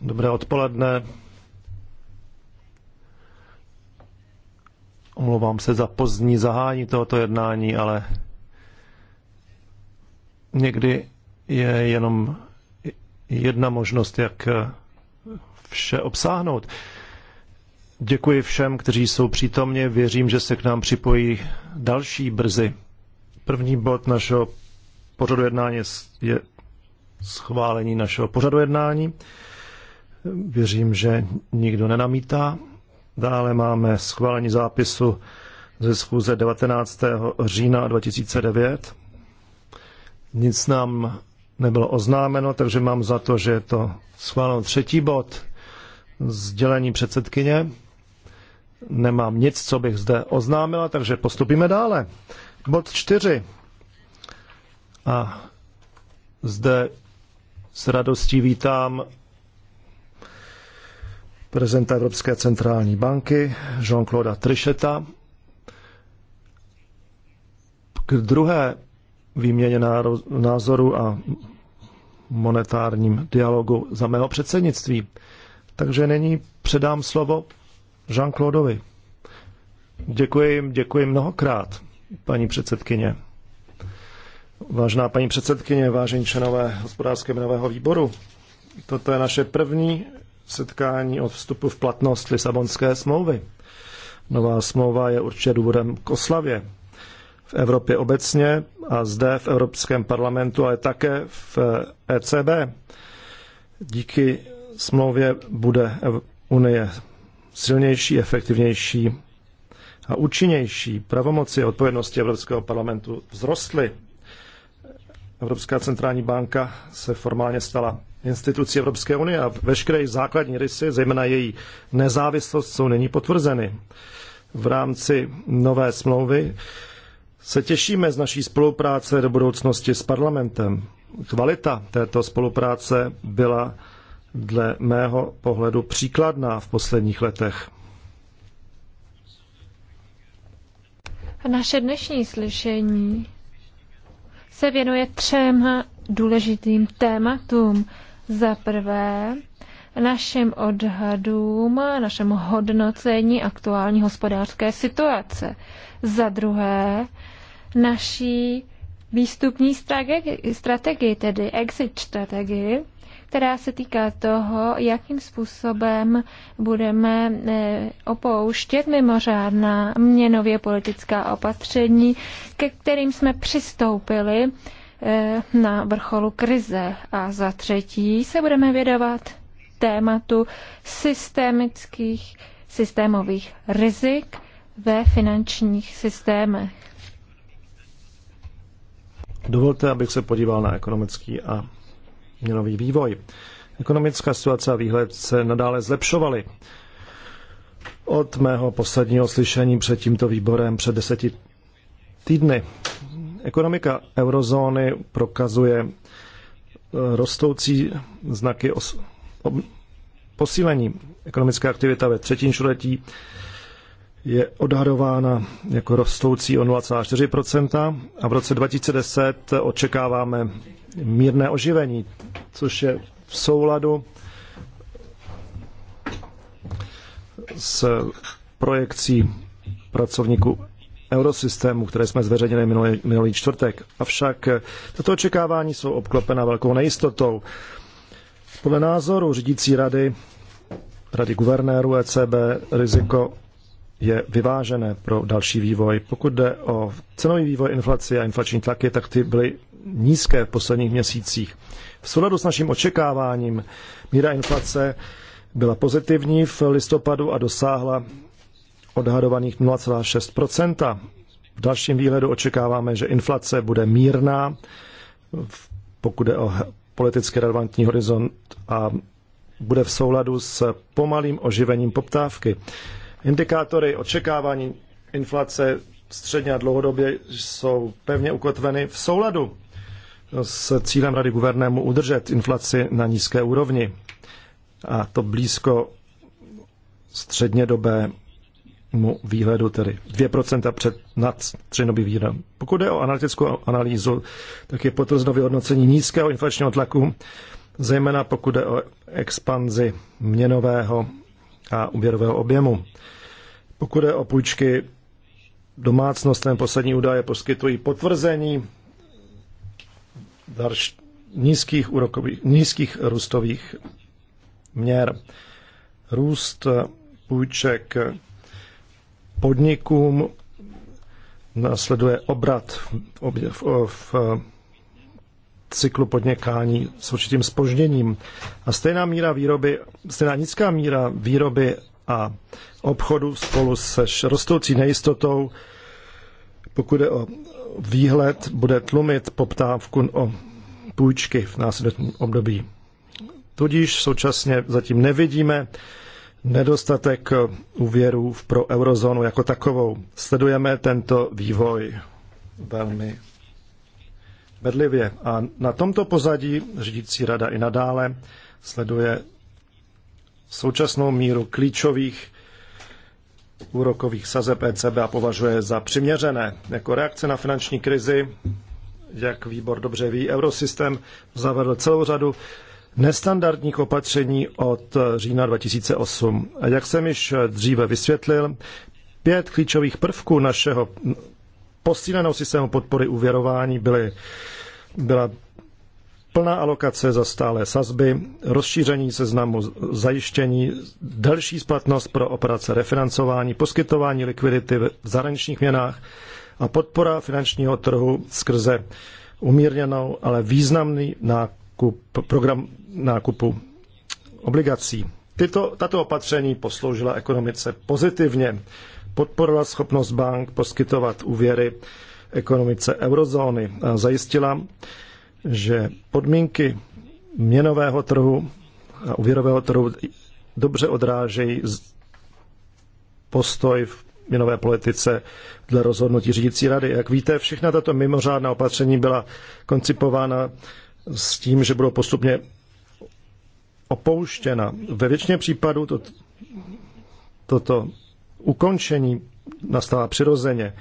Dobré odpoledne. Omlouvám se za pozdní zahájení tohoto jednání, ale někdy je jenom jedna možnost, jak vše obsáhnout. Děkuji všem, kteří jsou přítomně. Věřím, že se k nám připojí další brzy. První bod našeho pořadu jednání je schválení našeho pořadu jednání. Věřím, že nikdo nenamítá. Dále máme schválení zápisu ze schůze 19. října 2009. Nic nám nebylo oznámeno, takže mám za to, že je to schváleno třetí bod sdělení předsedkyně. Nemám nic, co bych zde oznámila, takže postupíme dále. Bod čtyři. A zde s radostí vítám prezidenta Evropské centrální banky Jean-Claude Tricheta. K druhé výměně názoru a monetárním dialogu za mého předsednictví. Takže nyní předám slovo Jean-Claudovi. Děkuji, děkuji mnohokrát, paní předsedkyně. Vážná paní předsedkyně, vážení členové hospodářského měnového výboru, toto je naše první setkání od vstupu v platnost Lisabonské smlouvy. Nová smlouva je určitě důvodem k oslavě. V Evropě obecně a zde v Evropském parlamentu, ale také v ECB. Díky smlouvě bude Unie silnější, efektivnější a účinnější. Pravomoci a odpovědnosti Evropského parlamentu vzrostly Evropská centrální banka se formálně stala institucí Evropské unie a veškeré základní rysy, zejména její nezávislost, jsou nyní potvrzeny. V rámci nové smlouvy se těšíme z naší spolupráce do budoucnosti s parlamentem. Kvalita této spolupráce byla dle mého pohledu příkladná v posledních letech. Naše dnešní slyšení se věnuje třem důležitým tématům. Za prvé našim odhadům, našemu hodnocení aktuální hospodářské situace. Za druhé naší výstupní strategii, tedy exit strategii která se týká toho, jakým způsobem budeme eh, opouštět mimořádná měnově politická opatření, ke kterým jsme přistoupili eh, na vrcholu krize. A za třetí se budeme vědovat tématu systémických, systémových rizik ve finančních systémech. Dovolte, abych se podíval na ekonomický a měnový vývoj. Ekonomická situace a výhled se nadále zlepšovaly. Od mého posledního slyšení před tímto výborem před deseti týdny. Ekonomika eurozóny prokazuje eh, rostoucí znaky os- ob- posílení. Ekonomická aktivita ve třetím čtvrtletí je odhadována jako rostoucí o 0,4% a v roce 2010 očekáváme mírné oživení, což je v souladu s projekcí pracovníků eurosystému, které jsme zveřejnili minulý, minulý čtvrtek. Avšak tato očekávání jsou obklopena velkou nejistotou. Podle názoru řídící rady, rady guvernéru ECB, riziko je vyvážené pro další vývoj. Pokud jde o cenový vývoj inflace a inflační tlaky, tak ty byly nízké v posledních měsících. V souladu s naším očekáváním míra inflace byla pozitivní v listopadu a dosáhla odhadovaných 0,6 V dalším výhledu očekáváme, že inflace bude mírná, pokud jde o politicky relevantní horizont a bude v souladu s pomalým oživením poptávky. Indikátory očekávání inflace středně a dlouhodobě jsou pevně ukotveny v souladu s cílem Rady guvernému udržet inflaci na nízké úrovni. A to blízko střednědobému výhledu, tedy 2% před nad střednobý výhledem. Pokud jde o analytickou analýzu, tak je potvrzeno vyhodnocení nízkého inflačního tlaku, zejména pokud jde o expanzi měnového a úvěrového objemu. Pokud je o půjčky domácnostem, poslední údaje poskytují potvrzení darš, nízkých, úrokových, nízkých růstových měr. Růst půjček podnikům nasleduje obrat v, v, v cyklu podnikání s určitým spožděním. A stejná míra výroby, stejná nízká míra výroby a obchodu spolu se rostoucí nejistotou, pokud je o výhled, bude tlumit poptávku o půjčky v následném období. Tudíž současně zatím nevidíme nedostatek úvěrů pro eurozónu jako takovou. Sledujeme tento vývoj velmi bedlivě. A na tomto pozadí řídící rada i nadále sleduje současnou míru klíčových úrokových sazeb ECB a považuje za přiměřené. Jako reakce na finanční krizi, jak výbor dobře ví, Eurosystem zavedl celou řadu nestandardních opatření od října 2008. A jak jsem již dříve vysvětlil, pět klíčových prvků našeho posílenou systému podpory uvěrování byly, byla plná alokace za stále sazby, rozšíření seznamu zajištění, delší splatnost pro operace refinancování, poskytování likvidity v zahraničních měnách a podpora finančního trhu skrze umírněnou, ale významný nákup, program nákupu obligací. Tyto, tato opatření posloužila ekonomice pozitivně podporila schopnost bank poskytovat úvěry ekonomice eurozóny a zajistila, že podmínky měnového trhu a úvěrového trhu dobře odrážejí postoj v měnové politice dle rozhodnutí řídící rady. Jak víte, všechna tato mimořádná opatření byla koncipována s tím, že budou postupně opouštěna. Ve většině případů to, toto ukončení nastala přirozeně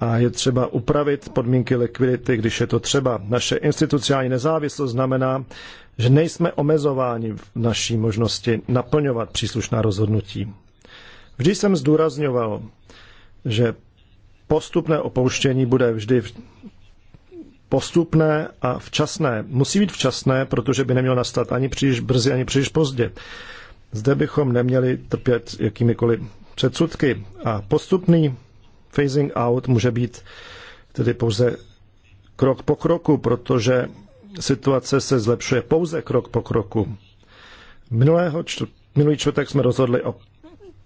a je třeba upravit podmínky likvidity, když je to třeba. Naše institucionální nezávislost znamená, že nejsme omezováni v naší možnosti naplňovat příslušná rozhodnutí. Vždy jsem zdůrazňoval, že postupné opouštění bude vždy postupné a včasné. Musí být včasné, protože by nemělo nastat ani příliš brzy, ani příliš pozdě. Zde bychom neměli trpět jakýmikoliv předsudky. A postupný phasing out může být tedy pouze krok po kroku, protože situace se zlepšuje pouze krok po kroku. Minulého čtvrt, minulý čtvrtek jsme rozhodli o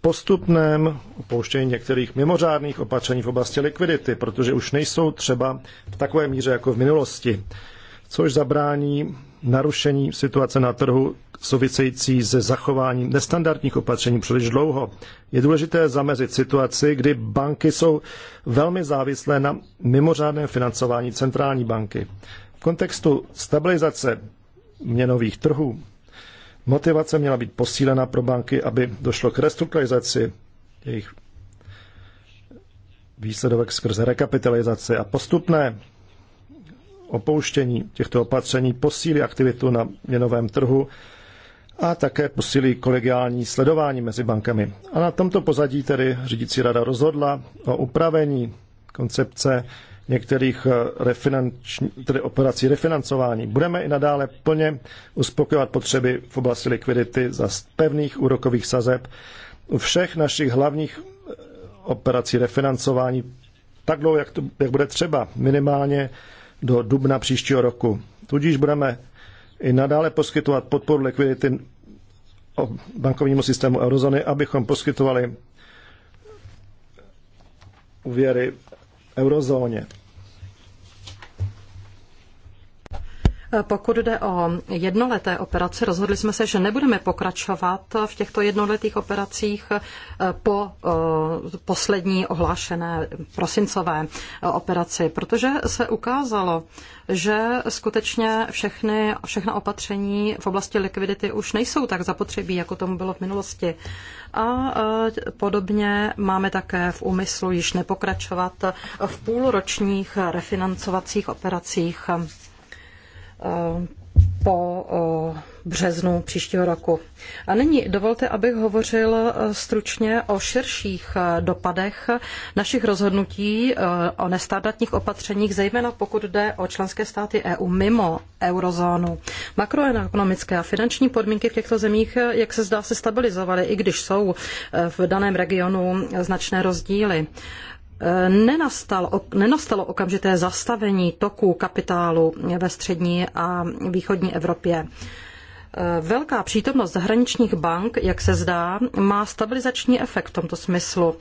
postupném opouštění některých mimořádných opatření v oblasti likvidity, protože už nejsou třeba v takové míře jako v minulosti, což zabrání narušení situace na trhu související se zachováním nestandardních opatření příliš dlouho. Je důležité zamezit situaci, kdy banky jsou velmi závislé na mimořádném financování centrální banky. V kontextu stabilizace měnových trhů motivace měla být posílena pro banky, aby došlo k restrukturalizaci jejich výsledovek skrze rekapitalizace a postupné opouštění těchto opatření posílí aktivitu na měnovém trhu a také posílí kolegiální sledování mezi bankami. A na tomto pozadí tedy řídící rada rozhodla o upravení koncepce některých eh, tedy operací refinancování. Budeme i nadále plně uspokojovat potřeby v oblasti likvidity za pevných úrokových sazeb u všech našich hlavních eh, operací refinancování tak dlouho, jak, to, jak bude třeba, minimálně do dubna příštího roku. Tudíž budeme i nadále poskytovat podporu likvidity bankovnímu systému eurozóny, abychom poskytovali úvěry eurozóně. Pokud jde o jednoleté operace, rozhodli jsme se, že nebudeme pokračovat v těchto jednoletých operacích eh, po eh, poslední ohlášené prosincové eh, operaci, protože se ukázalo, že skutečně všechny, všechna opatření v oblasti likvidity už nejsou tak zapotřebí, jako tomu bylo v minulosti. A podobně máme také v úmyslu již nepokračovat v půlročních refinancovacích operacích po březnu příštího roku. A nyní dovolte, abych hovořil e, stručně o širších e, dopadech našich rozhodnutí e, o nestandardních opatřeních, zejména pokud jde o členské státy EU mimo eurozónu. Makroekonomické a finanční podmínky v těchto zemích, jak se zdá, se stabilizovaly, i když jsou v daném regionu značné rozdíly nenastal, nenastalo okamžité zastavení toku kapitálu ve střední a východní Evropě. E, velká přítomnost zahraničních bank, jak se zdá, má stabilizační efekt v tomto smyslu.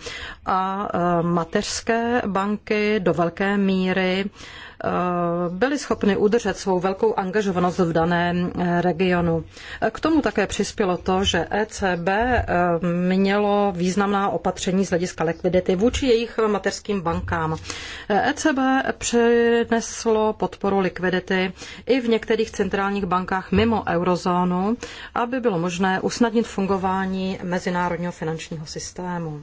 A e, mateřské banky do velké míry Eh, byly schopny udržet svou velkou angažovanost v daném eh, regionu. K tomu také přispělo to, že ECB eh, mělo významná opatření z hlediska likvidity vůči jejich mateřským bankám. ECB e přineslo podporu likvidity i v některých centrálních bankách mimo eurozónu, aby bylo možné usnadnit fungování mezinárodního finančního systému.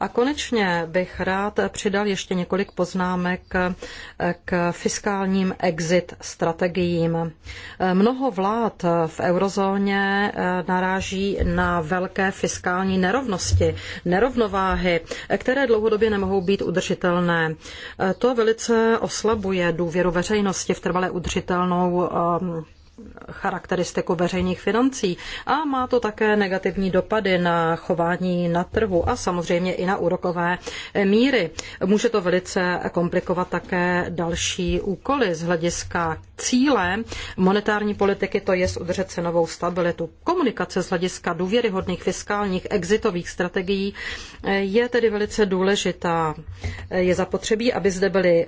A konečně bych rád přidal ještě několik poznámek k fiskálním exit strategiím. Mnoho vlád v eurozóně naráží na velké fiskální nerovnosti, nerovnováhy, které dlouhodobě nemohou být udržitelné. To velice oslabuje důvěru veřejnosti v trvale udržitelnou um, charakteristiku veřejných financí a má to také negativní dopady na chování na trhu a samozřejmě i na úrokové míry. Může to velice komplikovat také další úkoly z hlediska cíle monetární politiky, to je udržet cenovou stabilitu. Komunikace z hlediska důvěryhodných fiskálních exitových strategií je tedy velice důležitá. Je zapotřebí, aby zde byly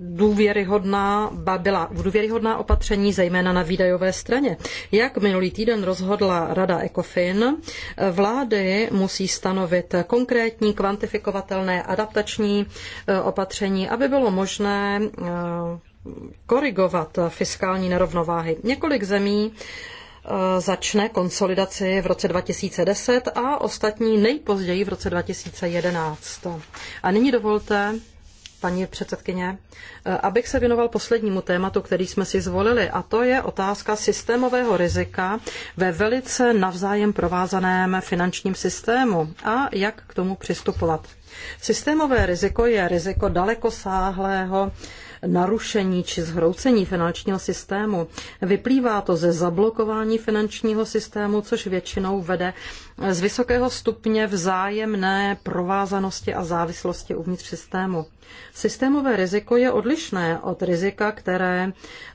důvěryhodná, byla důvěryhodná opatření, zejména na výdajové straně. Jak minulý týden rozhodla Rada ECOFIN, vlády musí stanovit konkrétní, kvantifikovatelné, adaptační e, opatření, aby bylo možné e, korigovat fiskální nerovnováhy. Několik zemí e, začne konsolidaci v roce 2010 a ostatní nejpozději v roce 2011. A nyní dovolte, paní předsedkyně, eh, abych se věnoval poslednímu tématu, který jsme si zvolili, a to je otázka systémového rizika ve velice navzájem provázaném finančním systému a jak k tomu přistupovat. Systémové riziko je riziko dalekosáhlého narušení či zhroucení finančního systému. Vyplývá to ze zablokování finančního systému, což většinou vede z vysokého stupně vzájemné provázanosti a závislosti uvnitř systému. Systémové riziko je odlišné od rizika, které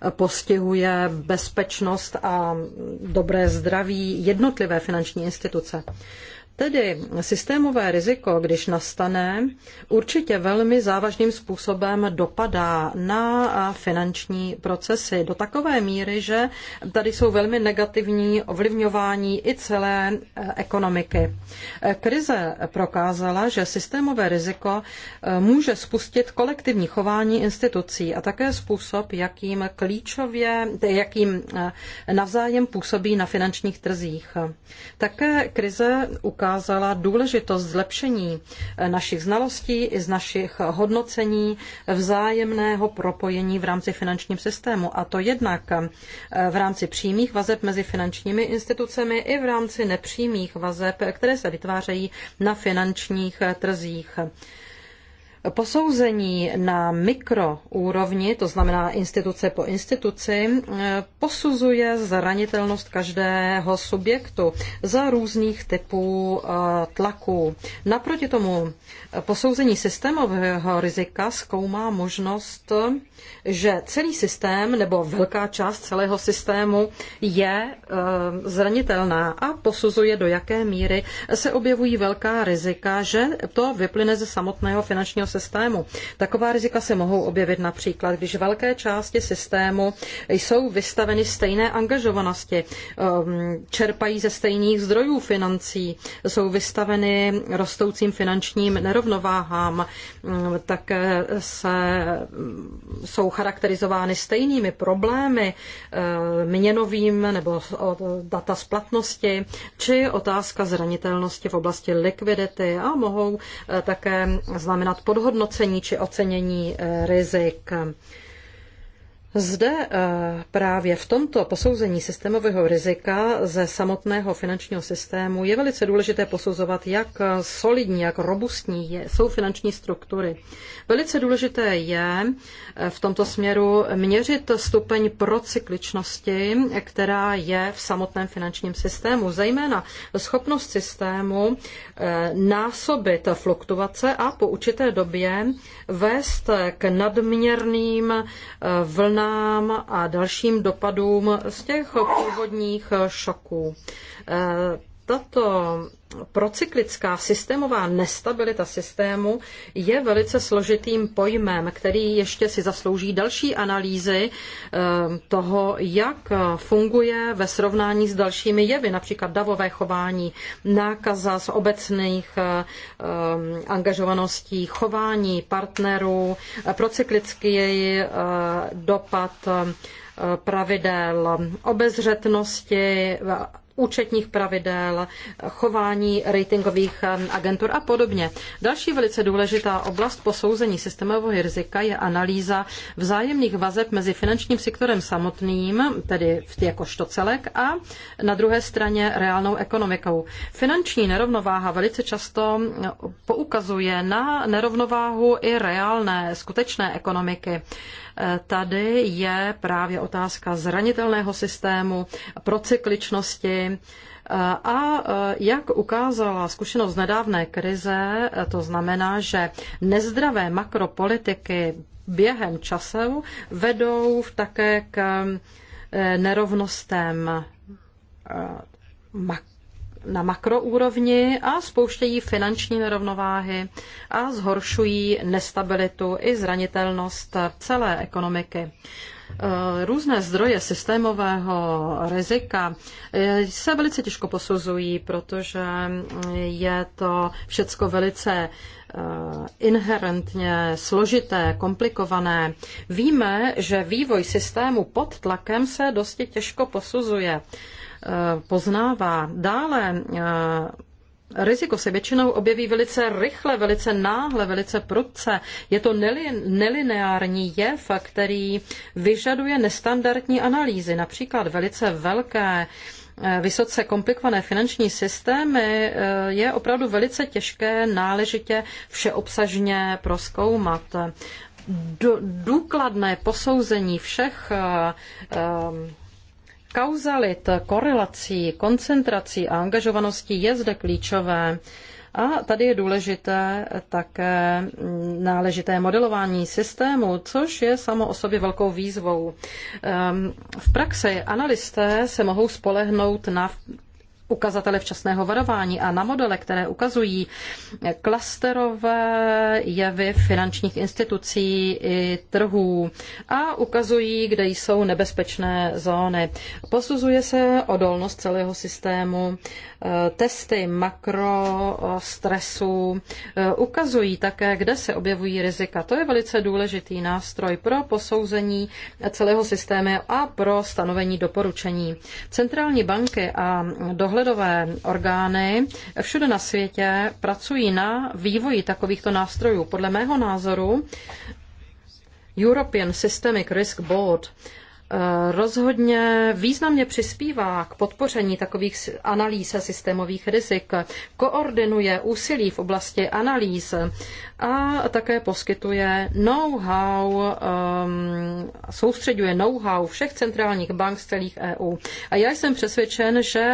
postihuje bezpečnost a dobré zdraví jednotlivé finanční instituce. Tedy systémové riziko, když nastane, určitě velmi závažným způsobem dopadá na finanční procesy do takové míry, že tady jsou velmi negativní ovlivňování i celé eh, ekonomiky. Krize prokázala, že systémové riziko eh, může spustit kolektivní chování institucí a také způsob, jakým klíčově, jakým eh, navzájem působí na finančních trzích. Také krize ukázala, ukázala důležitost zlepšení našich znalostí i z našich hodnocení vzájemného propojení v rámci finančním systému. A to jednak v rámci přímých vazeb mezi finančními institucemi i v rámci nepřímých vazeb, které se vytvářejí na finančních trzích. Posouzení na mikroúrovni, to znamená instituce po instituci, posuzuje zranitelnost každého subjektu za různých typů eh, tlaků. Naproti tomu Posouzení systémového rizika zkoumá možnost, že celý systém nebo velká část celého systému je eh, zranitelná a posuzuje, do jaké míry se objevují velká rizika, že to vyplyne ze samotného finančního systému. Taková rizika se mohou objevit například, když velké části systému jsou vystaveny stejné angažovanosti, ehm, čerpají ze stejných zdrojů financí, jsou vystaveny rostoucím finančním nerovnostem nerovnováhám. Mm, také eh, se, mm, jsou charakterizovány stejnými problémy eh, měnovým nebo data splatnosti či otázka zranitelnosti v oblasti likvidity a mohou eh, také znamenat podhodnocení či ocenění rizik. Zde eh, právě v tomto posouzení systémového rizika ze samotného finančního systému je velice důležité posuzovat, jak solidní, jak robustní jsou finanční struktury. Velice důležité je eh, v tomto směru měřit stupeň procykličnosti, která je v samotném finančním systému, zejména schopnost systému eh, násobit fluktuace a po určité době vést k nadměrným eh, vlnám a dalším dopadům z těch původních šoků tato procyklická systémová nestabilita systému je velice složitým pojmem, který ještě si zaslouží další analýzy eh, toho, jak funguje ve srovnání s dalšími jevy, například davové chování, nákaza z obecných eh, eh, angažovaností, chování partnerů, procyklický dopad pravidel obezřetnosti účetních pravidel, chování ratingových um, agentur a podobně. Další velice důležitá oblast posouzení systémového rizika je analýza vzájemných vazeb mezi finančním sektorem samotným, tedy jakožto celek, a na druhé straně reálnou ekonomikou. Finanční nerovnováha velice často um, poukazuje na nerovnováhu i reálné skutečné ekonomiky. Eh, tady je právě otázka zranitelného systému, procykličnosti, eh, a eh, jak ukázala zkušenost nedávné krize, to znamená, že nezdravé makropolitiky během času vedou také k nerovnostem na makroúrovni a spouštějí finanční nerovnováhy a zhoršují nestabilitu i zranitelnost celé ekonomiky. Eh, různé zdroje systémového rizika eh, se velice těžko posuzují, protože je to všecko velice eh, inherentně složité, komplikované. Víme, že vývoj systému pod tlakem se dosti těžko posuzuje. Eh, poznává. Dále eh, Riziko se většinou objeví velice rychle, velice náhle, velice prudce. Je to nelineární jev, který vyžaduje nestandardní analýzy, například velice velké eh, vysoce komplikované finanční systémy je opravdu velice těžké náležitě všeobsažně proskoumat. Důkladné posouzení všech kauzalit, korelací, koncentrací a angažovaností je zde klíčové. A tady je důležité také náležité modelování systému, což je samo o sobě velkou výzvou. Ehm, v praxi analysté se mohou spolehnout na ukazatele včasného varování a na modele, které ukazují klasterové jevy finančních institucí i trhů a ukazují, kde jsou nebezpečné zóny. Posuzuje se odolnost celého systému Eh, testy makrostresů eh, ukazují také, kde se objevují rizika. To je velice důležitý nástroj pro posouzení celého systému a pro stanovení doporučení. Centrální banky a dohledové orgány všude na světě pracují na vývoji takovýchto nástrojů. Podle mého názoru European Systemic Risk Board rozhodně významně přispívá k podpoření takových analýz a systémových rizik, koordinuje úsilí v oblasti analýz a také poskytuje know-how, ehm, soustředuje know-how všech centrálních bank z celých EU. A já jsem přesvědčen, že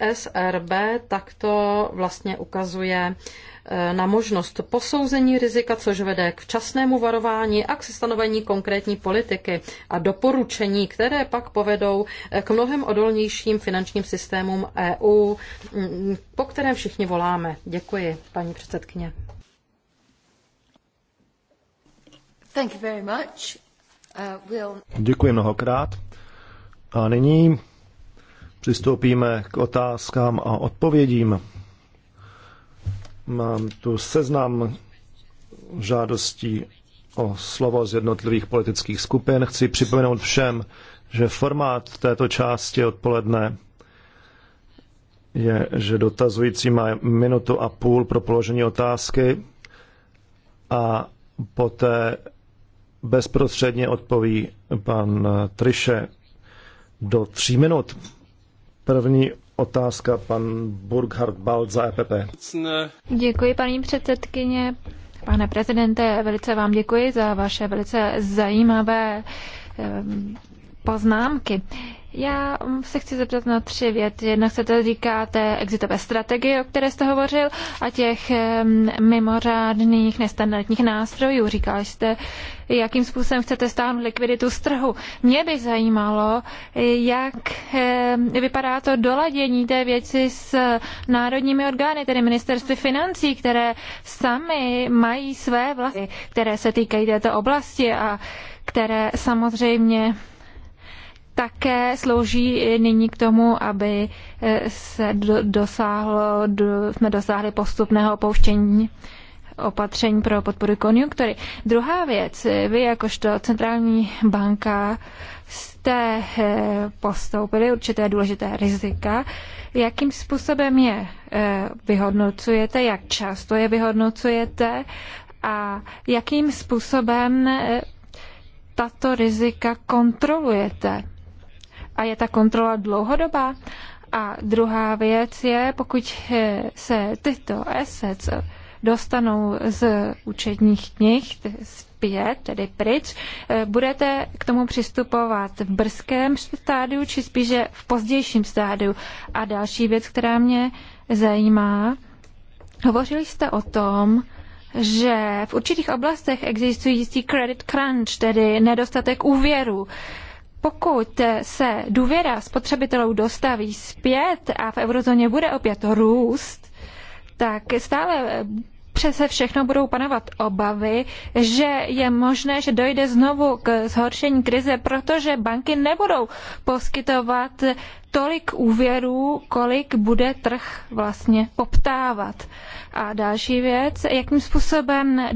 ESRB eh, e takto vlastně ukazuje Eh, na možnost posouzení rizika, což vede k včasnému varování a k stanovení konkrétní politiky a doporučení, které pak povedou eh, k mnohem odolnějším finančním systémům EU, mm, po kterém všichni voláme. Děkuji, paní předsedkyně. Thank you very much. Uh, Děkuji mnohokrát. A nyní přistoupíme k otázkám a odpovědím. Mám tu seznam žádostí o slovo z jednotlivých politických skupin. Chci připomenout všem, že formát této části odpoledne je, že dotazující má minutu a půl pro položení otázky a poté bezprostředně odpoví pan Triše do tří minut. První Otázka pan Burghard Bald za EPP. Děkuji, paní předsedkyně. Pane prezidente, velice vám děkuji za vaše velice zajímavé eh, poznámky. Já se chci zeptat na tři věci. Jednak se to týká té exitové strategie, o které jste hovořil, a těch mimořádných nestandardních nástrojů. Říkal jste, jakým způsobem chcete stáhnout likviditu z trhu. Mě by zajímalo, jak vypadá to doladění té věci s národními orgány, tedy ministerství financí, které sami mají své vlasti, které se týkají této oblasti a které samozřejmě také slouží nyní k tomu, aby eh, se dosáhlo, jsme dosáhli postupného opouštění opatření pro podporu konjunktury. Druhá věc, vy jakožto centrální banka jste eh, postoupili určité důležité rizika. Jakým způsobem je eh, vyhodnocujete, jak často je vyhodnocujete a jakým způsobem tato rizika kontrolujete? a je ta kontrola dlouhodobá? A druhá věc je, pokud eh, se tyto assets dostanou z účetních knih zpět, tedy pryč, eh, budete k tomu přistupovat v brzkém stádiu či spíše v pozdějším stádiu. A další věc, která mě zajímá, hovořili jste o tom, že v určitých oblastech existují jistý credit crunch, tedy nedostatek úvěru. Uh, pokud se důvěra spotřebitelů dostaví zpět a v eurozóně bude opět růst, tak stále přese všechno budou panovat obavy, že je možné, že dojde znovu k zhoršení krize, protože banky nebudou poskytovat tolik úvěrů, kolik bude trh vlastně poptávat. A další věc, jakým způsobem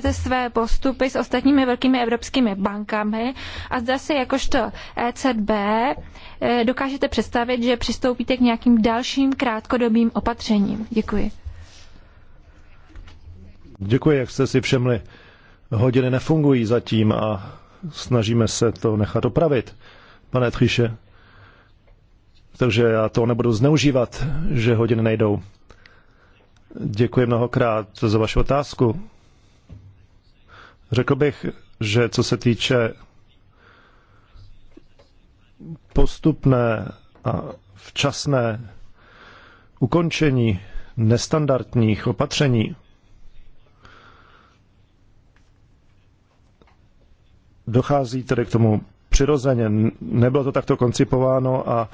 ze své postupy s ostatními velkými evropskými bankami a zda si jakožto ECB eh, dokážete představit, že přistoupíte k nějakým dalším krátkodobým opatřením. Děkuji. Děkuji, jak jste si všemli. Hodiny nefungují zatím a snažíme se to nechat opravit, pane Tříše. Takže já to nebudu zneužívat, že hodiny nejdou. Děkuji mnohokrát za vaši otázku. Řekl bych, že co se týče postupné a včasné ukončení nestandardních opatření, dochází tedy k tomu přirozeně. Nebylo to takto koncipováno a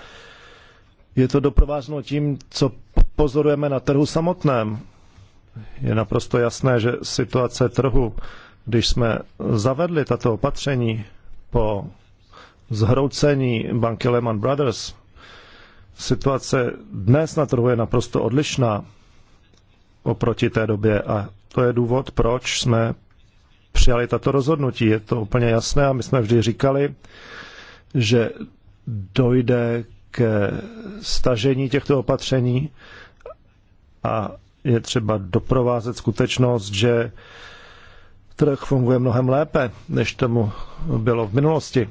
je to doprovázeno tím, co pozorujeme na trhu samotném. Je naprosto jasné, že situace trhu, když jsme zavedli tato opatření po zhroucení banky Lehman Brothers, situace dnes na trhu je naprosto odlišná oproti té době a to je důvod, proč jsme přijali tato rozhodnutí. Je to úplně jasné a my jsme vždy říkali, že dojde k stažení těchto opatření a je třeba doprovázet skutečnost, že trh funguje mnohem lépe, než tomu bylo v minulosti.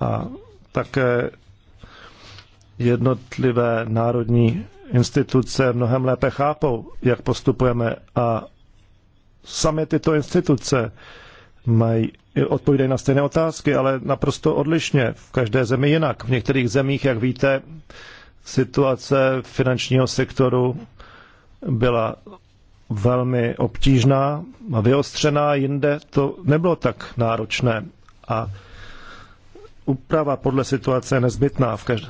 A také jednotlivé národní instituce mnohem lépe chápou, jak postupujeme a samé tyto instituce mají odpovídají na stejné otázky, ale naprosto odlišně, v každé zemi jinak. V některých zemích, jak víte, situace finančního sektoru byla velmi obtížná a vyostřená, jinde to nebylo tak náročné. A úprava podle situace je nezbytná v každé,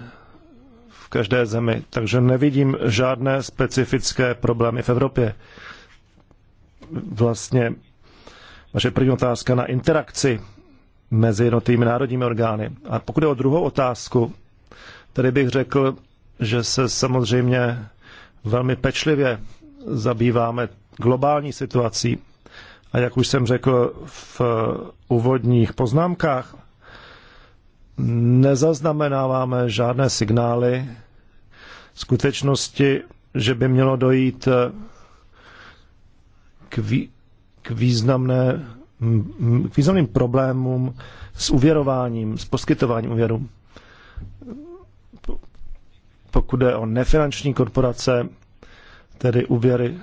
v každé zemi, takže nevidím žádné specifické problémy v Evropě vlastně vaše první otázka na interakci mezi jednotlivými národními orgány. A pokud je o druhou otázku, tady bych řekl, že se samozřejmě velmi pečlivě zabýváme globální situací. A jak už jsem řekl v úvodních poznámkách, nezaznamenáváme žádné signály skutečnosti, že by mělo dojít k, vý, k, významné, k významným problémům s uvěrováním, s poskytováním úvěru. Pokud je o nefinanční korporace, tedy úvěry,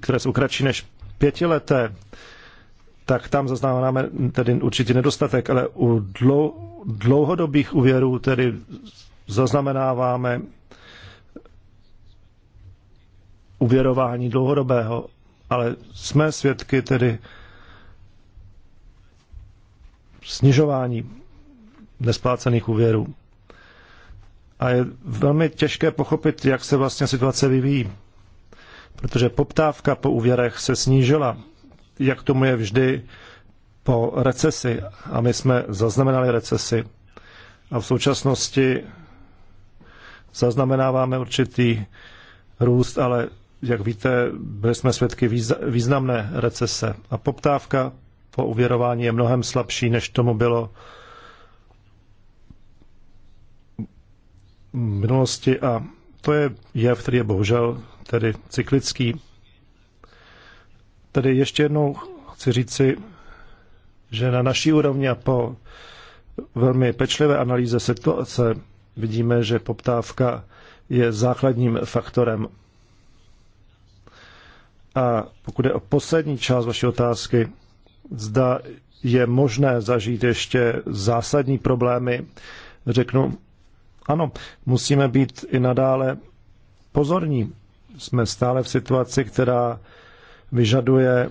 které jsou kratší než pětileté, tak tam zaznáváme tedy určitě nedostatek, ale u dlouhodobých úvěrů tedy zaznamenáváme uvěrování dlouhodobého ale jsme svědky tedy snižování nesplácených úvěrů. A je velmi těžké pochopit, jak se vlastně situace vyvíjí, protože poptávka po úvěrech se snížila, jak tomu je vždy po recesi. A my jsme zaznamenali recesi. A v současnosti zaznamenáváme určitý růst, ale jak víte, byli jsme svědky významné recese a poptávka po uvěrování je mnohem slabší, než tomu bylo v minulosti a to je jev, který je bohužel tedy cyklický. Tedy ještě jednou chci říci, že na naší úrovni a po velmi pečlivé analýze situace vidíme, že poptávka je základním faktorem a pokud je o poslední část vaší otázky, zda je možné zažít ještě zásadní problémy, řeknu, ano, musíme být i nadále pozorní. Jsme stále v situaci, která vyžaduje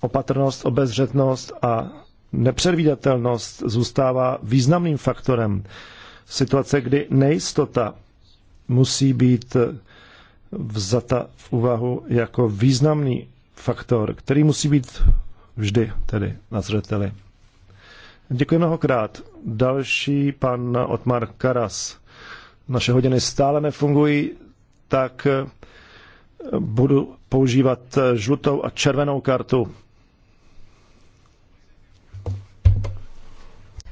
opatrnost, obezřetnost a nepředvídatelnost zůstává významným faktorem. Situace, kdy nejistota musí být vzata v úvahu jako významný faktor, který musí být vždy tedy na zřeteli. Děkuji mnohokrát. Další pan Otmar Karas. Naše hodiny stále nefungují, tak budu používat žlutou a červenou kartu.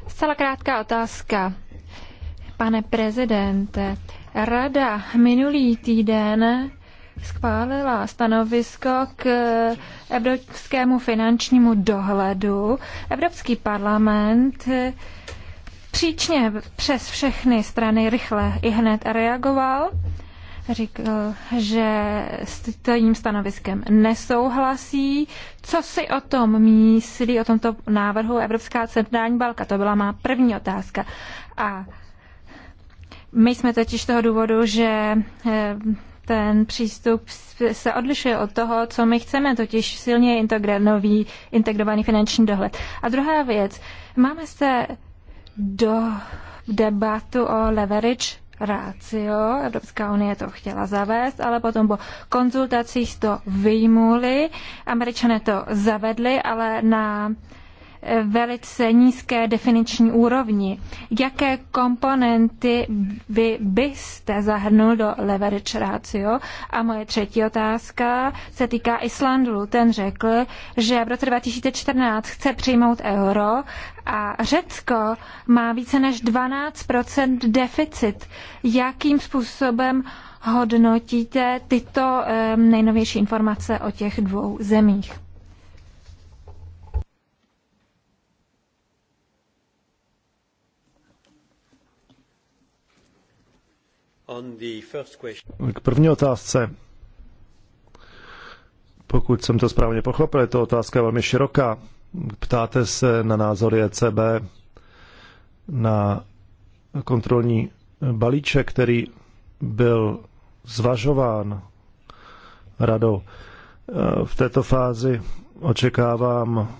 Stala krátká otázka. Pane prezidente, Rada minulý týden schválila stanovisko k evropskému finančnímu dohledu. Evropský parlament příčně přes všechny strany rychle i hned reagoval. Říkal, že s tím stanoviskem nesouhlasí. Co si o tom myslí, o tomto návrhu Evropská centrální balka? To byla má první otázka. A my jsme totiž toho důvodu, že eh, ten přístup se odlišuje od toho, co my chceme, totiž silně nový integrovaný finanční dohled. A druhá věc, máme se do debatu o leverage ratio, Evropská unie to chtěla zavést, ale potom po konzultacích to vyjmuli, američané to zavedli, ale na velice nízké definiční úrovni. Jaké komponenty vy byste zahrnul do leverage ratio? A moje třetí otázka se týká Islandu. Ten řekl, že v roce 2014 chce přijmout euro a Řecko má více než 12 deficit. Jakým způsobem hodnotíte tyto nejnovější informace o těch dvou zemích? K první otázce. Pokud jsem to správně pochopil, je to otázka velmi široká. Ptáte se na názory ECB, na kontrolní balíček, který byl zvažován radou. V této fázi očekávám,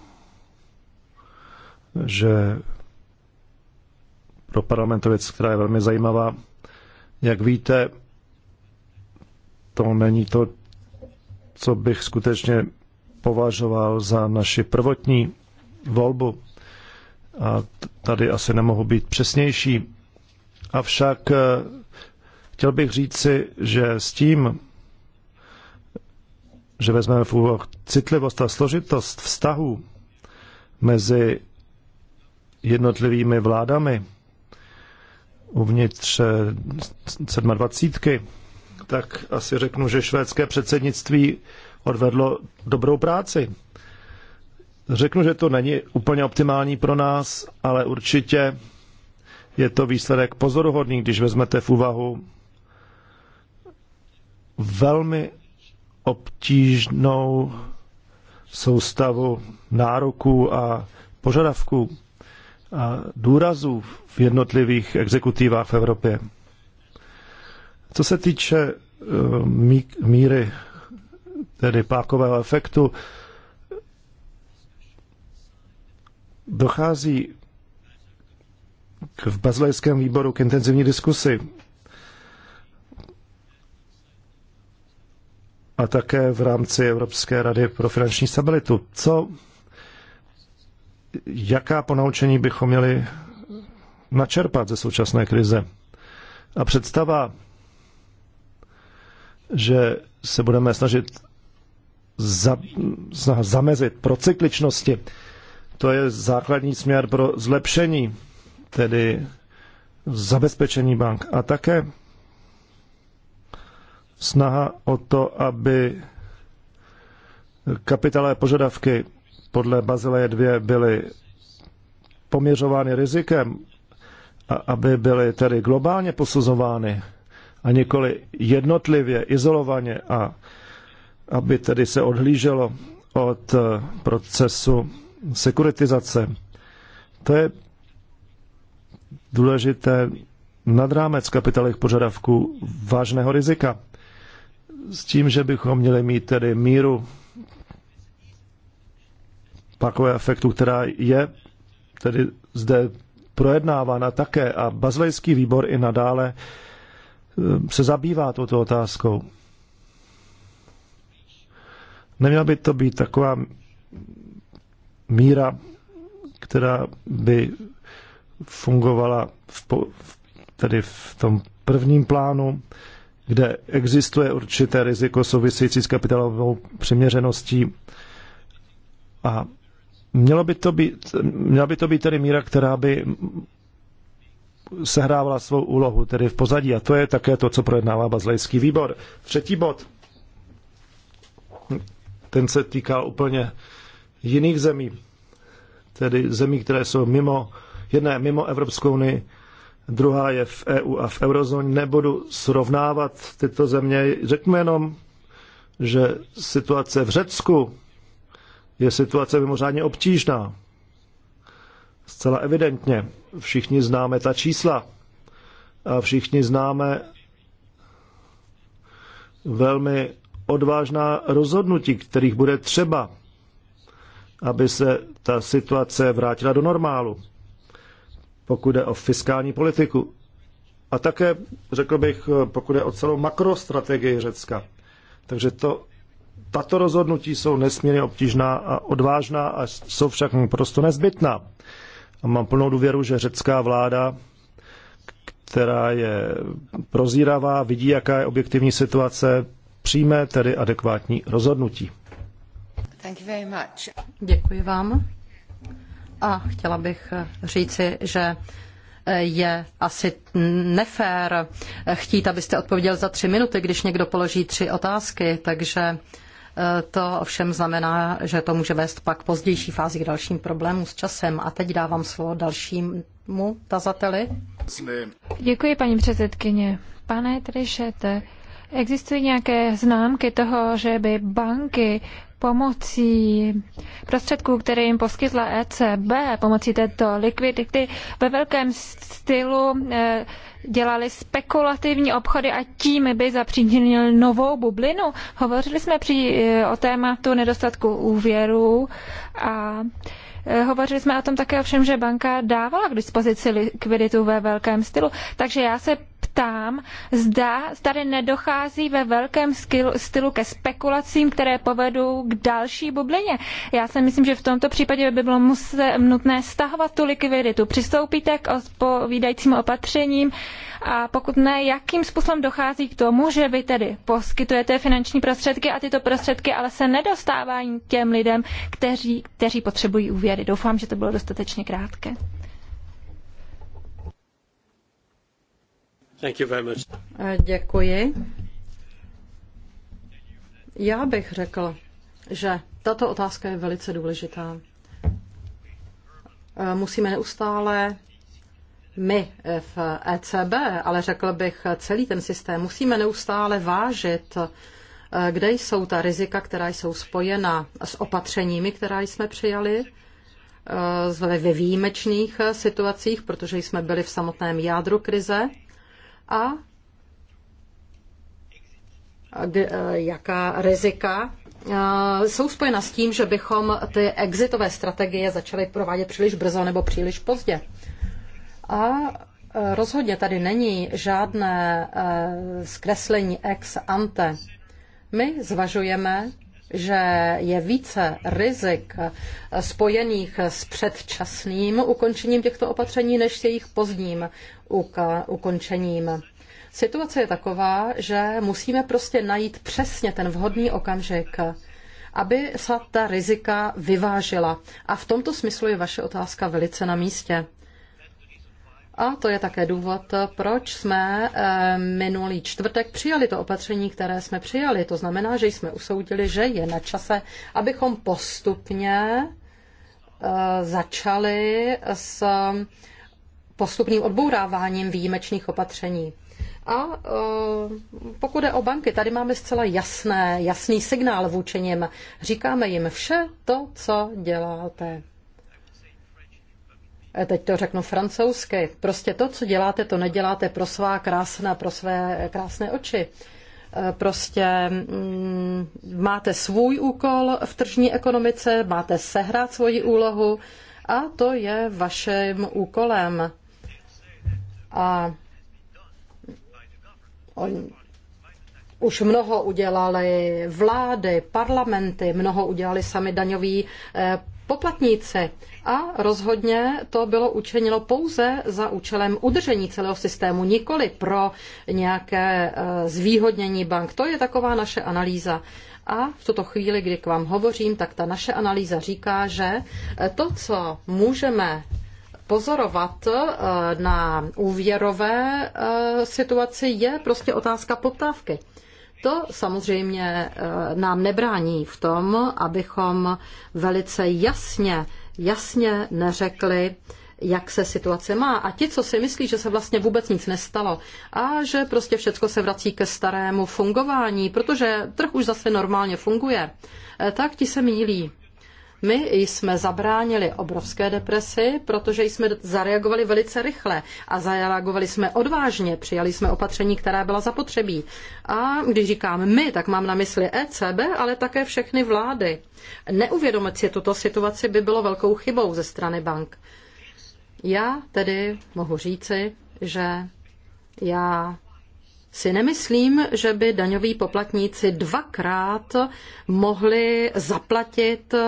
že pro parlament věc, která je velmi zajímavá, jak víte, to není to, co bych skutečně považoval za naši prvotní volbu. A tady asi nemohu být přesnější. Avšak eh, chtěl bych říci, že s tím, že vezmeme v úvah citlivost a složitost vztahu mezi jednotlivými vládami, uvnitř 27, eh, tak asi řeknu, že švédské předsednictví odvedlo dobrou práci. Řeknu, že to není úplně optimální pro nás, ale určitě je to výsledek pozoruhodný, když vezmete v úvahu velmi obtížnou soustavu nároků a požadavků a důrazů v jednotlivých exekutivách v Evropě. Co se týče eh, míry tedy pákového efektu, dochází k, v bazilejském výboru k intenzivní diskusi a také v rámci Evropské rady pro finanční stabilitu. Co jaká ponaučení bychom měli načerpat ze současné krize. A představa, že se budeme snažit za, zamezit procykličnosti, to je základní směr pro zlepšení, tedy zabezpečení bank. A také snaha o to, aby kapitalové požadavky podle Bazileje 2 byly poměřovány rizikem, a aby byly tedy globálně posuzovány a nikoli jednotlivě, izolovaně a aby tedy se odhlíželo od eh, procesu sekuritizace. To je důležité nad rámec kapitálových požadavků vážného rizika. S tím, že bychom měli mít tedy míru pákové efektu, která je tedy zde projednávána také a bazilejský výbor i nadále eh, se zabývá touto otázkou. Neměla by to být taková míra, která by fungovala v, tedy v tom prvním plánu, kde existuje určité riziko související s kapitálovou přiměřeností a Mělo by to být, měla by to být tedy míra, která by sehrávala svou úlohu, tedy v pozadí. A to je také to, co projednává bazlejský výbor. Třetí bod. Ten se týká úplně jiných zemí, tedy zemí, které jsou mimo, jedné mimo Evropskou unii, druhá je v EU a v eurozóně. Nebudu srovnávat tyto země. Řeknu jenom, že situace v Řecku je situace mimořádně obtížná. Zcela evidentně. Všichni známe ta čísla. A všichni známe velmi odvážná rozhodnutí, kterých bude třeba, aby se ta situace vrátila do normálu, pokud je o fiskální politiku. A také, řekl bych, pokud je o celou makrostrategii Řecka. Takže to tato rozhodnutí jsou nesmírně obtížná a odvážná a jsou však prosto nezbytná. A mám plnou důvěru, že řecká vláda, která je prozíravá, vidí, jaká je objektivní situace, přijme tedy adekvátní rozhodnutí. Děkuji vám. A chtěla bych říci, že eh, je asi nefér chtít, abyste odpověděl za tři minuty, když někdo položí tři otázky, takže to ovšem znamená, že to může vést pak pozdější fázi k dalším problémům s časem. A teď dávám slovo dalšímu tazateli. Děkuji, paní předsedkyně. Pane Trišete, existují nějaké známky toho, že by banky pomocí prostředků, které jim poskytla ECB, pomocí této likvidity, ve velkém stylu eh, dělali spekulativní obchody a tím by zapříčinili novou bublinu. Hovořili jsme při, eh, o tématu nedostatku úvěru a eh, Hovořili jsme o tom také ovšem, že banka dávala k dispozici likviditu ve velkém stylu. Takže já se ptám, zda tady nedochází ve velkém stylu ke spekulacím, které povedou k další bublině. Já si myslím, že v tomto případě by bylo nutné stahovat tu likviditu. Přistoupíte k odpovídajícím opatřením, a pokud ne, jakým způsobem dochází k tomu, že vy tedy poskytujete finanční prostředky a tyto prostředky ale se nedostávají těm lidem, kteří, kteří potřebují úvěry. Doufám, že to bylo dostatečně krátké. Thank you very much. Děkuji. Já bych řekl, že tato otázka je velice důležitá. E, musíme neustále my eh, v ECB, ale řekl bych celý ten systém, musíme neustále vážit, eh, kde jsou ta rizika, která jsou spojena s opatřeními, která jsme přijali eh, ve výjimečných situacích, protože jsme byli v samotném jádru krize a jaká rizika jsou spojena s tím, že bychom ty exitové strategie začali provádět příliš brzo nebo příliš pozdě. A e, rozhodně tady není žádné e, zkreslení ex ante. My zvažujeme, že je více rizik spojených s předčasným ukončením těchto opatření než s jejich pozdním ukončením. Situace je taková, že musíme prostě najít přesně ten vhodný okamžik, aby se ta rizika vyvážila. A v tomto smyslu je vaše otázka velice na místě. A to je také důvod, proč jsme eh, minulý čtvrtek přijali to opatření, které jsme přijali. To znamená, že jsme usoudili, že je na čase, abychom postupně eh, začali s eh, postupným odbouráváním výjimečných opatření. A pokud je o banky, tady máme zcela jasné, jasný signál vůči nim. Říkáme jim vše to, co děláte Eh, teď to řeknu francouzsky, prostě to, co děláte, to neděláte pro svá krásná, pro své krásné oči. Eh, prostě mm, máte svůj úkol v tržní ekonomice, máte sehrát svoji úlohu a to je vaším úkolem. A on, už mnoho udělali vlády, parlamenty, mnoho udělali sami daňoví eh, poplatníci. A rozhodně to bylo učinilo pouze za účelem udržení celého systému, nikoli pro nějaké eh, zvýhodnění bank. To je taková naše analýza. A v tuto chvíli, kdy k vám hovořím, tak ta naše analýza říká, že eh, to, co můžeme pozorovat na úvěrové situaci, je prostě otázka poptávky. To samozřejmě eh, nám nebrání v tom, abychom velice jasně, jasně neřekli, jak se situace má. A ti, co si myslí, že se vlastně vůbec nic nestalo a že prostě všechno se vrací ke starému fungování, protože trh už zase normálně funguje, eh, tak ti se mílí. My jsme zabránili obrovské depresi, protože jsme zareagovali velice rychle a zareagovali jsme odvážně, přijali jsme opatření, která byla zapotřebí. A když říkám my, tak mám na mysli ECB, ale také všechny vlády. Neuvědomit si tuto situaci by bylo velkou chybou ze strany bank. Já tedy mohu říci, že já si nemyslím, že by daňoví poplatníci dvakrát mohli zaplatit e,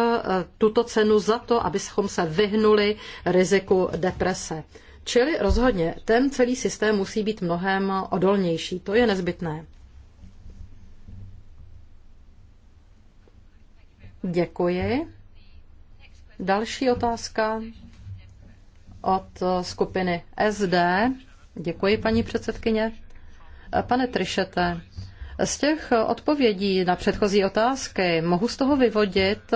tuto cenu za to, abychom se vyhnuli riziku deprese. Čili rozhodně ten celý systém musí být mnohem odolnější. To je nezbytné. Děkuji. Další otázka od skupiny SD. Děkuji, paní předsedkyně. Pane Trišete, z těch odpovědí na předchozí otázky mohu z toho vyvodit,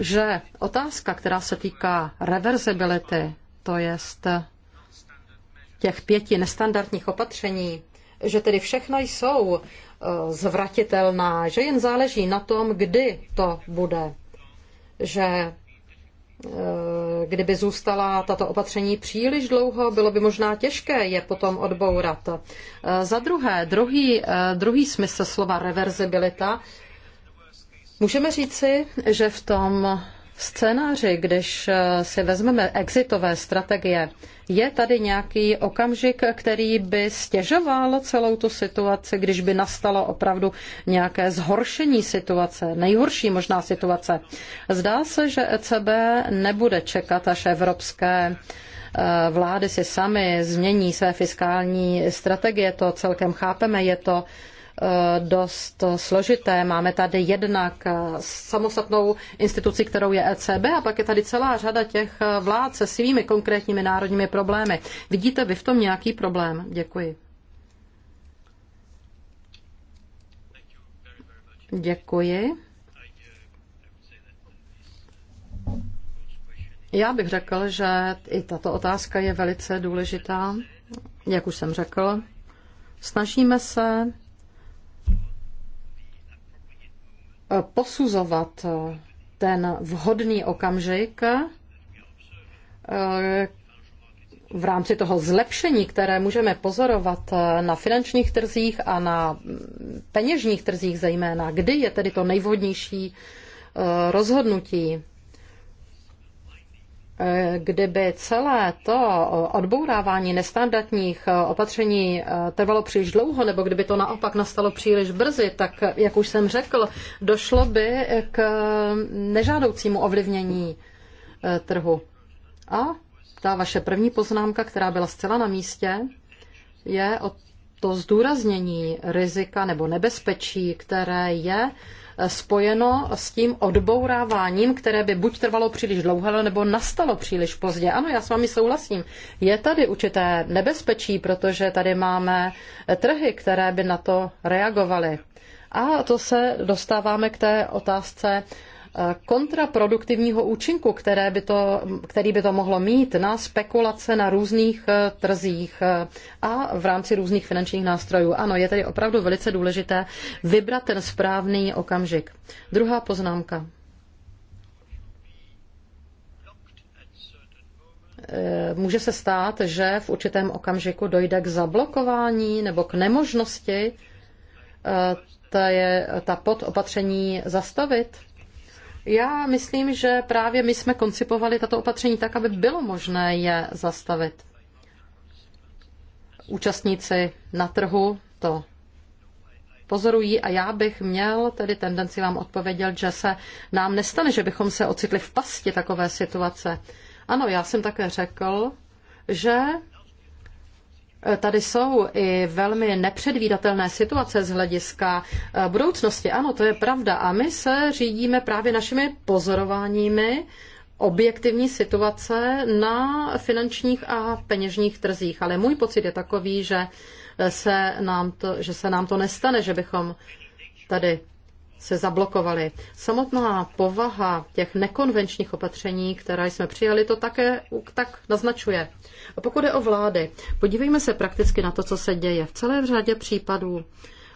že otázka, která se týká reverzibility, to jest těch pěti nestandardních opatření, že tedy všechno jsou eh, zvratitelná, že jen záleží na tom, kdy to bude, že Eh, kdyby zůstala tato opatření příliš dlouho, bylo by možná těžké je potom odbourat. Eh, za druhé, druhý, eh, druhý smysl slova reverzibilita Můžeme říci, že v tom scénáři, když eh, si vezmeme exitové strategie, je tady nějaký okamžik, který by stěžoval celou tu situaci, když by nastalo opravdu nějaké zhoršení situace, nejhorší možná situace. Zdá se, že ECB nebude čekat, až evropské eh, vlády si sami změní své fiskální strategie, to celkem chápeme, je to Eh, dost složité. Máme tady jednak eh, samostatnou instituci, kterou je ECB, a pak je tady celá řada těch eh, vlád se svými konkrétními národními problémy. Vidíte vy v tom nějaký problém? Děkuji. Děkuji. Já bych řekl, že i tato otázka je velice důležitá. Jak už jsem řekl, snažíme se posuzovat eh, ten vhodný okamžik eh, v rámci toho zlepšení, které můžeme pozorovat eh, na finančních trzích a na mm, peněžních trzích zejména, kdy je tedy to nejvhodnější rozhodnutí Eh, kdyby celé to odbourávání nestandardních eh, opatření eh, trvalo příliš dlouho, nebo kdyby to naopak nastalo příliš brzy, tak, jak už jsem řekl, došlo by k nežádoucímu ovlivnění trhu. A ta vaše první poznámka, která byla zcela na místě, je o to zdůraznění rizika nebo nebezpečí, které je spojeno s tím odbouráváním, které by buď trvalo příliš dlouho, nebo nastalo příliš pozdě. Ano, já s vámi souhlasím. Je tady určité nebezpečí, protože tady máme trhy, které by na to reagovaly. A to se dostáváme k té otázce kontraproduktivního účinku, které by to, který by to mohlo mít na spekulace na různých eh, trzích eh, a v rámci různých finančních nástrojů. Ano, je tedy opravdu velice důležité vybrat ten správný okamžik. Druhá poznámka. Eh, může se stát, že v určitém okamžiku dojde k zablokování nebo k nemožnosti ta, je, ta podopatření zastavit? Já myslím, že právě my jsme koncipovali tato opatření tak, aby bylo možné je zastavit. Účastníci na trhu to pozorují a já bych měl tedy tendenci vám odpovědět, že se nám nestane, že bychom se ocitli v pasti takové situace. Ano, já jsem také řekl, že Tady jsou i velmi nepředvídatelné situace z hlediska eh, budoucnosti. Ano, to je pravda. A my se řídíme právě našimi pozorováními objektivní situace na finančních a peněžních trzích. Ale můj pocit je takový, že se nám to, že se nám to nestane, že bychom tady se zablokovaly. Samotná povaha těch nekonvenčních opatření, které jsme přijali, to také tak naznačuje. A pokud je o vlády, podívejme se prakticky na to, co se děje. V celé řadě případů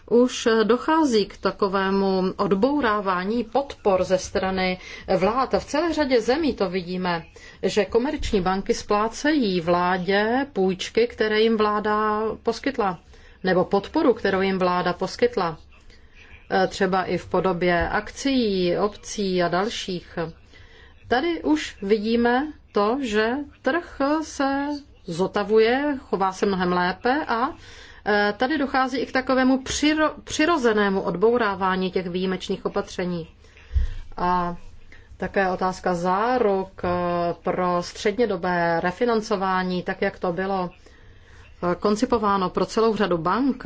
už dochází k takovému odbourávání podpor ze strany vlád. A v celé řadě zemí to vidíme, že komerční banky splácejí vládě půjčky, které jim vláda poskytla, nebo podporu, kterou jim vláda poskytla. E, třeba i v podobě akcí, obcí a dalších. Tady už vidíme to, že trh se zotavuje, chová se mnohem lépe a e, tady dochází i k takovému přiro, přirozenému odbourávání těch výjimečných opatření. A také otázka záruk e, pro střednědobé refinancování, tak jak to bylo koncipováno pro celou řadu bank,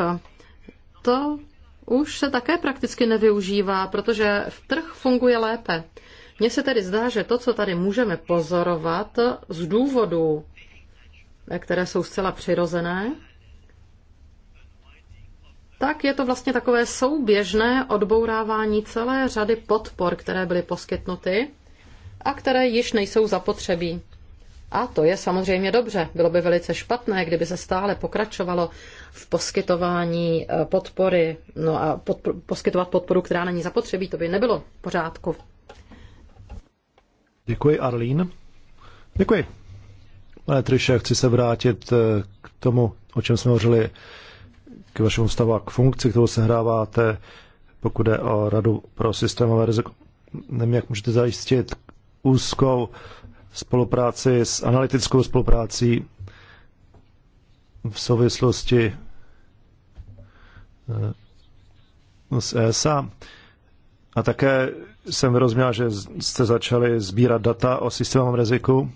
to už se také prakticky nevyužívá, protože trh funguje lépe. Mně se tedy zdá, že to, co tady můžeme pozorovat z důvodů, které jsou zcela přirozené, tak je to vlastně takové souběžné odbourávání celé řady podpor, které byly poskytnuty a které již nejsou zapotřebí. A to je samozřejmě dobře. Bylo by velice špatné, kdyby se stále pokračovalo v poskytování eh, podpory, no a podpor, poskytovat podporu, která není zapotřebí, to by nebylo v pořádku. Děkuji, Arlín. Děkuji. Pane Triše, chci se vrátit eh, k tomu, o čem jsme hovořili, k vašemu stavu a k funkci, kterou se hráváte, pokud je o Radu pro systémové riziko. Nevím, jak můžete zajistit úzkou spolupráci s analytickou spoluprácí v souvislosti Eh, z ESA. A také jsem vyrozuměl, že jste začali sbírat data o systémovém riziku.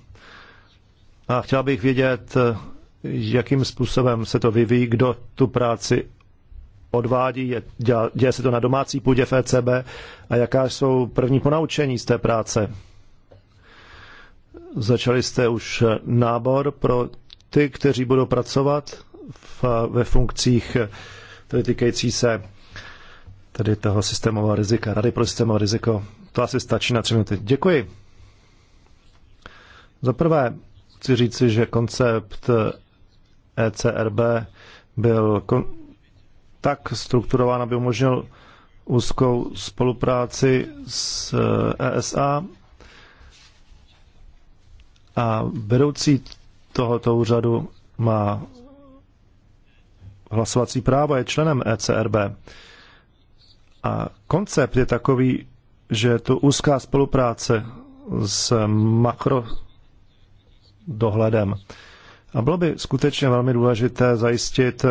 A chtěl bych vědět, eh, jakým způsobem se to vyvíjí, kdo tu práci odvádí, je, dělá, děje se to na domácí půdě v ECB a jaká jsou první ponaučení z té práce. Začali jste už eh, nábor pro ty, kteří budou pracovat v, ve funkcích tedy týkající se tedy toho systémového rizika, Rady pro systémové riziko. To asi stačí na tři minuty. Děkuji. Za prvé chci říci, že koncept ECRB byl tak strukturován, aby umožnil úzkou spolupráci s ESA eh, e a vedoucí tohoto úřadu má hlasovací právo, je členem ECRB. A koncept je takový, že tu úzká spolupráce s makro dohledem. A bylo by skutečně velmi důležité zajistit,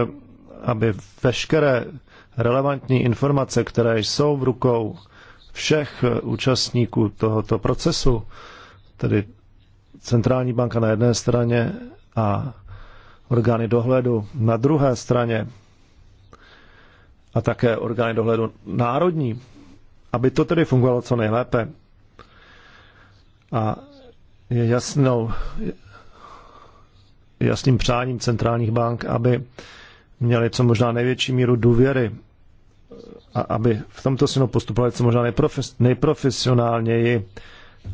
aby veškeré relevantní informace, které jsou v rukou všech účastníků tohoto procesu, tedy centrální banka na jedné straně a orgány dohledu na druhé straně a také orgány dohledu národní, aby to tedy fungovalo co nejlépe. A je jasnou, jasným přáním centrálních bank, aby měli co možná největší míru důvěry a aby v tomto synu postupovali co možná nejprofes, nejprofesionálněji,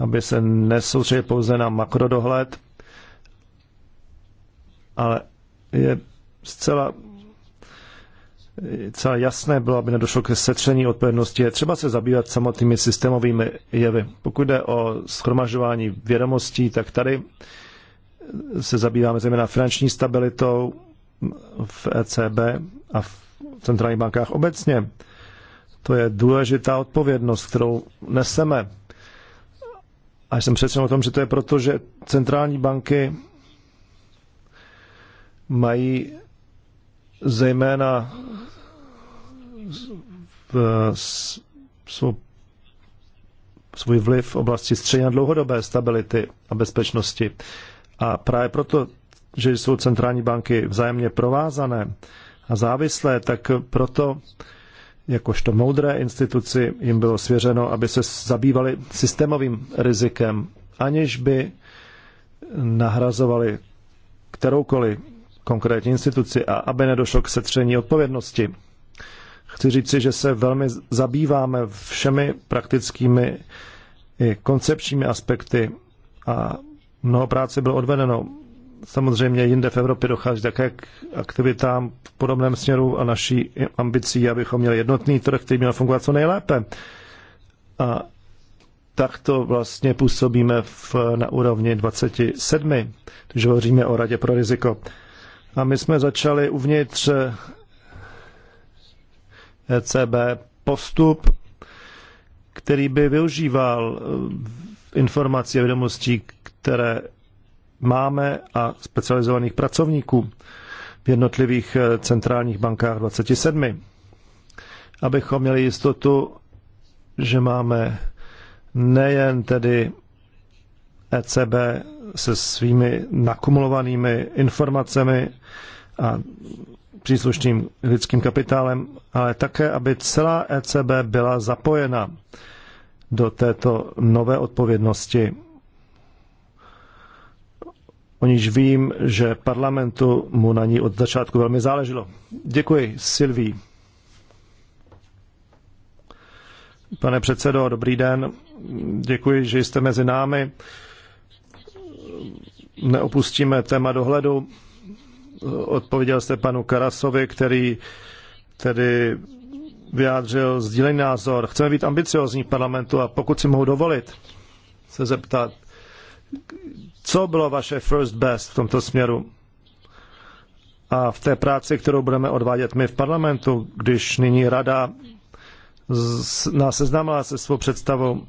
aby se nesoustředili pouze na makrodohled, ale je zcela celá jasné bylo, aby nedošlo ke setření odpovědnosti, je třeba se zabývat samotnými systémovými jevy. Pokud jde o schromažování vědomostí, tak tady se zabýváme zejména finanční stabilitou v ECB a v centrálních bankách obecně. To je důležitá odpovědnost, kterou neseme. A jsem přesvědčen o tom, že to je proto, že centrální banky mají zejména v, svou, svůj vliv v oblasti středně dlouhodobé stability a bezpečnosti. A právě proto, že jsou centrální banky vzájemně provázané a závislé, tak proto jakožto moudré instituci jim bylo svěřeno, aby se zabývali systémovým rizikem, aniž by nahrazovali kteroukoliv konkrétní instituci a aby nedošlo k setření odpovědnosti. Chci říci, že se velmi zabýváme všemi praktickými i koncepčními aspekty a mnoho práce bylo odvedeno. Samozřejmě jinde v Evropě dochází také k aktivitám v podobném směru a naší ambicí, abychom měli jednotný trh, který měl fungovat co nejlépe. A tak to vlastně působíme v, na úrovni 27, takže hovoříme o Radě pro riziko. A my jsme začali uvnitř ECB eh, e postup, který by využíval eh, informací a vědomostí, které máme a specializovaných pracovníků v jednotlivých eh, centrálních bankách 27. Abychom měli jistotu, že máme nejen tedy ECB se svými nakumulovanými informacemi a příslušným lidským kapitálem, ale také, aby celá ECB byla zapojena do této nové odpovědnosti. O níž vím, že parlamentu mu na ní od začátku velmi záleželo. Děkuji, Silví. Pane předsedo, dobrý den. Děkuji, že jste mezi námi neopustíme téma dohledu. Odpověděl jste panu Karasovi, který tedy vyjádřil sdílený názor. Chceme být ambiciozní v parlamentu a pokud si mohu dovolit se zeptat, co bylo vaše first best v tomto směru? A v té práci, kterou budeme odvádět my v parlamentu, když nyní rada nás seznámila se svou představou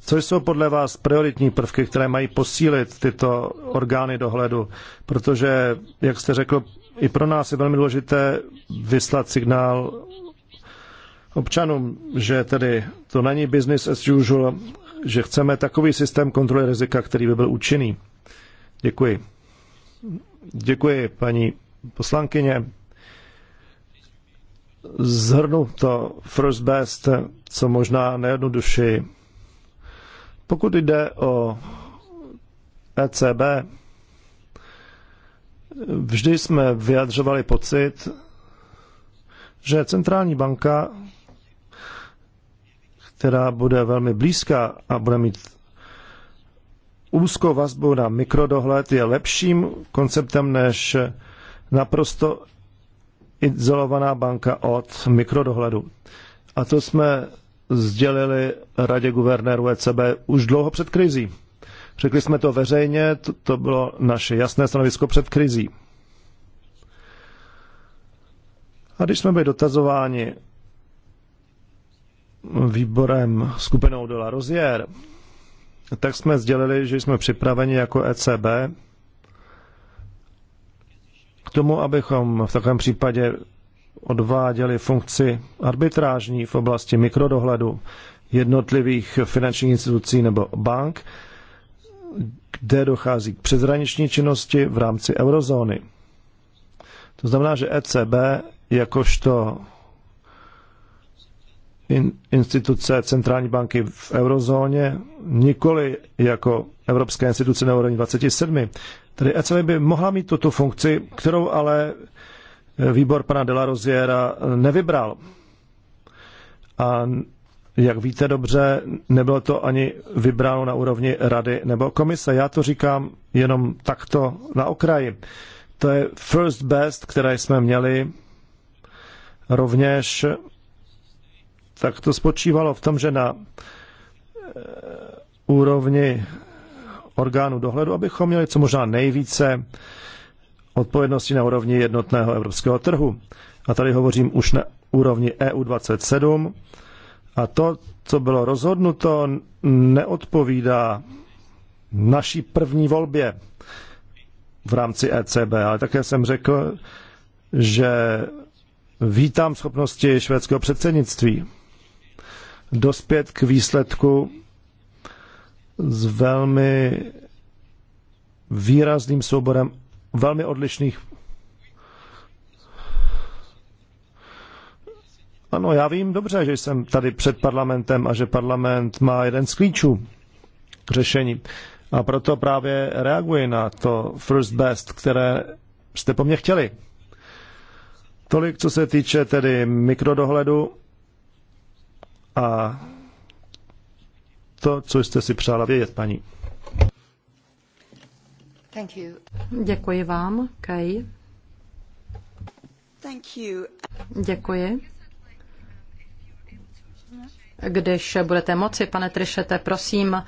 co jsou podle vás prioritní prvky, které mají posílit tyto orgány dohledu? Protože, jak jste řekl, i pro nás je velmi důležité vyslat signál občanům, že tedy to není business as usual, že chceme takový systém kontroly rizika, který by byl účinný. Děkuji. Děkuji, paní poslankyně. Zhrnu to first best, co možná nejjednodušeji pokud jde o ECB, vždy jsme vyjadřovali pocit, že centrální banka, která bude velmi blízká a bude mít úzkou vazbu na mikrodohled, je lepším konceptem než naprosto izolovaná banka od mikrodohledu. A to jsme sdělili radě guvernéru ECB už dlouho před krizí. Řekli jsme to veřejně, to, to bylo naše jasné stanovisko před krizí. A když jsme byli dotazováni výborem skupinou Dola Rozier, tak jsme sdělili, že jsme připraveni jako ECB k tomu, abychom v takovém případě odváděli funkci arbitrážní v oblasti mikrodohledu jednotlivých finančních institucí nebo bank, kde dochází k přezraniční činnosti v rámci eurozóny. To znamená, že ECB jakožto in, instituce centrální banky v eurozóně, nikoli jako evropské instituce na úrovni 27. Tedy ECB by mohla mít tuto funkci, kterou ale výbor pana de la Rosiera nevybral. A jak víte dobře, nebylo to ani vybráno na úrovni rady nebo komise. Já to říkám jenom takto na okraji. To je first best, které jsme měli. Rovněž tak to spočívalo v tom, že na eh, úrovni orgánu dohledu, abychom měli co možná nejvíce odpovědnosti na úrovni jednotného evropského trhu. A tady hovořím už na úrovni EU27. A to, co bylo rozhodnuto, neodpovídá naší první volbě v rámci ECB. Ale také jsem řekl, že vítám schopnosti švédského předsednictví dospět k výsledku s velmi výrazným souborem velmi odlišných. Ano, já vím dobře, že jsem tady před parlamentem a že parlament má jeden z klíčů k řešení. A proto právě reaguji na to first best, které jste po mně chtěli. Tolik, co se týče tedy mikrodohledu a to, co jste si přála vědět, paní. Thank you. Děkuji vám, Kay. Thank you. Děkuji. Když budete moci, pane Trišete, prosím, um,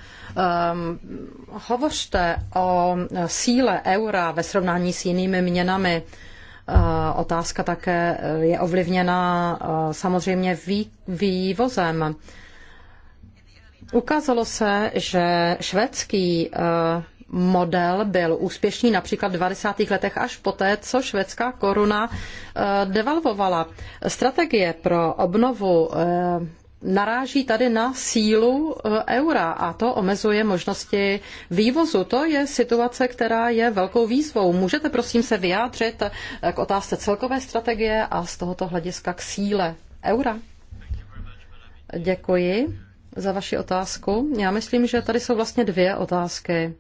hovořte o síle eura ve srovnání s jinými měnami. Uh, otázka také je ovlivněna uh, samozřejmě vý, vývozem. Ukázalo se, že švédský uh, model byl úspěšný například v 20. letech až poté, co švédská koruna eh, devalvovala. Strategie pro obnovu eh, naráží tady na sílu eh, eura a to omezuje možnosti vývozu. To je situace, která je velkou výzvou. Můžete prosím se vyjádřit k otázce celkové strategie a z tohoto hlediska k síle eura? Děkuji za vaši otázku. Já myslím, že tady jsou vlastně dvě otázky.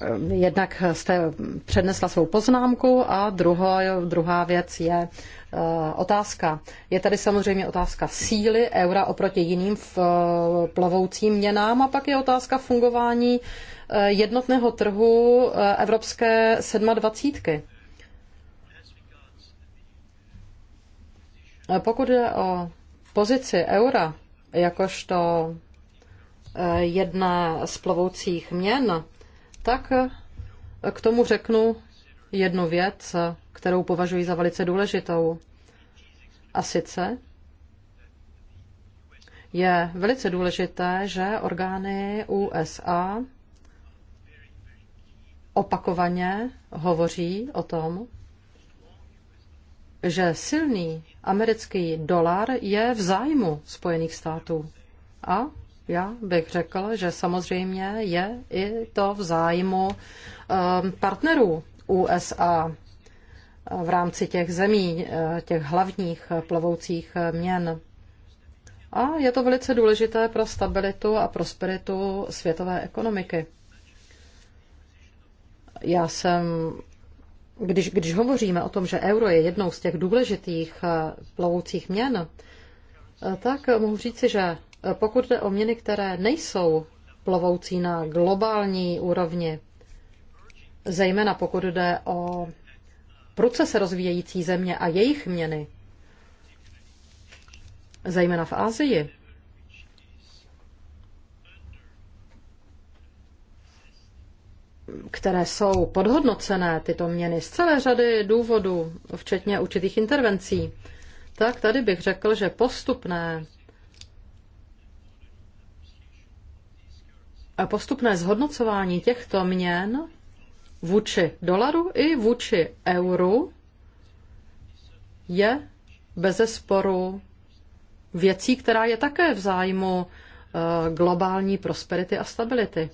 Eh, jednak jste přednesla svou poznámku a druhá, druhá věc je eh, otázka. Je tady samozřejmě otázka síly eura oproti jiným eh, plavoucím měnám a pak je otázka fungování jednotného trhu Evropské 27. Pokud je o pozici eura jakožto jedna z plovoucích měn, tak eh, k tomu řeknu jednu věc, eh, kterou považuji za velice důležitou. A sice je velice důležité, že orgány USA opakovaně hovoří o tom, že silný americký dolar je v zájmu Spojených států a já bych řekl, že samozřejmě je i to v zájmu ehm, partnerů USA eh, v rámci těch zemí, eh, těch hlavních eh, plovoucích měn. A je to velice důležité pro stabilitu a prosperitu světové ekonomiky. Já jsem, když, když hovoříme o tom, že euro je jednou z těch důležitých plovoucích měn, tak mohu říci, že pokud jde o měny, které nejsou plovoucí na globální úrovni, zejména pokud jde o prudce se rozvíjející země a jejich měny, zejména v Asii, které jsou podhodnocené, tyto měny, z celé řady důvodů, včetně určitých intervencí, tak tady bych řekl, že postupné postupné zhodnocování těchto měn vůči dolaru i vůči euru je bezesporu věcí, která je také v zájmu eh, globální prosperity a stability.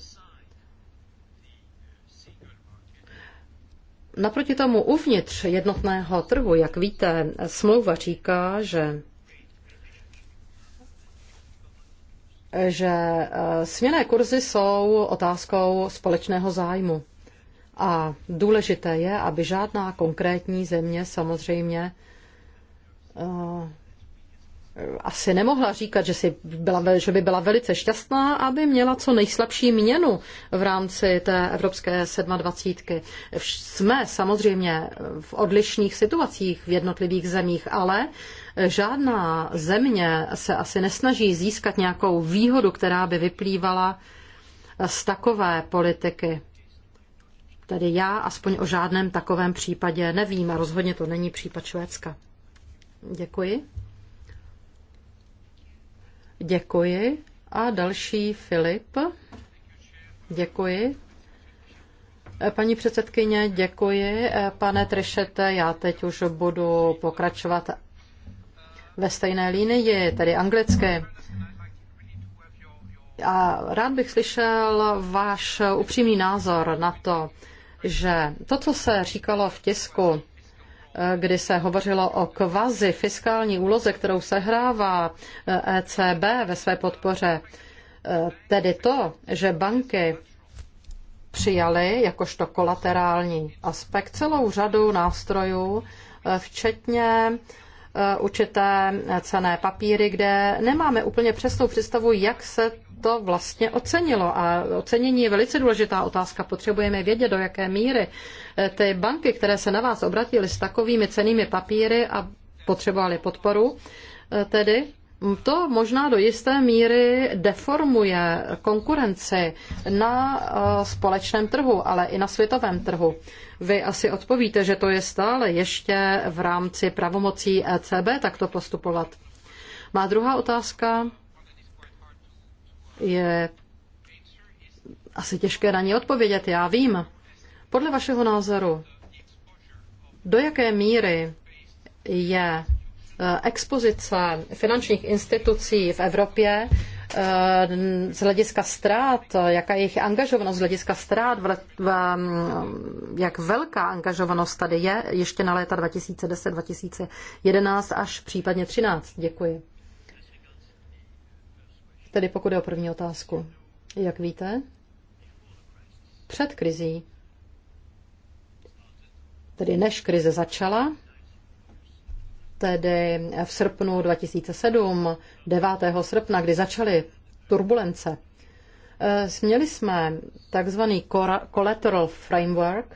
Naproti tomu uvnitř jednotného trhu, jak víte, smlouva říká, že že eh, směné kurzy jsou otázkou společného zájmu. A důležité je, aby žádná konkrétní země samozřejmě eh, asi nemohla říkat, že, si byla, že by byla velice šťastná, aby měla co nejslabší měnu v rámci té evropské 27. Jsme samozřejmě v odlišných situacích v jednotlivých zemích, ale Žádná země se asi nesnaží získat nějakou výhodu, která by vyplývala z takové politiky. Tedy já aspoň o žádném takovém případě nevím a rozhodně to není případ Švédska. Děkuji. Děkuji. A další Filip. Děkuji. Paní předsedkyně, děkuji. Pane Trišete, já teď už budu pokračovat ve stejné linii, tedy anglicky. A rád bych slyšel váš upřímný názor na to, že to, co se říkalo v tisku, eh, kdy se hovořilo o kvazi fiskální úloze, kterou sehrává ECB eh, e ve své podpoře, eh, tedy to, že banky přijaly jakožto kolaterální aspekt celou řadu nástrojů, včetně Eh, určité cené papíry, kde nemáme úplně přesnou představu, jak se to vlastně ocenilo. A ocenění je velice důležitá otázka. Potřebujeme vědět, do jaké míry eh, ty banky, které se na vás obratily s takovými cenými papíry a potřebovali podporu, eh, tedy to možná do jisté míry deformuje konkurenci na eh, společném trhu, ale i na světovém trhu. Vy asi odpovíte, že to je stále ještě v rámci pravomocí ECB takto postupovat. Má druhá otázka je asi těžké na ní odpovědět, já vím. Podle vašeho názoru, do jaké míry je Eh, expozice finančních institucí v Evropě eh, z hlediska ztrát, jaká je jejich angažovanost z hlediska ztrát, mm, jak velká angažovanost tady je ještě na léta 2010, 2011 až případně 13. Děkuji. Tedy pokud je o první otázku. Jak víte, před krizí, tedy než krize začala, tedy v srpnu 2007, 9. srpna, kdy začaly turbulence, eh, Směli jsme takzvaný collateral framework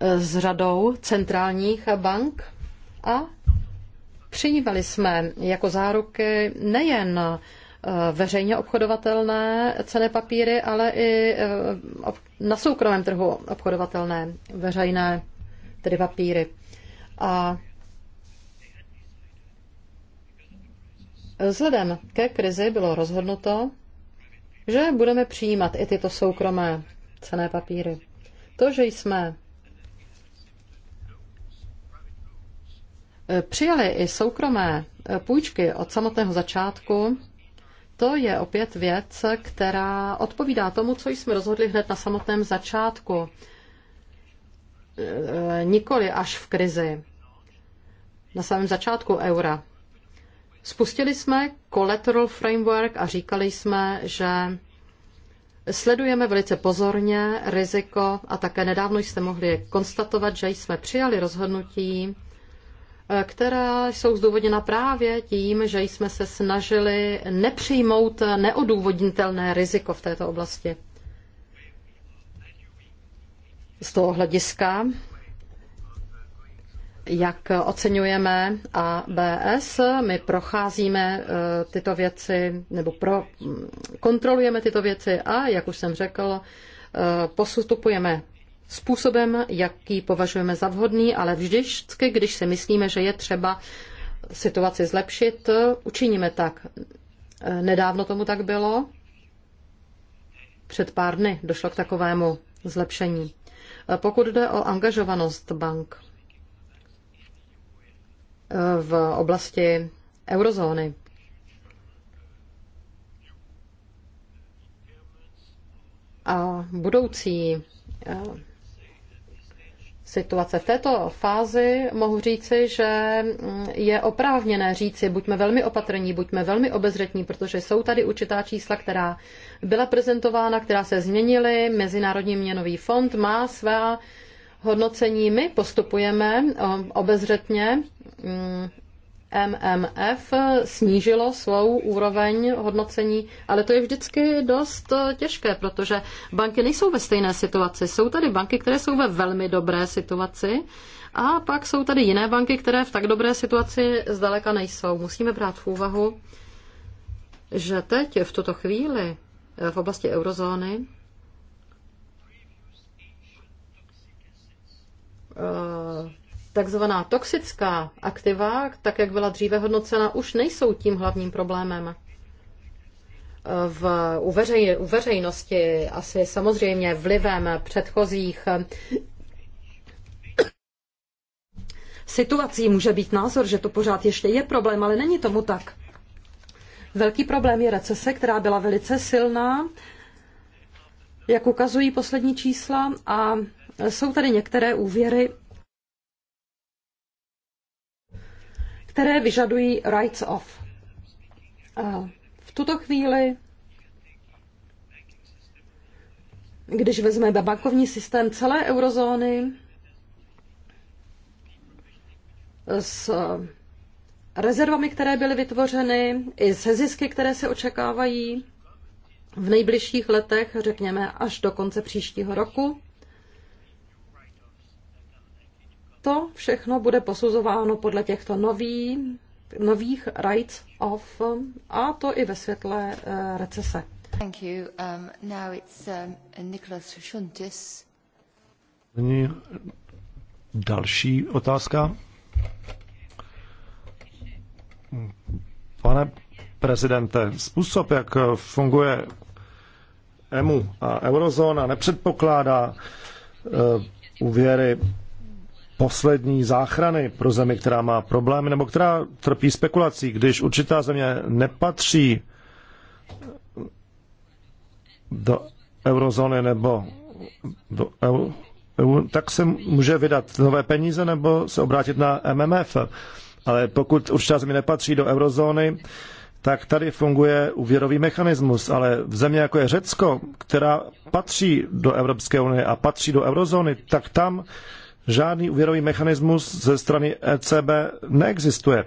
eh, s řadou centrálních bank a přijímali jsme jako záruky nejen eh, veřejně obchodovatelné cenné papíry, ale i na soukromém trhu obchodovatelné veřejné tedy papíry. A vzhledem ke krizi bylo rozhodnuto, že budeme přijímat i tyto soukromé cené papíry. To, že jsme e, přijali i soukromé e, půjčky od samotného začátku, to je opět věc, která odpovídá tomu, co jsme rozhodli hned na samotném začátku. Eh, nikoli až v krizi, na samém začátku eura. Spustili jsme collateral framework a říkali jsme, že sledujeme velice pozorně riziko a také nedávno jste mohli konstatovat, že jsme přijali rozhodnutí, eh, která jsou zdůvodněna právě tím, že jsme se snažili nepřijmout neodůvodnitelné riziko v této oblasti z toho hlediska, jak oceňujeme ABS, my procházíme eh, tyto věci, nebo pro, kontrolujeme tyto věci a, jak už jsem řekl, eh, postupujeme způsobem, jaký považujeme za vhodný, ale vždycky, když si myslíme, že je třeba situaci zlepšit, učiníme tak. Eh, nedávno tomu tak bylo. Před pár dny došlo k takovému zlepšení. Pokud jde o angažovanost bank v oblasti eurozóny, a budoucí eh, situace. V této fázi mohu říci, že je oprávněné říci, buďme velmi opatrní, buďme velmi obezřetní, protože jsou tady určitá čísla, která byla prezentována, která se změnily. Mezinárodní měnový fond má svá hodnocení. My postupujeme um, obezřetně, mm, MMF snížilo svou úroveň hodnocení, ale to je vždycky dost eh, těžké, protože banky nejsou ve stejné situaci. Jsou tady banky, které jsou ve velmi dobré situaci a pak jsou tady jiné banky, které v tak dobré situaci zdaleka nejsou. Musíme brát v úvahu, že teď v tuto chvíli eh, v oblasti eurozóny uh, takzvaná toxická aktiva, tak jak byla dříve hodnocena, už nejsou tím hlavním problémem. V, u, veřej, u veřejnosti asi samozřejmě vlivem předchozích situací může být názor, že to pořád ještě je problém, ale není tomu tak. Velký problém je recese, která byla velice silná, jak ukazují poslední čísla, a jsou tady některé úvěry, které vyžadují rights of. A v tuto chvíli, když vezmeme bankovní systém celé eurozóny s eh, rezervami, které byly vytvořeny, i se zisky, které se očekávají v nejbližších letech, řekněme až do konce příštího roku, to všechno bude posuzováno podle těchto nový, nových rights of a to i ve světle eh, recese. Thank you. Um, now it's um, Nicholas Shuntis. Nyní další otázka. Pane prezidente, způsob, jak funguje EMU a eurozóna, nepředpokládá uh, úvěry poslední záchrany pro zemi, která má problémy nebo která trpí spekulací, když určitá země nepatří do eurozóny nebo do EU, EU, tak se může vydat nové peníze nebo se obrátit na MMF. Ale pokud určitá země nepatří do eurozóny, tak tady funguje úvěrový mechanismus, ale v země jako je Řecko, která patří do Evropské unie a patří do eurozóny, tak tam Žádný úvěrový mechanismus ze strany ECB neexistuje.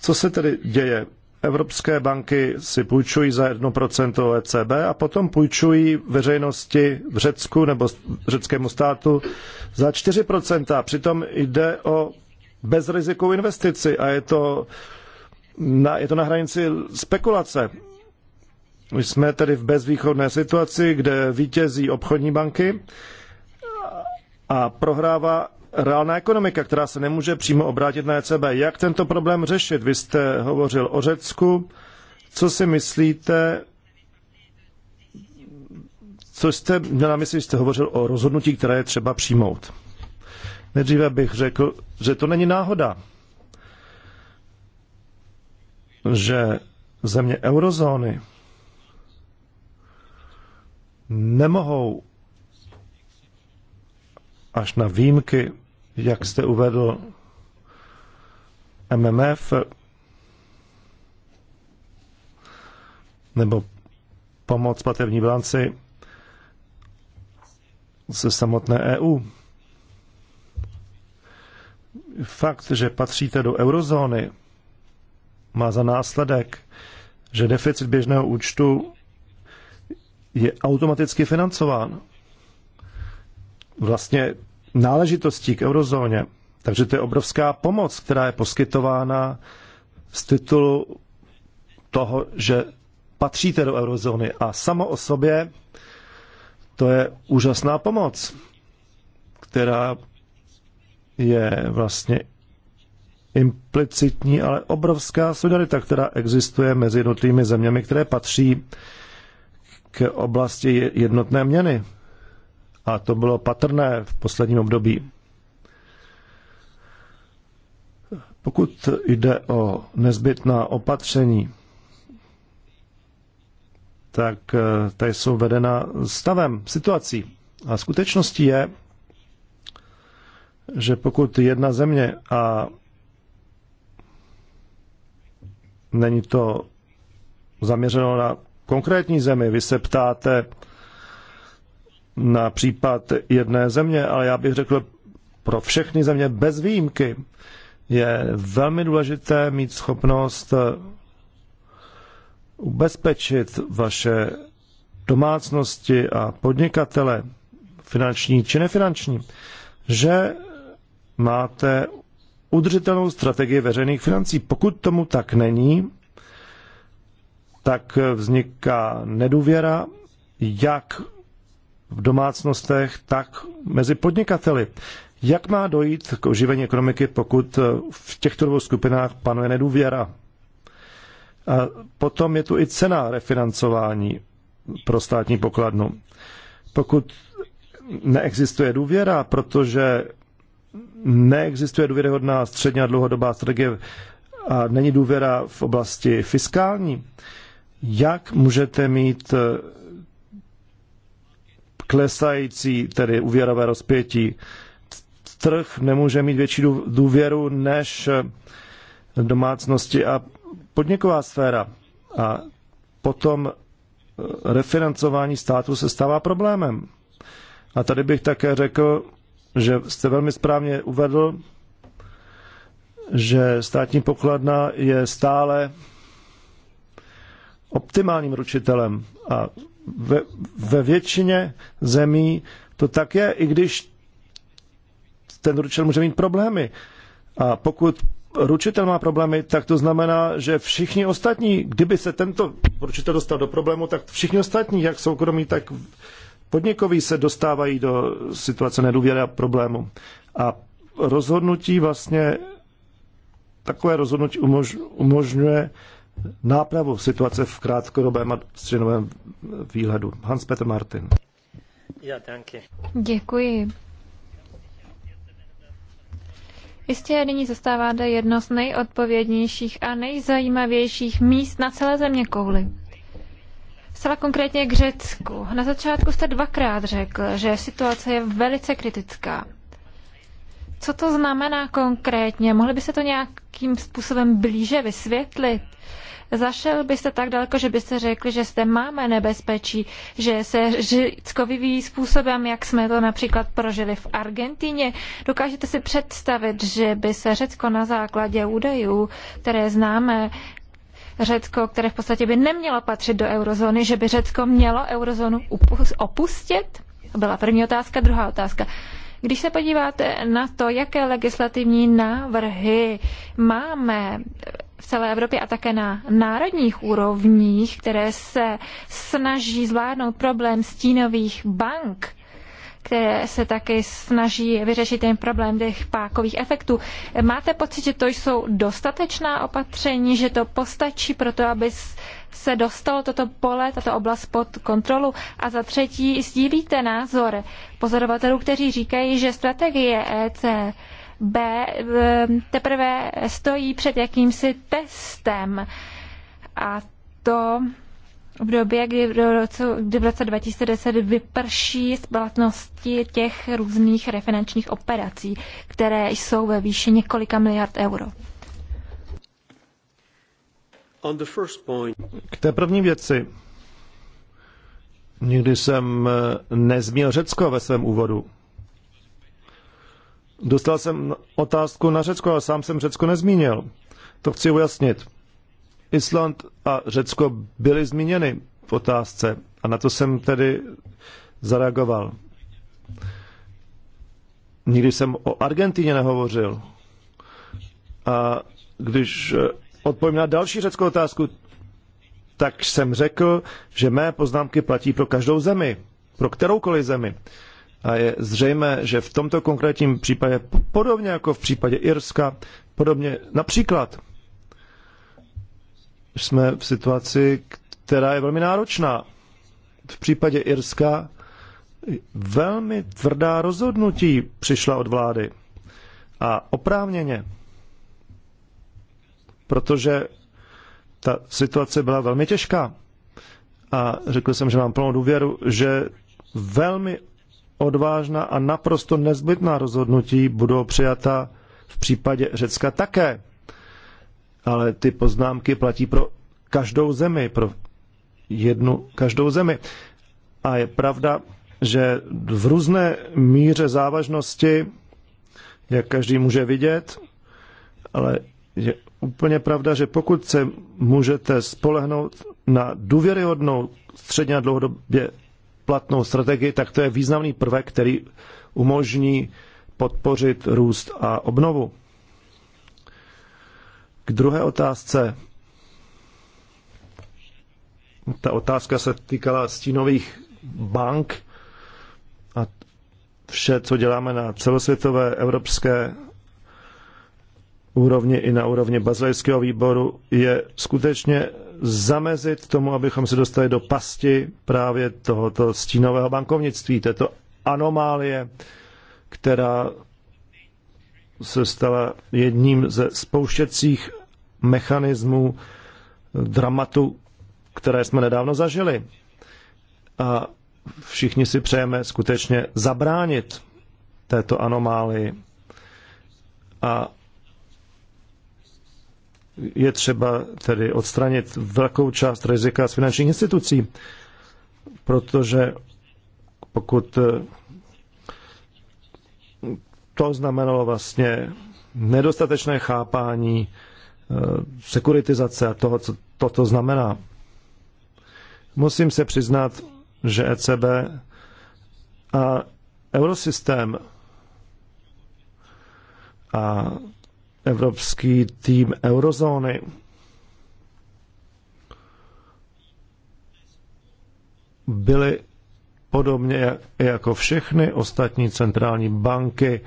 Co se tedy děje? Evropské banky si půjčují za 1% ECB a potom půjčují veřejnosti v Řecku nebo řeckému státu za 4%. Přitom jde o bezrizikovou investici a je to na, je to na hranici spekulace. Jsme tedy v bezvýchodné situaci, kde vítězí obchodní banky a prohrává reálná ekonomika, která se nemůže přímo obrátit na ECB. Jak tento problém řešit? Vy jste hovořil o Řecku. Co si myslíte, co jste měl na mysli, jste hovořil o rozhodnutí, které je třeba přijmout? Nejdříve bych řekl, že to není náhoda, že země eurozóny nemohou až na výjimky, jak jste uvedl, MMF nebo pomoc platební bilanci ze samotné EU. Fakt, že patříte do eurozóny, má za následek, že deficit běžného účtu je automaticky financován vlastně náležitostí k eurozóně. Takže to je obrovská pomoc, která je poskytována z titulu toho, že patříte do eurozóny. A samo o sobě to je úžasná pomoc, která je vlastně implicitní, ale obrovská solidarita, která existuje mezi jednotlivými zeměmi, které patří k oblasti jednotné měny. A to bylo patrné v posledním období. Pokud jde o nezbytná opatření, tak eh, tady jsou vedena stavem, situací. A skutečností je, že pokud jedna země a není to zaměřeno na konkrétní zemi, vy se ptáte na případ jedné země, ale já bych řekl pro všechny země bez výjimky je velmi důležité mít schopnost eh, ubezpečit vaše domácnosti a podnikatele, finanční či nefinanční, že máte udržitelnou strategii veřejných financí. Pokud tomu tak není, tak vzniká nedůvěra jak v domácnostech, tak mezi podnikateli. Jak má dojít k oživení ekonomiky, pokud eh, v těchto dvou skupinách panuje nedůvěra? A potom je tu i cena refinancování pro státní pokladnu. Pokud neexistuje důvěra, protože neexistuje důvěryhodná střední a dlouhodobá strategie a není důvěra v oblasti fiskální, jak můžete mít eh, klesající, tedy úvěrové rozpětí. Trh nemůže mít větší důvěru než domácnosti a podniková sféra. A potom eh, refinancování státu se stává problémem. A tady bych také řekl, že jste velmi správně uvedl, že státní pokladna je stále optimálním ručitelem a ve, ve většině zemí to tak je, i když ten ručitel může mít problémy. A pokud ručitel má problémy, tak to znamená, že všichni ostatní, kdyby se tento ručitel dostal do problému, tak všichni ostatní, jak soukromí, tak podnikoví se dostávají do situace nedůvěry a problému. A rozhodnutí vlastně, takové rozhodnutí umož, umožňuje nápravu situace v krátkodobém a středovém výhledu. Hans-Peter Martin. Já, danke. Děkuji. Jistě nyní zastáváte jedno z nejodpovědnějších a nejzajímavějších míst na celé země kouly. Zcela konkrétně k Řecku. Na začátku jste dvakrát řekl, že situace je velice kritická. Co to znamená konkrétně? Mohli by se to nějakým způsobem blíže vysvětlit? Zašel byste tak daleko, že byste řekli, že zde máme nebezpečí, že se Řecko vyvíjí způsobem, jak jsme to například prožili v Argentině. Dokážete si představit, že by se Řecko na základě údajů, které známe, Řecko, které v podstatě by nemělo patřit do eurozóny, že by Řecko mělo eurozónu opustit? To byla první otázka. Druhá otázka. Když se podíváte na to, jaké legislativní návrhy máme v celé Evropě a také na národních úrovních, které se snaží zvládnout problém stínových bank, které se také snaží vyřešit ten problém těch pákových efektů. Máte pocit, že to jsou dostatečná opatření, že to postačí pro to, aby se dostalo toto pole, tato oblast pod kontrolu? A za třetí, sdílíte názor pozorovatelů, kteří říkají, že strategie ECB B ehm, teprve stojí před jakýmsi testem. A to v době, kdy v roce, kdy v roce 2010 vyprší splatnosti těch různých refinančních operací, které jsou ve výši několika miliard euro. K té první věci. Nikdy jsem eh, nezmínil Řecko ve svém úvodu. Dostal jsem otázku na Řecko, ale sám jsem Řecko nezmínil. To chci ujasnit. Island a Řecko byly zmíněny v otázce a na to jsem tedy zareagoval. Nikdy jsem o Argentině nehovořil. A když eh, odpovím na další řeckou otázku, tak jsem řekl, že mé poznámky platí pro každou zemi, pro kteroukoliv zemi. A je zřejmé, že v tomto konkrétním případě, podobně jako v případě Irska, podobně například jsme v situaci, která je velmi náročná. V případě Irska velmi tvrdá rozhodnutí přišla od vlády. A oprávněně, protože ta situace byla velmi těžká. A řekl jsem, že mám plnou důvěru, že velmi odvážná a naprosto nezbytná rozhodnutí budou přijata v případě Řecka také. Ale ty poznámky platí pro každou zemi, pro jednu každou zemi. A je pravda, že v různé míře závažnosti, jak každý může vidět, ale je úplně pravda, že pokud se můžete spolehnout na důvěryhodnou středně a dlouhodobě platnou strategii, tak to je významný prvek, který umožní podpořit růst a obnovu. K druhé otázce. Ta otázka se týkala stínových bank a vše, co děláme na celosvětové evropské úrovni i na úrovni bazilejského výboru, je skutečně zamezit tomu, abychom se dostali do pasti právě tohoto stínového bankovnictví, této anomálie, která se stala jedním ze spouštěcích mechanismů dramatu, které jsme nedávno zažili. A všichni si přejeme skutečně zabránit této anomálii. A je třeba tedy odstranit velkou část rizika z finančních institucí, protože pokud eh, to znamenalo vlastně nedostatečné chápání eh, sekuritizace a toho, co toto znamená. Musím se přiznat, že ECB a eurosystém a evropský tým eurozóny. Byly podobně jako všechny ostatní centrální banky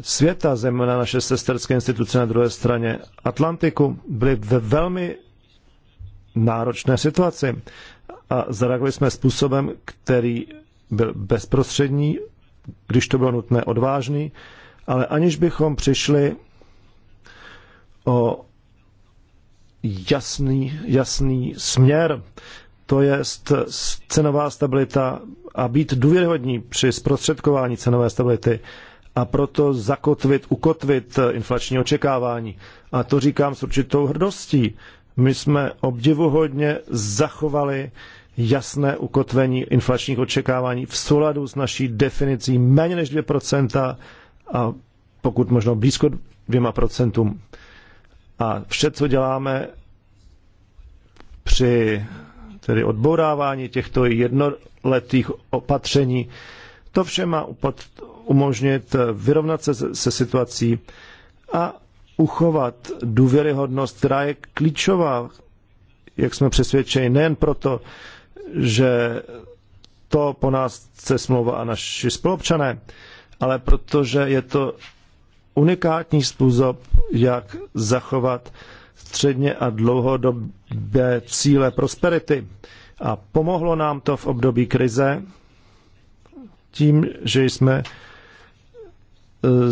světa, zejména naše sesterské instituce na druhé straně Atlantiku, byly ve velmi náročné situaci. A zareagovali jsme způsobem, který byl bezprostřední, když to bylo nutné, odvážný ale aniž bychom přišli o jasný, jasný směr, to je cenová stabilita a být důvěryhodní při zprostředkování cenové stability a proto zakotvit, ukotvit inflační očekávání. A to říkám s určitou hrdostí. My jsme obdivuhodně zachovali jasné ukotvení inflačních očekávání v souladu s naší definicí méně než 2% a pokud možno blízko dvěma procentům. A vše, co děláme při tedy odbourávání těchto jednoletých opatření, to vše má umožnit vyrovnat se se situací a uchovat důvěryhodnost, která je klíčová, jak jsme přesvědčeni, nejen proto, že to po nás chce smlouva a naši spolupčané, ale protože je to unikátní způsob, jak zachovat středně a dlouhodobé cíle prosperity. A pomohlo nám to v období krize tím, že jsme e,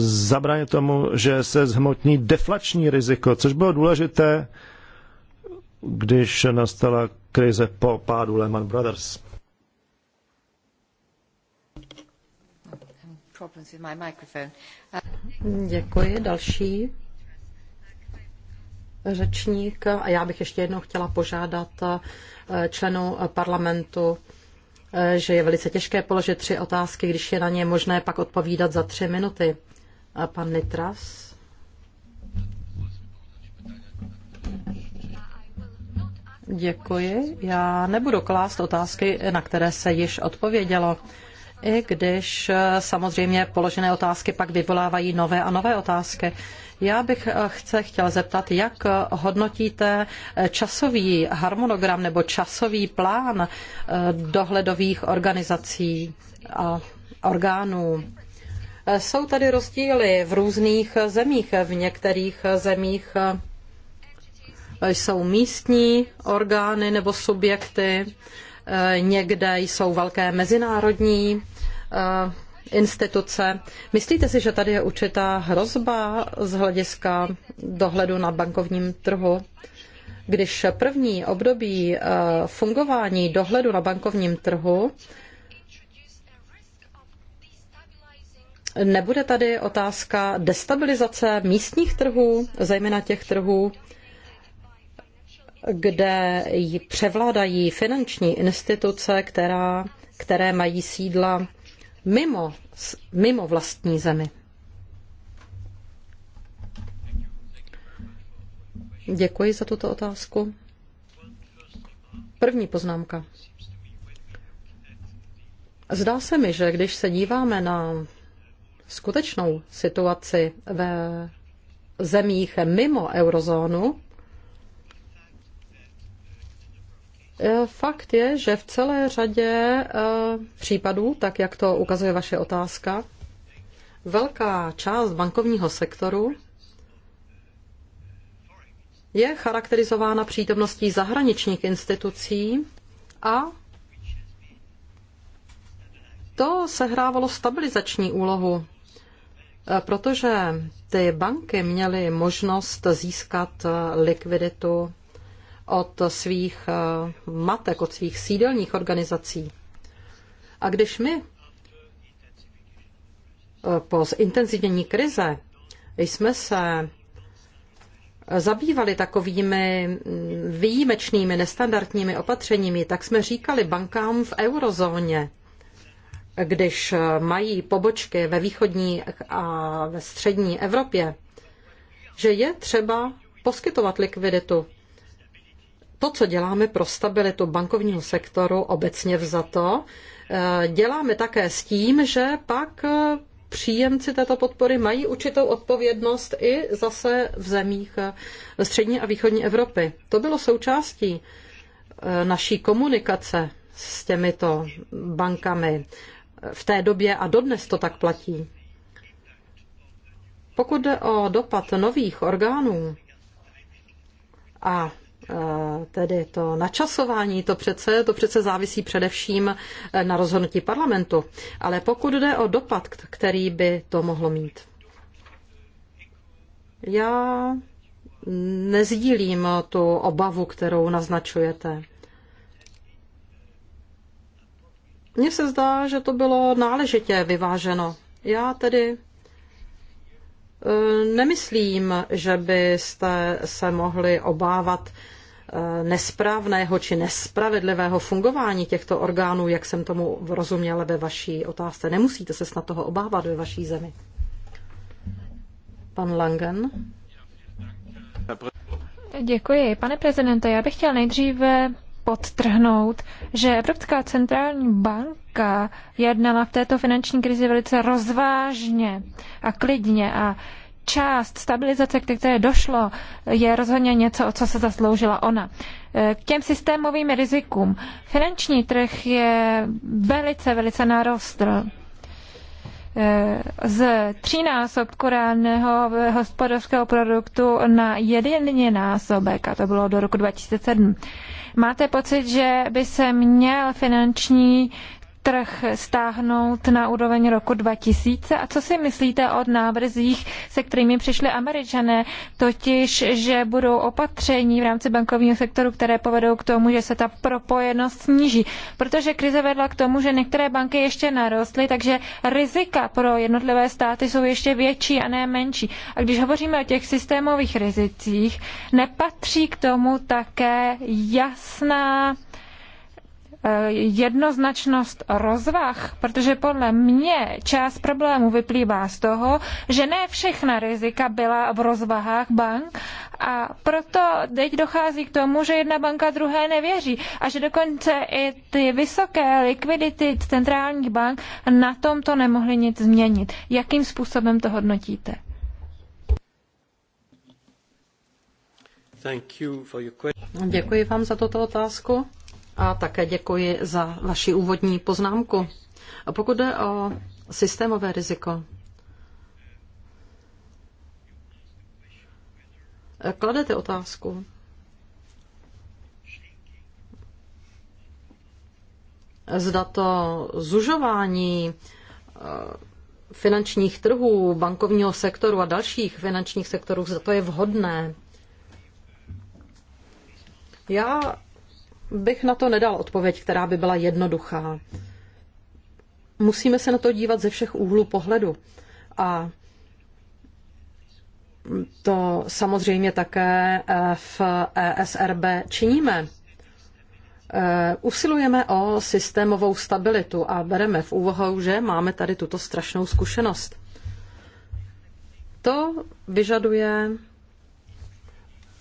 zabránili tomu, že se zhmotní deflační riziko, což bylo důležité, když nastala krize po pádu Lehman Brothers. Uh, Děkuji. Další řečník. A já bych ještě jednou chtěla požádat uh, členů parlamentu, uh, že je velice těžké položit tři otázky, když je na ně možné pak odpovídat za tři minuty. pan Nitras. Děkuji. Já nebudu klást otázky, na které se již odpovědělo i když eh, samozřejmě položené otázky pak vyvolávají nové a nové otázky. Já bych eh, se chtěla zeptat, jak eh, hodnotíte časový harmonogram nebo časový plán dohledových organizací a orgánů jsou tady rozdíly v různých zemích. V některých zemích jsou místní orgány nebo subjekty, Eh, někde jsou velké mezinárodní eh, instituce. Myslíte si, že tady je určitá hrozba z hlediska dohledu na bankovním trhu? Když první období eh, fungování dohledu na bankovním trhu Nebude tady otázka destabilizace místních trhů, zejména těch trhů, kde převládají finanční instituce, která, které mají sídla mimo, mimo vlastní zemi. Děkuji za tuto otázku. První poznámka. Zdá se mi, že když se díváme na skutečnou situaci ve zemích mimo eurozónu, E, fakt je, že v celé řadě e, případů, tak jak to ukazuje vaše otázka, velká část bankovního sektoru je charakterizována přítomností zahraničních institucí a to sehrávalo stabilizační úlohu, e, protože ty banky měly možnost získat likviditu od svých eh, matek, od svých sídelních organizací. A když my eh, po zintenzivnění krize jsme se zabývali takovými mm, výjimečnými, nestandardními opatřeními, tak jsme říkali bankám v eurozóně, když eh, mají pobočky ve východní a ve střední Evropě, že je třeba poskytovat likviditu to, co děláme pro stabilitu bankovního sektoru obecně vzato, eh, děláme také s tím, že pak eh, příjemci této podpory mají určitou odpovědnost i zase v zemích eh, střední a východní Evropy. To bylo součástí naší komunikace s těmito bankami v té době a dodnes to tak platí. Pokud jde o dopad nových orgánů a tedy to načasování, to přece, to přece závisí především e, na rozhodnutí parlamentu. Ale pokud jde o dopad, který by to mohlo mít. Já nezdílím tu obavu, kterou naznačujete. Mně se zdá, že to bylo náležitě vyváženo. Já tedy e, nemyslím, že byste se mohli obávat Eh, nesprávného či nespravedlivého fungování těchto orgánů, jak jsem tomu rozuměla ve vaší otázce. Nemusíte se snad toho obávat ve vaší zemi. Pan Langen. Děkuji. Pane prezidente, já bych chtěl nejdříve podtrhnout, že Evropská centrální banka jednala v této finanční krizi velice rozvážně a klidně a část stabilizace, ke které došlo, je rozhodně něco, o co se zasloužila ona. E, k těm systémovým rizikům. Finanční trh je velice, velice narostl e, z třínásobku reálného hospodářského produktu na jedině násobek, a to bylo do roku 2007. Máte pocit, že by se měl finanční trh stáhnout na úroveň roku 2000? A co si myslíte o návrzích, se kterými přišli američané, totiž, že budou opatření v rámci bankovního sektoru, které povedou k tomu, že se ta propojenost sníží? Protože krize vedla k tomu, že některé banky ještě narostly, takže rizika pro jednotlivé státy jsou ještě větší a ne menší. A když hovoříme o těch systémových rizicích, nepatří k tomu také jasná jednoznačnost rozvah, protože podle mě část problému vyplývá z toho, že ne všechna rizika byla v rozvahách bank a proto teď dochází k tomu, že jedna banka druhé nevěří a že dokonce i ty vysoké likvidity centrálních bank na tom to nemohly nic změnit. Jakým způsobem to hodnotíte? Děkuji vám za tuto otázku a také děkuji za vaši úvodní poznámku. A pokud jde o systémové riziko, kladete otázku, zda to zužování eh, finančních trhů, bankovního sektoru a dalších finančních sektorů, zda to je vhodné. Já bych na to nedal odpověď, která by byla jednoduchá. Musíme se na to dívat ze všech úhlů pohledu. A to samozřejmě také eh, v ESRB činíme. Eh, usilujeme o systémovou stabilitu a bereme v úvahu, že máme tady tuto strašnou zkušenost. To vyžaduje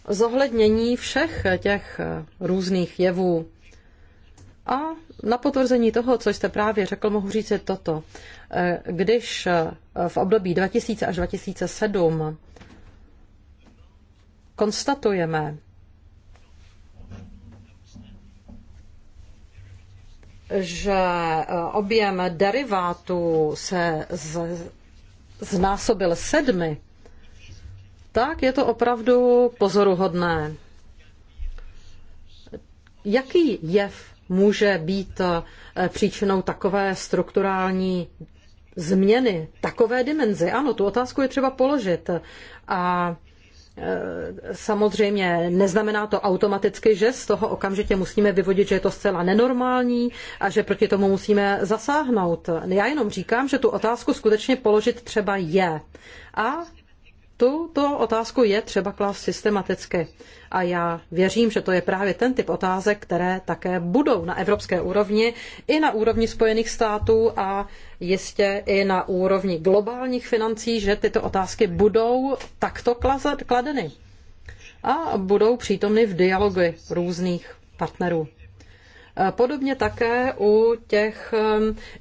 zohlednění všech těch různých jevů. A na potvrzení toho, co jste právě řekl, mohu říct si toto. Když v období 2000 až 2007 konstatujeme, že objem derivátů se znásobil sedmi, tak je to opravdu pozoruhodné. Jaký jev může být eh, příčinou takové strukturální změny, takové dimenzi? Ano, tu otázku je třeba položit. A eh, Samozřejmě neznamená to automaticky, že z toho okamžitě musíme vyvodit, že je to zcela nenormální a že proti tomu musíme zasáhnout. Já jenom říkám, že tu otázku skutečně položit třeba je. A tuto otázku je třeba klást systematicky. A já věřím, že to je právě ten typ otázek, které také budou na evropské úrovni i na úrovni Spojených států a jistě i na úrovni globálních financí, že tyto otázky budou takto kladeny a budou přítomny v dialogu různých partnerů. E, podobně také u těch e,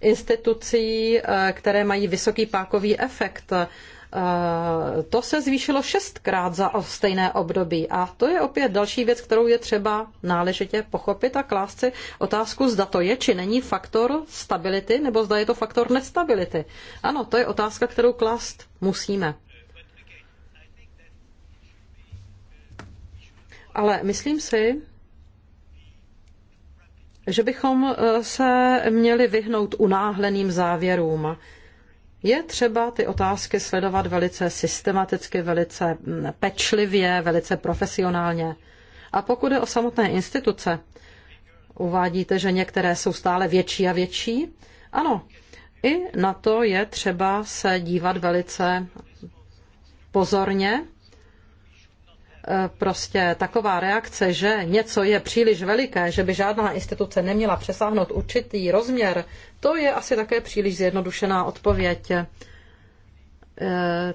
institucí, e, které mají vysoký pákový efekt, Eh, to se zvýšilo šestkrát za stejné období. A to je opět další věc, kterou je třeba náležitě pochopit a klást si otázku, zda to je, či není faktor stability, nebo zda je to faktor nestability. Ano, to je otázka, kterou klást musíme. Ale myslím si, že bychom eh, se měli vyhnout unáhleným závěrům. Je třeba ty otázky sledovat velice systematicky, velice mm, pečlivě, velice profesionálně. A pokud je o samotné instituce, uvádíte, že některé jsou stále větší a větší. Ano, i na to je třeba se dívat velice pozorně prostě taková reakce, že něco je příliš veliké, že by žádná instituce neměla přesáhnout určitý rozměr, to je asi také příliš zjednodušená odpověď. E,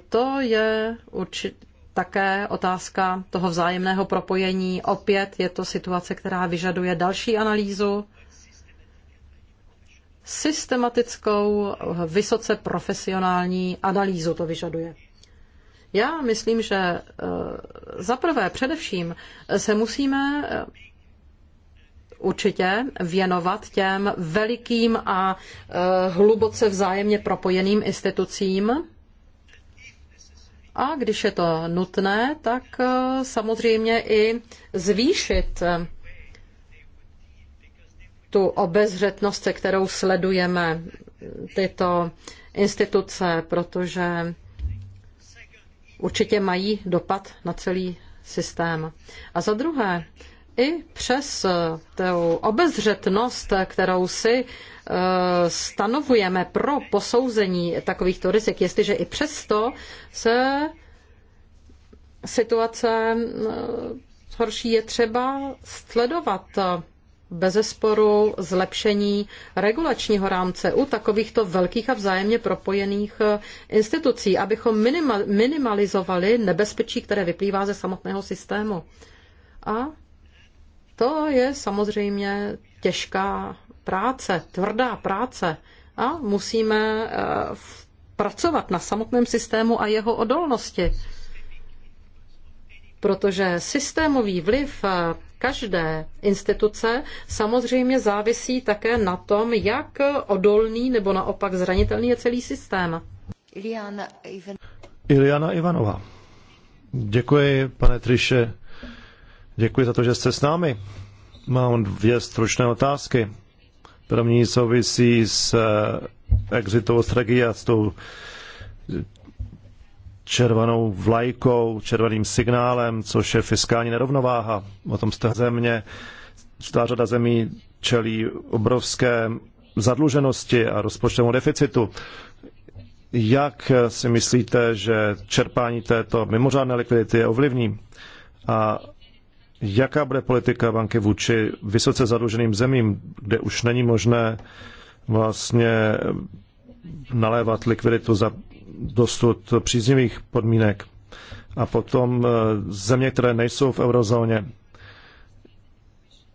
to je také otázka toho vzájemného propojení. Opět je to situace, která vyžaduje další analýzu, systematickou, vysoce profesionální analýzu to vyžaduje. Já myslím, že eh, zaprvé především eh, se musíme eh, určitě věnovat těm velikým a hluboce vzájemně propojeným institucím. A když je to nutné, tak samozřejmě i zvýšit tu obezřetnost, se kterou sledujeme tyto instituce, protože určitě mají dopad na celý systém. A za druhé, i přes eh, tu obezřetnost, kterou si eh, stanovujeme pro posouzení takovýchto rizik, jestliže i přesto se situace eh, horší, je třeba sledovat bezesporu zlepšení regulačního rámce u takovýchto velkých a vzájemně propojených eh, institucí, abychom minimalizovali nebezpečí, které vyplývá ze samotného systému. A to je samozřejmě těžká práce, tvrdá práce a musíme eh, pracovat na samotném systému a jeho odolnosti protože systémový vliv eh, každé instituce samozřejmě závisí také na tom, jak odolný nebo naopak zranitelný je celý systém. Iliana, Ivan... Iliana Ivanová. Děkuji, pane Triše. Děkuji za to, že jste s námi. Mám dvě stručné otázky. První souvisí s eh, exitovou strategií a s tou červenou vlajkou, červeným signálem, což je fiskální nerovnováha. O tom jste země, celá řada zemí čelí obrovské zadluženosti a rozpočtovému deficitu. Jak si myslíte, že čerpání této mimořádné likvidity je ovlivní? A jaká bude politika banky vůči vysoce zadluženým zemím, kde už není možné vlastně nalévat likviditu za dosud příznivých podmínek. A potom e, země, které nejsou v eurozóně,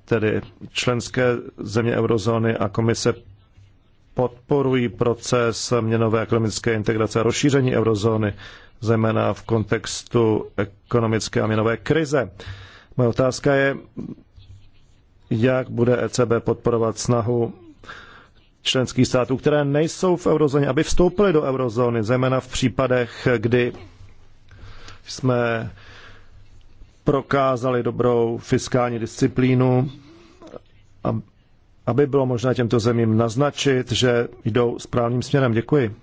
tedy členské země eurozóny a komise podporují proces měnové ekonomické integrace a rozšíření eurozóny, zejména v kontextu ekonomické a měnové krize. Moje otázka je, jak bude ECB podporovat snahu členských států, které nejsou v eurozóně, aby vstoupily do eurozóny, zejména v případech, kdy jsme prokázali dobrou fiskální disciplínu, aby bylo možné těmto zemím naznačit, že jdou správným směrem. Děkuji.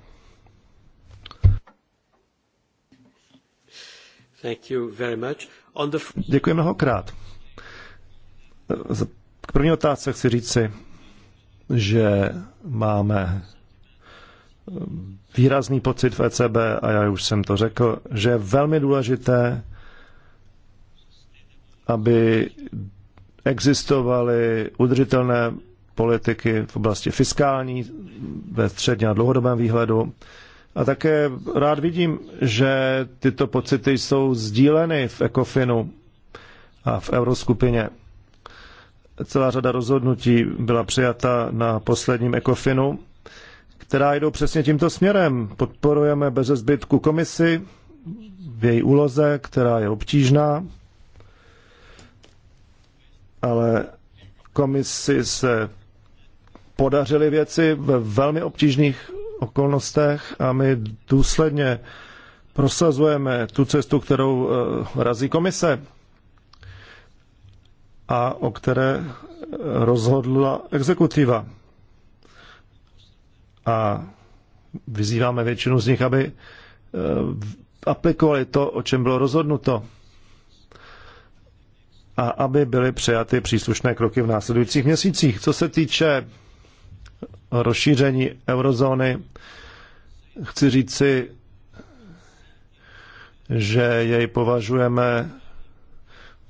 The... Děkuji mnohokrát. K první otázce chci říci, že máme ehm, výrazný pocit v ECB, a já už jsem to řekl, že je velmi důležité, aby existovaly udržitelné politiky v oblasti fiskální, ve středně a dlouhodobém výhledu. A také rád vidím, že tyto pocity jsou sdíleny v ECOFINu a v euroskupině celá řada rozhodnutí byla přijata na posledním ECOFINu, která jdou přesně tímto směrem. Podporujeme bez zbytku komisi v její úloze, která je obtížná, ale komisi se podařily věci ve velmi obtížných okolnostech a my důsledně prosazujeme tu cestu, kterou eh, razí komise a o které rozhodla exekutiva. A vyzýváme většinu z nich, aby eh, aplikovali to, o čem bylo rozhodnuto a aby byly přijaty příslušné kroky v následujících měsících. Co se týče rozšíření eurozóny, chci říci, že jej považujeme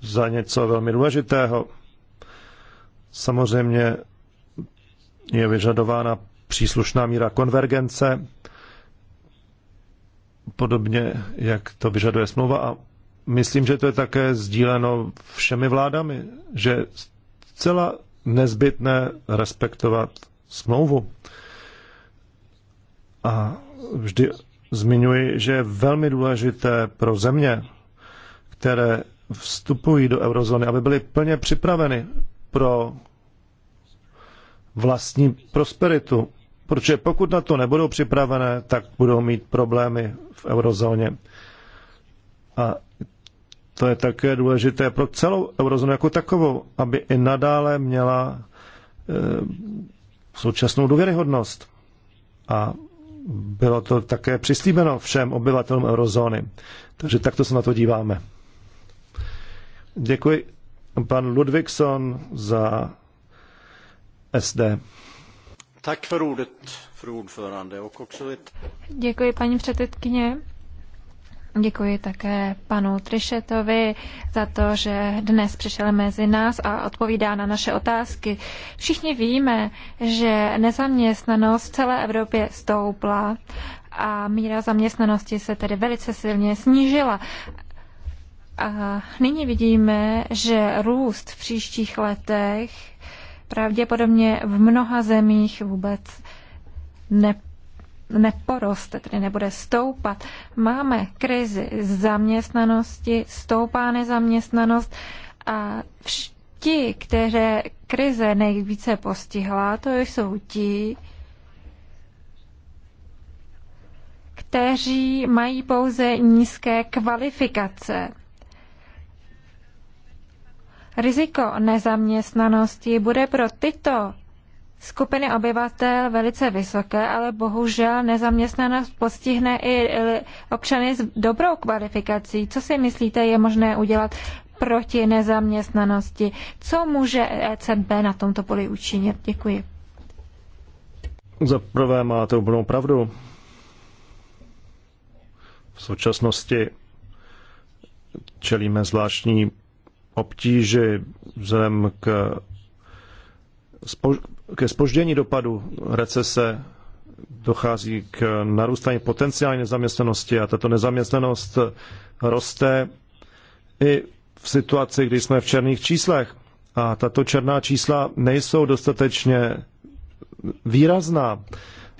za něco velmi důležitého. Samozřejmě je vyžadována příslušná míra konvergence, podobně jak to vyžaduje smlouva a myslím, že to je také sdíleno všemi vládami, že zcela nezbytné respektovat smlouvu. A vždy zmiňuji, že je velmi důležité pro země, které vstupují do eurozóny, aby byly plně připraveny pro vlastní prosperitu. Protože pokud na to nebudou připravené, tak budou mít problémy v eurozóně. A to je také důležité pro celou eurozónu jako takovou, aby i nadále měla e, současnou důvěryhodnost. A bylo to také přislíbeno všem obyvatelům eurozóny. Takže takto se na to díváme. Děkuji pan Ludvíkson za SD. Tak för ordet, ordförande, och också ett... Děkuji paní předsedkyně. Děkuji také panu Trišetovi za to, že dnes přišel mezi nás a odpovídá na naše otázky. Všichni víme, že nezaměstnanost v celé Evropě stoupla a míra zaměstnanosti se tedy velice silně snížila. A nyní vidíme, že růst v příštích letech pravděpodobně v mnoha zemích vůbec ne, neporoste, tedy nebude stoupat. Máme krizi zaměstnanosti, stoupá nezaměstnanost a vš- ti, které krize nejvíce postihla, to jsou ti, kteří mají pouze nízké kvalifikace. Riziko nezaměstnanosti bude pro tyto skupiny obyvatel velice vysoké, ale bohužel nezaměstnanost postihne i občany s dobrou kvalifikací. Co si myslíte, je možné udělat proti nezaměstnanosti? Co může ECB na tomto poli učinit? Děkuji. Za prvé máte úplnou pravdu. V současnosti čelíme zvláštní obtíži vzhledem k ke spoždění dopadu recese dochází k narůstání potenciální nezaměstnanosti a tato nezaměstnanost roste i v situaci, kdy jsme v černých číslech. A tato černá čísla nejsou dostatečně výrazná,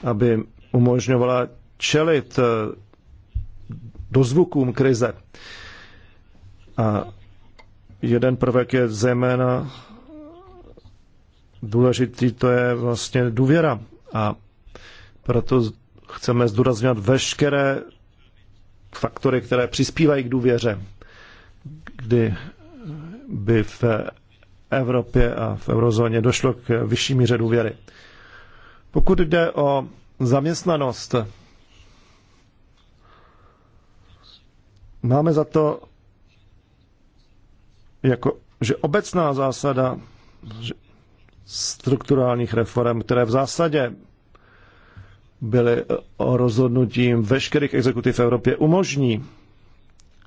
aby umožňovala čelit dozvukům krize. A Jeden prvek je zejména důležitý, to je vlastně důvěra. A proto chceme zdůrazňovat veškeré faktory, které přispívají k důvěře, kdy by v Evropě a v eurozóně došlo k vyšší míře důvěry. Pokud jde o zaměstnanost, máme za to, jako, že obecná zásada strukturálních reform, které v zásadě byly o eh, rozhodnutím veškerých exekutiv v Evropě, umožní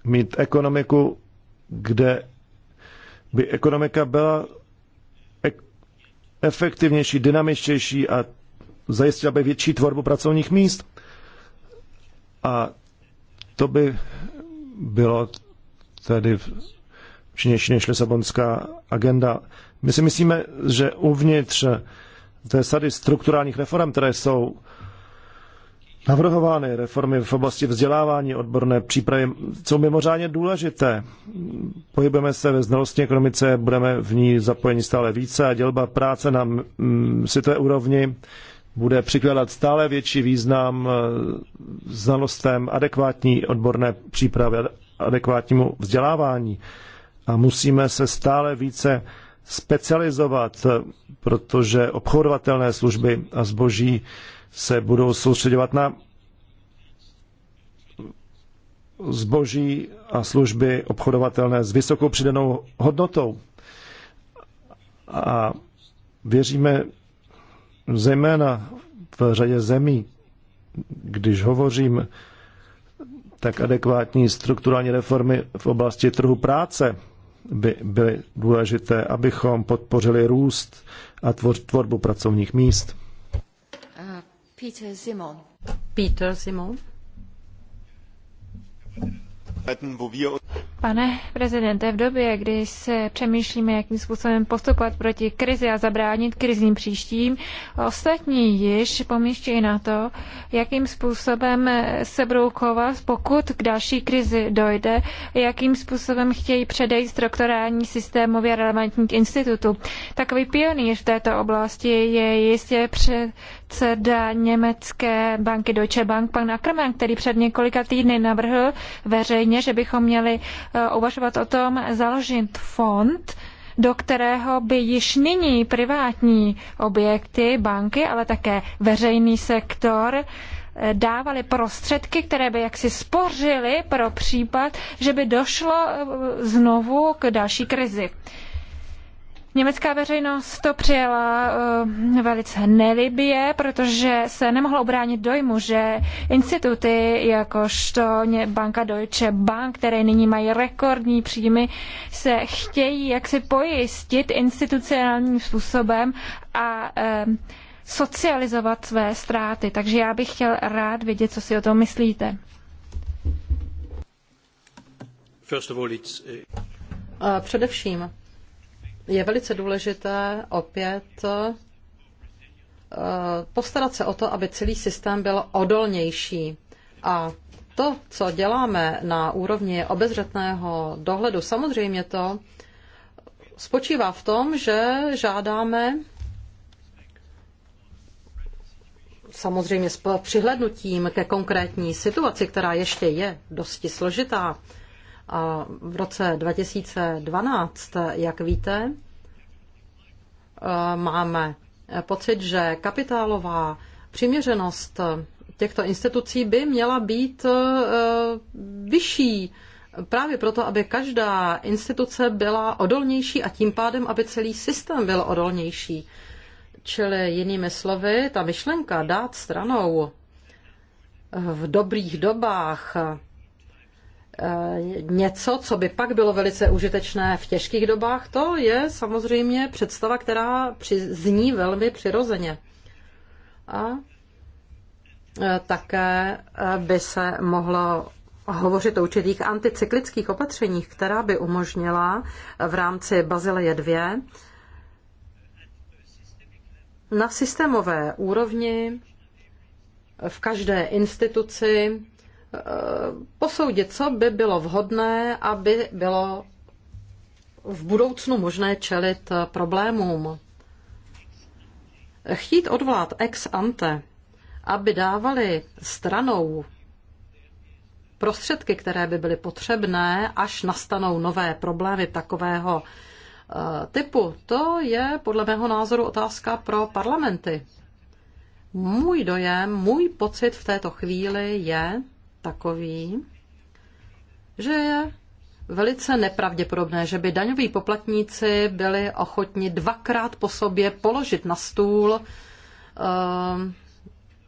mít ekonomiku, kde by ekonomika byla efektivnější, dynamičtější a zajistila by větší tvorbu pracovních míst. A to by bylo tedy účinnější než Lisabonská agenda. My si myslíme, že uvnitř té sady strukturálních reform, které jsou navrhovány, reformy v oblasti vzdělávání, odborné přípravy, jsou mimořádně důležité. Pohybujeme se ve znalostní ekonomice, budeme v ní zapojeni stále více a dělba práce na mm, světové úrovni bude přikládat stále větší význam eh, znalostem adekvátní odborné přípravy, adekvátnímu vzdělávání a musíme se stále více specializovat, protože obchodovatelné služby a zboží se budou soustředovat na zboží a služby obchodovatelné s vysokou přidanou hodnotou. A věříme zejména v řadě zemí, když hovořím, tak adekvátní strukturální reformy v oblasti trhu práce by byly důležité, abychom podpořili růst a tvor, tvorbu pracovních míst. Peter Simon. Peter Simon Pane prezidente, v době, kdy se přemýšlíme, jakým způsobem postupovat proti krizi a zabránit krizím příštím, ostatní již pomíštějí na to, jakým způsobem se budou chovat, pokud k další krizi dojde, jakým způsobem chtějí předejít strukturální systémově relevantních institutu. Takový pionýř v této oblasti je jistě předseda německé banky Deutsche Bank, pan Ackermann, který před několika týdny navrhl veřejně, že bychom měli Eh, uvažovat o tom založit fond, do kterého by již nyní privátní objekty, banky, ale také veřejný sektor eh, dávali prostředky, které by jaksi spořily pro případ, že by došlo eh, znovu k další krizi. Německá veřejnost to přijela eh, velice nelibě, protože se nemohla obránit dojmu, že instituty jakožto banka Deutsche Bank, které nyní mají rekordní příjmy, se chtějí jaksi pojistit institucionálním způsobem a eh, socializovat své ztráty. Takže já bych chtěl rád vědět, co si o tom myslíte. Eh, především je velice důležité opět eh, postarat se o to, aby celý systém byl odolnější. A to, co děláme na úrovni obezřetného dohledu, samozřejmě to spočívá v tom, že žádáme samozřejmě s přihlednutím ke konkrétní situaci, která ještě je dosti složitá, v roce 2012, jak víte, e, máme pocit, že kapitálová přiměřenost těchto institucí by měla být e, vyšší. Právě proto, aby každá instituce byla odolnější a tím pádem, aby celý systém byl odolnější. Čili jinými slovy, ta myšlenka dát stranou v dobrých dobách Eh, něco, co by pak bylo velice užitečné v těžkých dobách, to je samozřejmě představa, která při, zní velmi přirozeně. A eh, také eh, by se mohlo hovořit o určitých anticyklických opatřeních, která by umožnila v rámci Bazileje 2 na systémové úrovni v každé instituci Eh, posoudit, co by bylo vhodné, aby bylo v budoucnu možné čelit problémům. Chtít od vlád ex ante, aby dávali stranou prostředky, které by byly potřebné, až nastanou nové problémy takového eh, typu, to je podle mého názoru otázka pro parlamenty. Můj dojem, můj pocit v této chvíli je, takový, že je velice nepravděpodobné, že by daňoví poplatníci byli ochotni dvakrát po sobě položit na stůl ehm,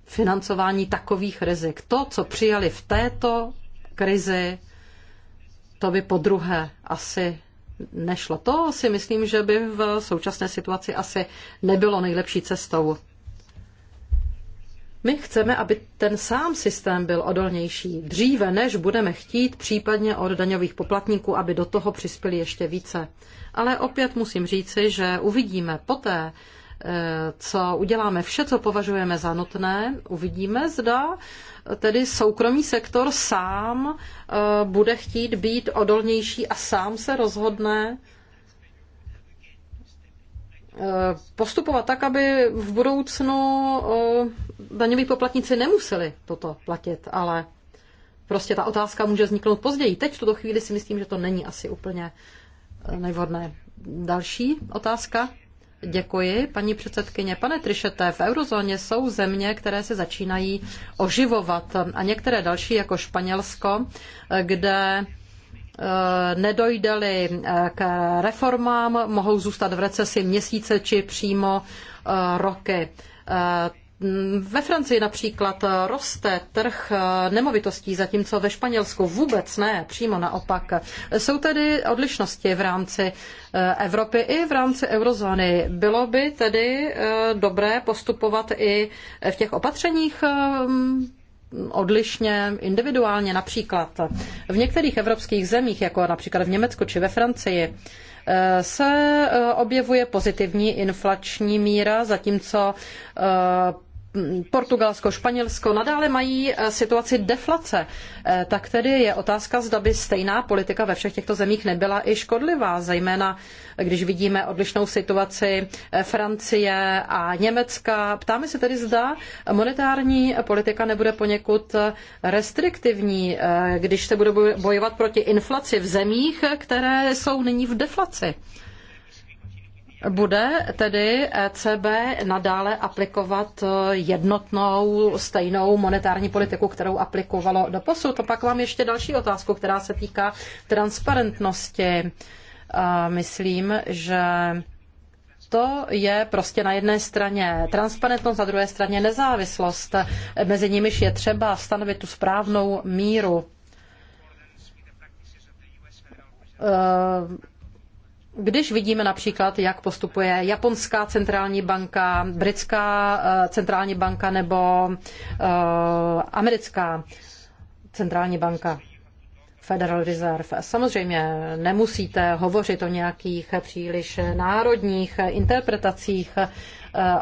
financování takových rizik. To, co přijali v této krizi, to by po druhé asi nešlo. To si myslím, že by v současné situaci asi nebylo nejlepší cestou. My chceme, aby ten sám systém byl odolnější dříve, než budeme chtít případně od daňových poplatníků, aby do toho přispěli ještě více. Ale opět musím říci, že uvidíme poté, eh, co uděláme vše, co považujeme za nutné, uvidíme, zda tedy soukromý sektor sám eh, bude chtít být odolnější a sám se rozhodne postupovat tak, aby v budoucnu eh, daňoví poplatníci nemuseli toto platit, ale prostě ta otázka může vzniknout později. Teď v tuto chvíli si myslím, že to není asi úplně eh, nejvhodné. Další otázka? Děkuji, paní předsedkyně. Pane Trišete, v eurozóně jsou země, které se začínají oživovat a některé další, jako Španělsko, eh, kde Eh, nedojde-li eh, k reformám, mohou zůstat v recesi měsíce či přímo eh, roky. Ve Francii například roste trh nemovitostí, zatímco ve Španělsku vůbec ne, přímo naopak. Jsou tedy odlišnosti v rámci Evropy i v rámci eurozóny. Bylo by tedy dobré postupovat i v těch opatřeních odlišně, individuálně například. V některých evropských zemích, jako například v Německu či ve Francii, eh, se eh, objevuje pozitivní inflační míra, zatímco eh, Portugalsko, Španělsko nadále mají e, situaci deflace, e, tak tedy je otázka, zda by stejná politika ve všech těchto zemích nebyla i škodlivá, zejména když vidíme odlišnou situaci e, Francie a Německa. Ptáme se tedy, zda monetární politika nebude poněkud restriktivní, když se bude bojovat proti inflaci v zemích, které jsou nyní v deflaci. Bude tedy ECB nadále aplikovat e, jednotnou stejnou monetární politiku, kterou aplikovalo do posud? A pak mám ještě další otázku, která se týká transparentnosti. E, myslím, že to je prostě na jedné straně transparentnost, na druhé straně nezávislost. Mezi nimiž je třeba stanovit tu správnou míru. Uh, když vidíme například, jak postupuje japonská centrální banka, britská eh, centrální banka nebo eh, americká centrální banka, Federal Reserve. Samozřejmě nemusíte hovořit o nějakých příliš národních interpretacích eh,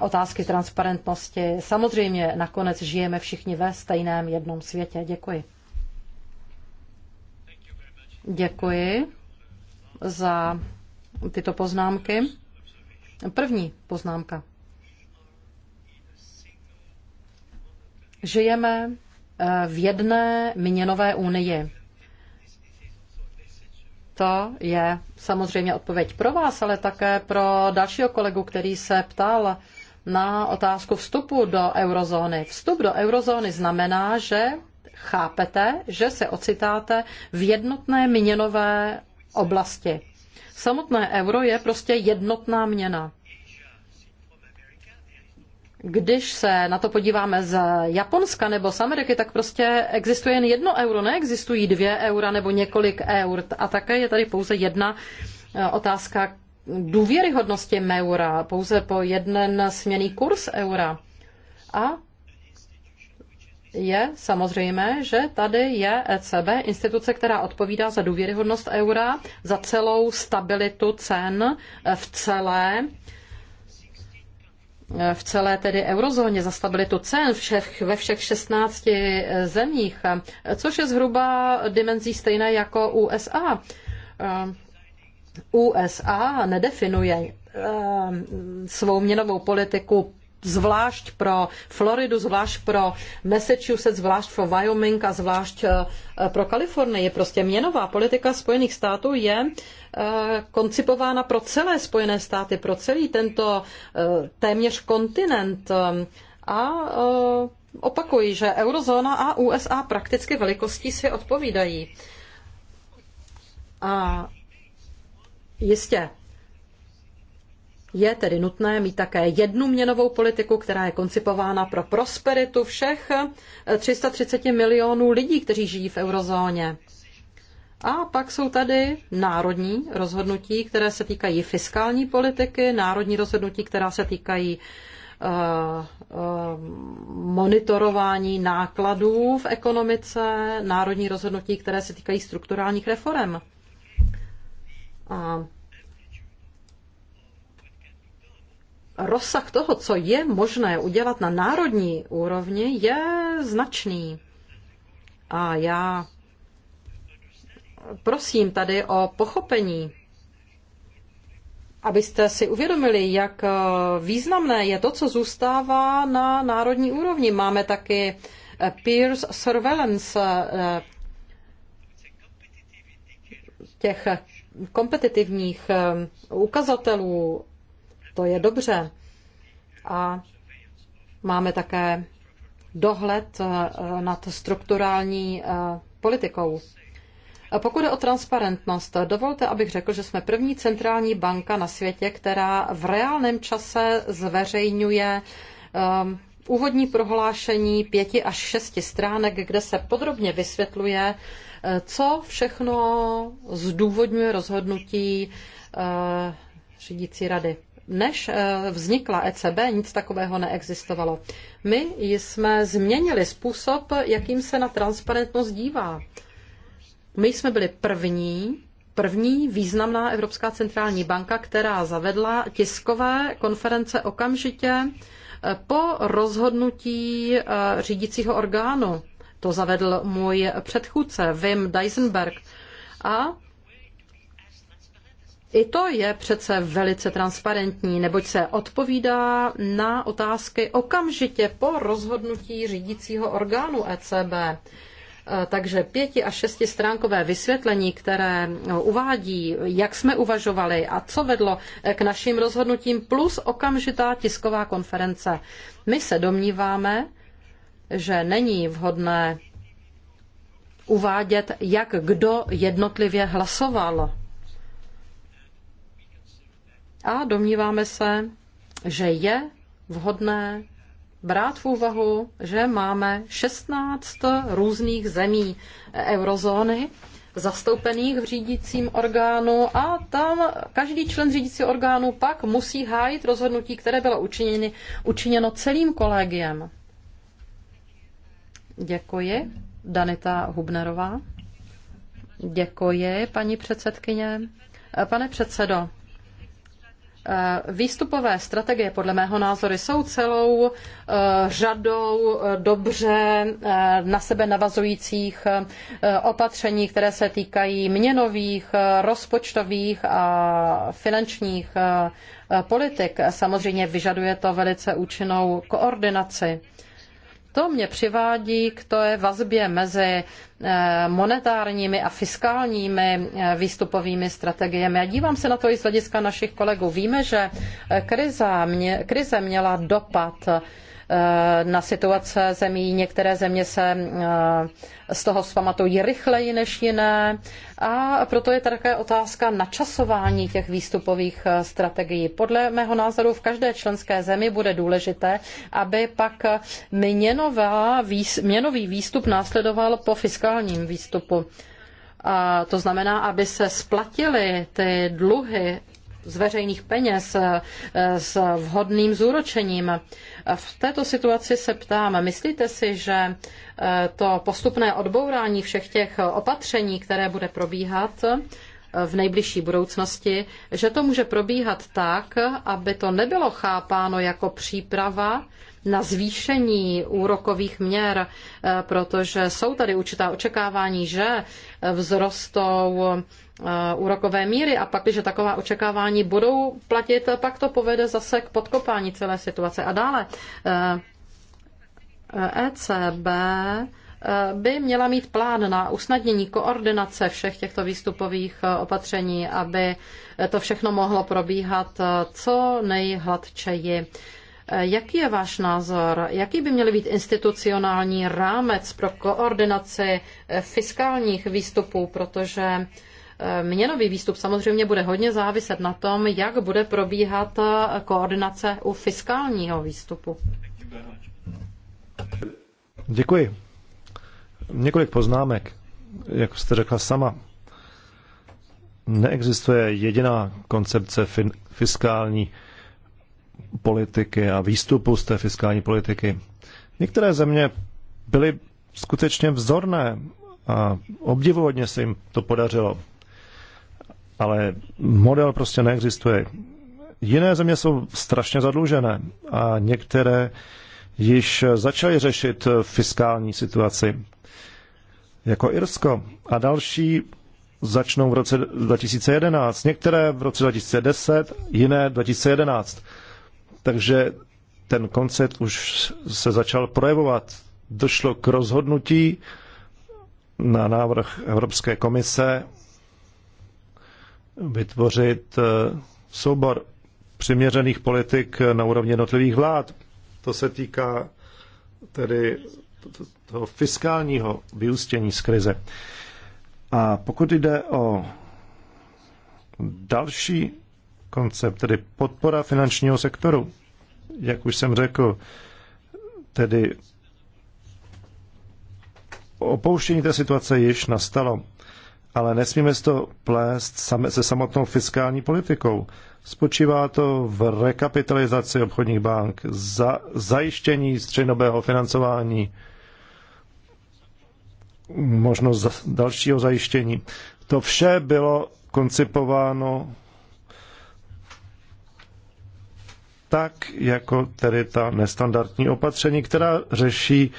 otázky transparentnosti. Samozřejmě nakonec žijeme všichni ve stejném jednom světě. Děkuji. Děkuji za tyto poznámky. První poznámka. Žijeme eh, v jedné měnové unii. To je samozřejmě odpověď pro vás, ale také pro dalšího kolegu, který se ptal na otázku vstupu do eurozóny. Vstup do eurozóny znamená, že chápete, že se ocitáte v jednotné měnové oblasti. Samotné euro je prostě jednotná měna. Když se na to podíváme z Japonska nebo z Ameriky, tak prostě existuje jen jedno euro, neexistují dvě eura nebo několik eur. A také je tady pouze jedna eh, otázka důvěryhodnosti eura, pouze po jeden směný kurz eura. A je samozřejmé, že tady je ECB instituce, která odpovídá za důvěryhodnost eura, za celou stabilitu cen v celé v celé tedy eurozóně za stabilitu cen všech, ve všech 16 zemích, což je zhruba dimenzí stejné jako USA. USA nedefinuje eh, svou měnovou politiku zvlášť pro Floridu, zvlášť pro Massachusetts, zvlášť pro Wyoming a zvlášť eh, pro Kalifornii. Prostě měnová politika Spojených států je eh, koncipována pro celé Spojené státy, pro celý tento eh, téměř kontinent. A opakuji, že eurozóna a USA prakticky velikostí si odpovídají. A jistě, je tedy nutné mít také jednu měnovou politiku, která je koncipována pro prosperitu všech 330 eh, milionů lidí, kteří žijí v eurozóně. A pak jsou tady národní rozhodnutí, které se týkají fiskální politiky, národní rozhodnutí, která se týkají eh, eh, monitorování nákladů v ekonomice, národní rozhodnutí, které se týkají strukturálních reform. A rozsah toho, co je možné udělat na národní úrovni, je značný. A já prosím tady o pochopení, abyste si uvědomili, jak eh, významné je to, co zůstává na národní úrovni. Máme taky eh, peers surveillance eh, těch kompetitivních ukazatelů to je dobře. A máme také dohled eh, nad strukturální eh, politikou. Pokud je o transparentnost, dovolte, abych řekl, že jsme první centrální banka na světě, která v reálném čase zveřejňuje ehm, úvodní prohlášení pěti až šesti stránek, kde se podrobně vysvětluje, eh, co všechno zdůvodňuje rozhodnutí řídící rady než eh, vznikla ECB, nic takového neexistovalo. My jsme změnili způsob, jakým se na transparentnost dívá. My jsme byli první, první významná Evropská centrální banka, která zavedla tiskové konference okamžitě eh, po rozhodnutí eh, řídícího orgánu. To zavedl můj předchůdce Wim Deisenberg. A i to je přece velice transparentní, neboť se odpovídá na otázky okamžitě po rozhodnutí řídícího orgánu ECB. E, takže pěti a stránkové vysvětlení, které uvádí, jak jsme uvažovali a co vedlo k našim rozhodnutím, plus okamžitá tisková konference. My se domníváme, že není vhodné uvádět, jak kdo jednotlivě hlasoval a domníváme se, že je vhodné brát v úvahu, že máme 16 různých zemí eurozóny zastoupených v řídícím orgánu a tam každý člen řídícího orgánu pak musí hájit rozhodnutí, které bylo učiněny, učiněno celým kolegiem. Děkuji. Danita Hubnerová. Děkuji, paní předsedkyně. Pane předsedo, Eh, výstupové strategie podle mého názoru jsou celou eh, řadou eh, dobře na sebe navazujících opatření, které se týkají měnových, rozpočtových a finančních politik. Samozřejmě vyžaduje to velice účinnou koordinaci. To mě přivádí k té vazbě mezi eh, monetárními a fiskálními eh, výstupovými strategiemi. A dívám se na to i z hlediska našich kolegů. Víme, že eh, krize, mě, krize měla dopad Eh, na situace zemí. Některé země se eh, z toho zpamatují rychleji než jiné a proto je také otázka načasování těch výstupových eh, strategií. Podle mého názoru v každé členské zemi bude důležité, aby pak měnová, měnový výstup následoval po fiskálním výstupu. A to znamená, aby se splatily ty dluhy z veřejných peněz eh, s vhodným zúročením. V této situaci se ptám, myslíte si, že eh, to postupné odbourání všech těch opatření, které bude probíhat, eh, v nejbližší budoucnosti, že to může probíhat tak, aby to nebylo chápáno jako příprava na zvýšení úrokových měr, protože jsou tady určitá očekávání, že vzrostou Eh, úrokové míry a pak, když taková očekávání budou platit, pak to povede zase k podkopání celé situace. A dále ECB eh, eh, e by měla mít plán na usnadnění koordinace všech těchto výstupových opatření, aby to všechno mohlo probíhat co nejhladčeji. Jaký je váš názor? Jaký by měl být institucionální rámec pro koordinaci fiskálních výstupů, protože Eh, měnový výstup samozřejmě bude hodně záviset na tom, jak bude probíhat eh, koordinace u fiskálního výstupu. Děkuji. Několik poznámek, jak jste řekla sama. Neexistuje jediná koncepce fiskální politiky a výstupu z té fiskální politiky. Některé země byly skutečně vzorné a obdivovodně se jim to podařilo ale model prostě neexistuje. Jiné země jsou strašně zadlužené a některé již začaly řešit fiskální situaci, jako Irsko a další začnou v roce 2011, některé v roce 2010, jiné 2011. Takže ten koncept už se začal projevovat. Došlo k rozhodnutí na návrh Evropské komise vytvořit eh, soubor přiměřených politik na úrovni jednotlivých vlád. To se týká tedy toho fiskálního vyústění z krize. A pokud jde o další koncept, tedy podpora finančního sektoru, jak už jsem řekl, tedy opouštění té situace již nastalo ale nesmíme to plést se samotnou fiskální politikou. Spočívá to v rekapitalizaci obchodních bank, za, zajištění střednobého financování, možnost dalšího zajištění. To vše bylo koncipováno tak, jako tedy ta nestandardní opatření, která řeší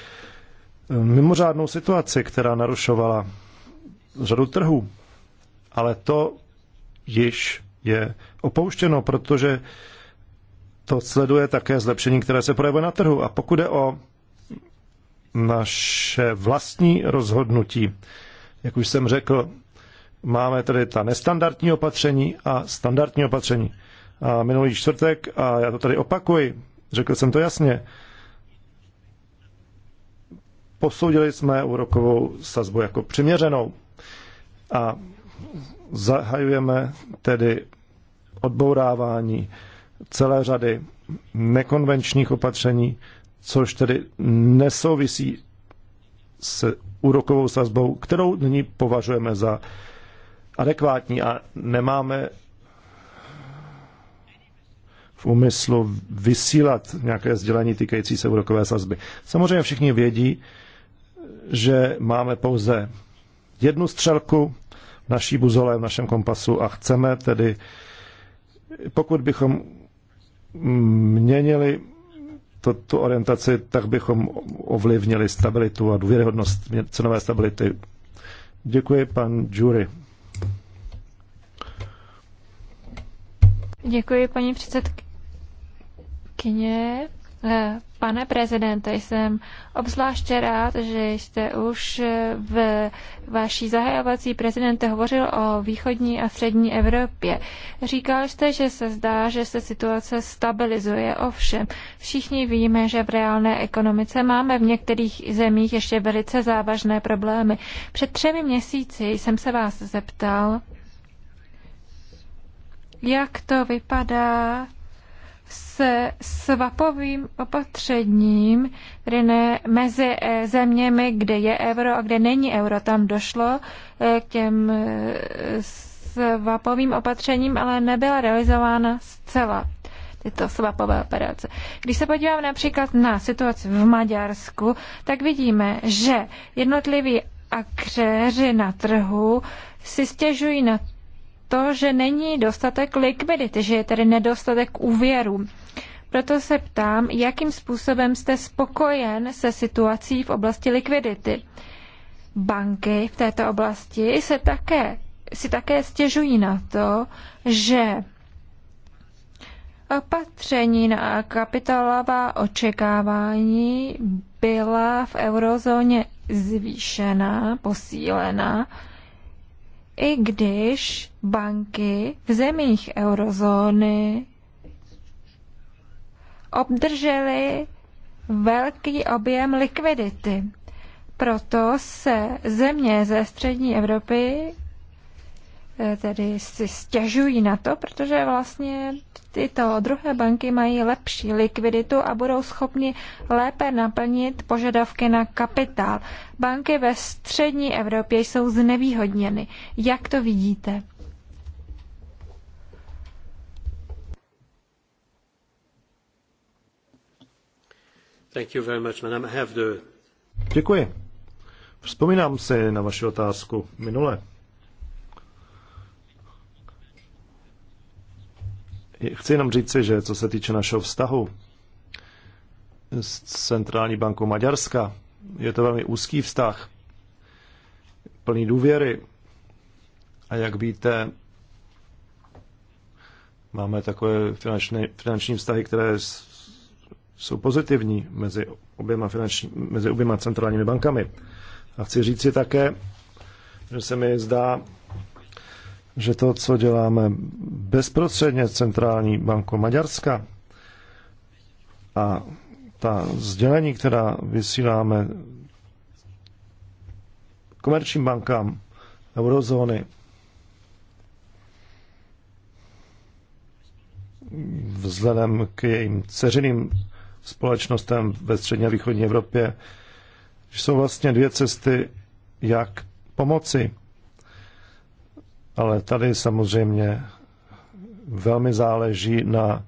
mimořádnou situaci, která narušovala řadu trhů. Ale to již je opouštěno, protože to sleduje také zlepšení, které se projevuje na trhu. A pokud je o naše vlastní rozhodnutí, jak už jsem řekl, máme tedy ta nestandardní opatření a standardní opatření. A minulý čtvrtek, a já to tady opakuji, řekl jsem to jasně, posoudili jsme úrokovou sazbu jako přiměřenou. A zahajujeme tedy odbourávání celé řady nekonvenčních opatření, což tedy nesouvisí s úrokovou sazbou, kterou nyní považujeme za adekvátní a nemáme v úmyslu vysílat nějaké sdělení týkající se úrokové sazby. Samozřejmě všichni vědí, že máme pouze jednu střelku naší buzole, v našem kompasu a chceme tedy, pokud bychom měnili to, tu orientaci, tak bychom ovlivnili stabilitu a důvěryhodnost cenové stability. Děkuji, pan Jury. Děkuji, paní předsedkyně. Pane prezidente, jsem obzvláště rád, že jste už v vaší zahajovací prezidente hovořil o východní a střední Evropě. Říkal jste, že se zdá, že se situace stabilizuje. Ovšem, všichni víme, že v reálné ekonomice máme v některých zemích ještě velice závažné problémy. Před třemi měsíci jsem se vás zeptal, jak to vypadá se svapovým opatřením, tedy ne, mezi eh, zeměmi, kde je euro a kde není euro. Tam došlo eh, k těm eh, svapovým opatřením, ale nebyla realizována zcela tyto svapové operace. Když se podívám například na situaci v Maďarsku, tak vidíme, že jednotliví akřéři na trhu si stěžují na to, že není dostatek likvidity, že je tedy nedostatek úvěru. Proto se ptám, jakým způsobem jste spokojen se situací v oblasti likvidity. Banky v této oblasti se také, si také stěžují na to, že opatření na kapitálová očekávání byla v eurozóně zvýšena, posílena i když banky v zemích eurozóny obdržely velký objem likvidity. Proto se země ze střední Evropy Eh, tedy si stěžují na to, protože vlastně tyto druhé banky mají lepší likviditu a budou schopni lépe naplnit požadavky na kapitál. Banky ve střední Evropě jsou znevýhodněny. Jak to vidíte? Thank you very much, madam. I have the... Děkuji. Vzpomínám si na vaši otázku minule. Chci jenom říci, že co se týče našeho vztahu s Centrální bankou Maďarska, je to velmi úzký vztah, plný důvěry. A jak víte, máme takové finanční, finanční vztahy, které jsou pozitivní mezi oběma, finanční, mezi oběma centrálními bankami. A chci říct si také, že se mi zdá že to, co děláme bezprostředně centrální bankou Maďarska a ta sdělení, která vysíláme komerčním bankám eurozóny, vzhledem k jejím ceřiným společnostem ve střední a východní Evropě, jsou vlastně dvě cesty, jak pomoci ale tady samozřejmě velmi záleží na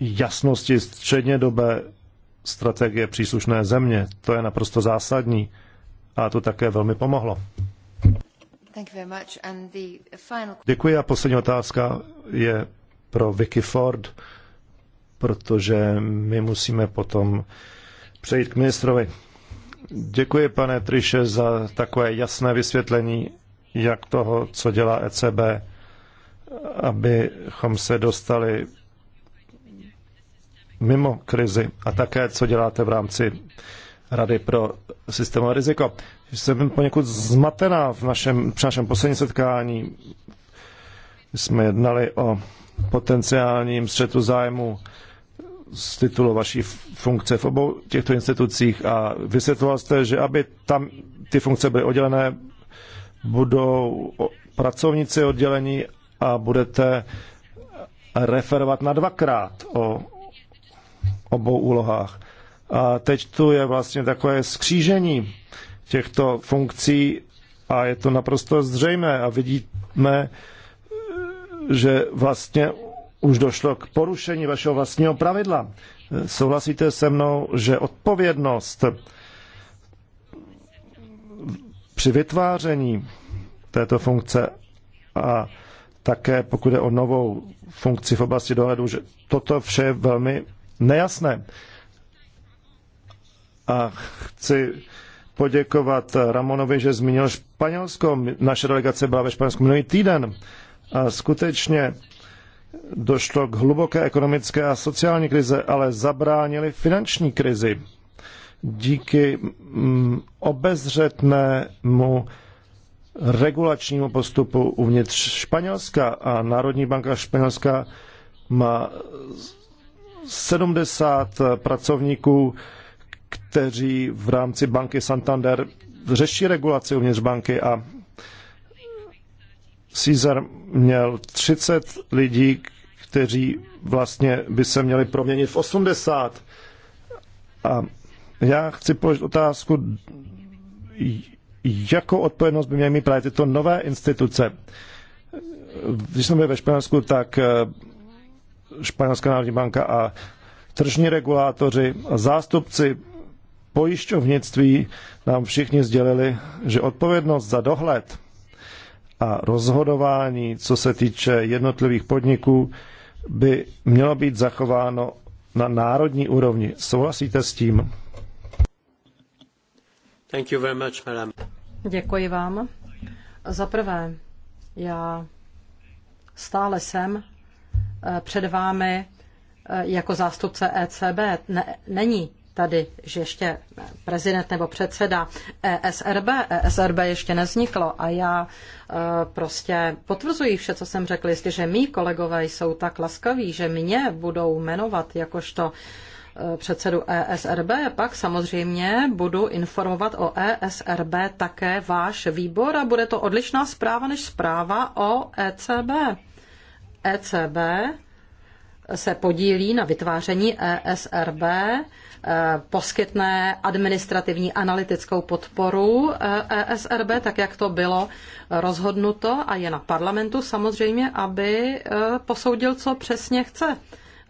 jasnosti středně střednědobé strategie příslušné země. To je naprosto zásadní a to také velmi pomohlo. Děkuji a poslední otázka je pro Vicky Ford, protože my musíme potom přejít k ministrovi. Děkuji, pane Triše, za takové jasné vysvětlení jak toho, co dělá ECB, abychom se dostali mimo krizi a také, co děláte v rámci Rady pro systémové riziko. Jsem poněkud zmatená v našem, při našem posledním setkání. Jsme jednali o potenciálním střetu zájmu z titulu vaší funkce v obou těchto institucích a vysvětloval jste, že aby tam ty funkce byly oddělené, budou pracovníci oddělení a budete referovat na dvakrát o obou úlohách. A teď tu je vlastně takové skřížení těchto funkcí a je to naprosto zřejmé a vidíme, že vlastně už došlo k porušení vašeho vlastního pravidla. Souhlasíte se mnou, že odpovědnost při vytváření této funkce a také pokud je o novou funkci v oblasti dohledu, že toto vše je velmi nejasné. A chci poděkovat Ramonovi, že zmínil Španělsko. Naše delegace byla ve Španělsku minulý týden a skutečně došlo k hluboké ekonomické a sociální krize, ale zabránili finanční krizi díky mm, obezřetnému regulačnímu postupu uvnitř Španělska a Národní banka Španělska má 70 pracovníků, kteří v rámci banky Santander řeší regulaci uvnitř banky a Caesar měl 30 lidí, kteří vlastně by se měli proměnit v 80 a já chci položit otázku, jakou odpovědnost by měly mít právě tyto nové instituce. Když jsme byli ve Španělsku, tak eh, Španělská národní banka a tržní regulátoři a zástupci pojišťovnictví nám všichni sdělili, že odpovědnost za dohled a rozhodování, co se týče jednotlivých podniků, by mělo být zachováno na národní úrovni. Souhlasíte s tím? Thank you very much, madam. Děkuji vám. Za prvé, já stále jsem eh, před vámi eh, jako zástupce ECB. Ne, není tady, že ještě eh, prezident nebo předseda ESRB, ESRB ještě nevzniklo a já prostě potvrzuji vše, co jsem řekl, jestliže mý kolegové jsou tak laskaví, že mě budou jmenovat jakožto předsedu ESRB, pak samozřejmě budu informovat o ESRB také váš výbor a bude to odlišná zpráva než zpráva o ECB. ECB se podílí na vytváření ESRB, eh, poskytne administrativní analytickou podporu ESRB, eh, e tak jak to bylo rozhodnuto a je na parlamentu samozřejmě, aby eh, posoudil, co přesně chce.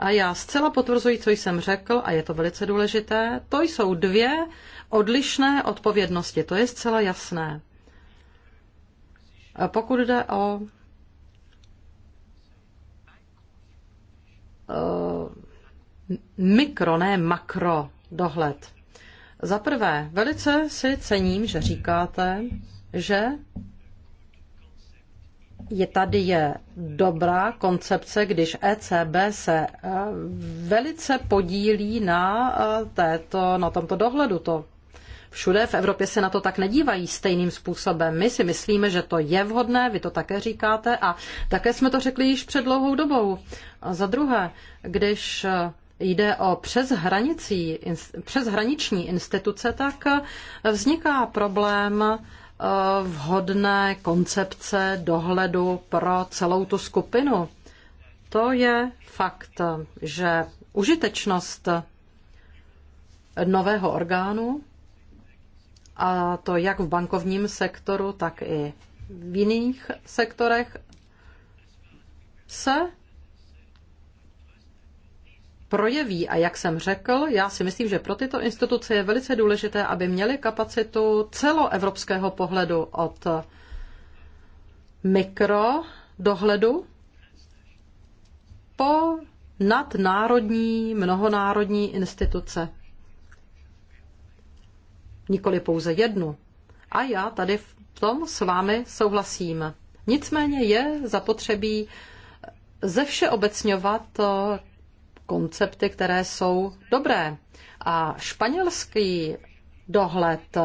A já zcela potvrzuji, co jsem řekl, a je to velice důležité, to jsou dvě odlišné odpovědnosti, to je zcela jasné. A pokud jde o uh, mikro, ne makro dohled. Za prvé, velice si cením, že říkáte, že je tady je dobrá koncepce, když ECB se eh, velice podílí na, eh, této, na tomto dohledu. To všude v Evropě se na to tak nedívají stejným způsobem. My si myslíme, že to je vhodné, vy to také říkáte a také jsme to řekli již před dlouhou dobou. A za druhé, když eh, jde o přeshraniční instituce, tak vzniká problém Eh, vhodné koncepce dohledu pro celou tu skupinu. To je fakt, že užitečnost nového orgánu, a to jak v bankovním sektoru, tak i v jiných sektorech, se projeví. A jak jsem řekl, já si myslím, že pro tyto instituce je velice důležité, aby měly kapacitu celoevropského pohledu od mikro dohledu po nadnárodní, mnohonárodní instituce. Nikoli pouze jednu. A já tady v tom s vámi souhlasím. Nicméně je zapotřebí ze všeobecňovat koncepty, které jsou dobré. A španělský dohled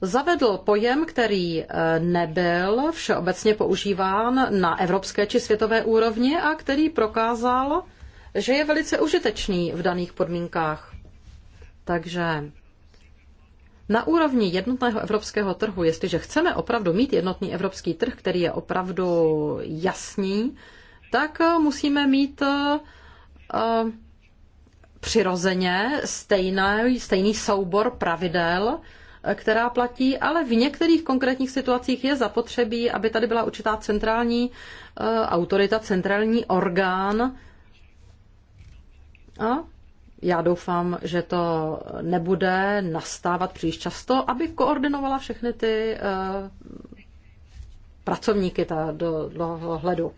zavedl pojem, který eh, nebyl všeobecně používán na evropské či světové úrovni a který prokázal, že je velice užitečný v daných podmínkách. Takže na úrovni jednotného evropského trhu, jestliže chceme opravdu mít jednotný evropský trh, který je opravdu jasný, tak eh, musíme mít eh, eh, přirozeně stejný, stejný soubor pravidel, která platí, ale v některých konkrétních situacích je zapotřebí, aby tady byla určitá centrální autorita, centrální orgán. A já doufám, že to nebude nastávat příliš často, aby koordinovala všechny ty pracovníky ta do dlouhého hledu.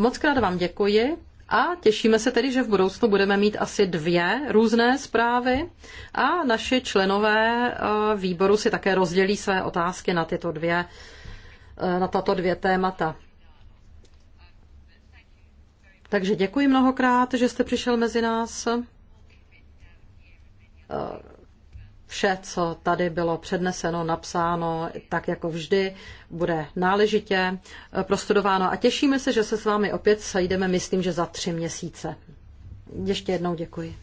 Moc krát vám děkuji a těšíme se tedy, že v budoucnu budeme mít asi dvě různé zprávy a naši členové eh, výboru si také rozdělí své otázky na tyto dvě, eh, na tato dvě témata. Takže děkuji mnohokrát, že jste přišel mezi nás eh, vše, co tady bylo předneseno, napsáno, tak jako vždy, bude náležitě eh, prostudováno a těšíme se, že se s vámi opět sejdeme, myslím, že za tři měsíce. Ještě jednou děkuji.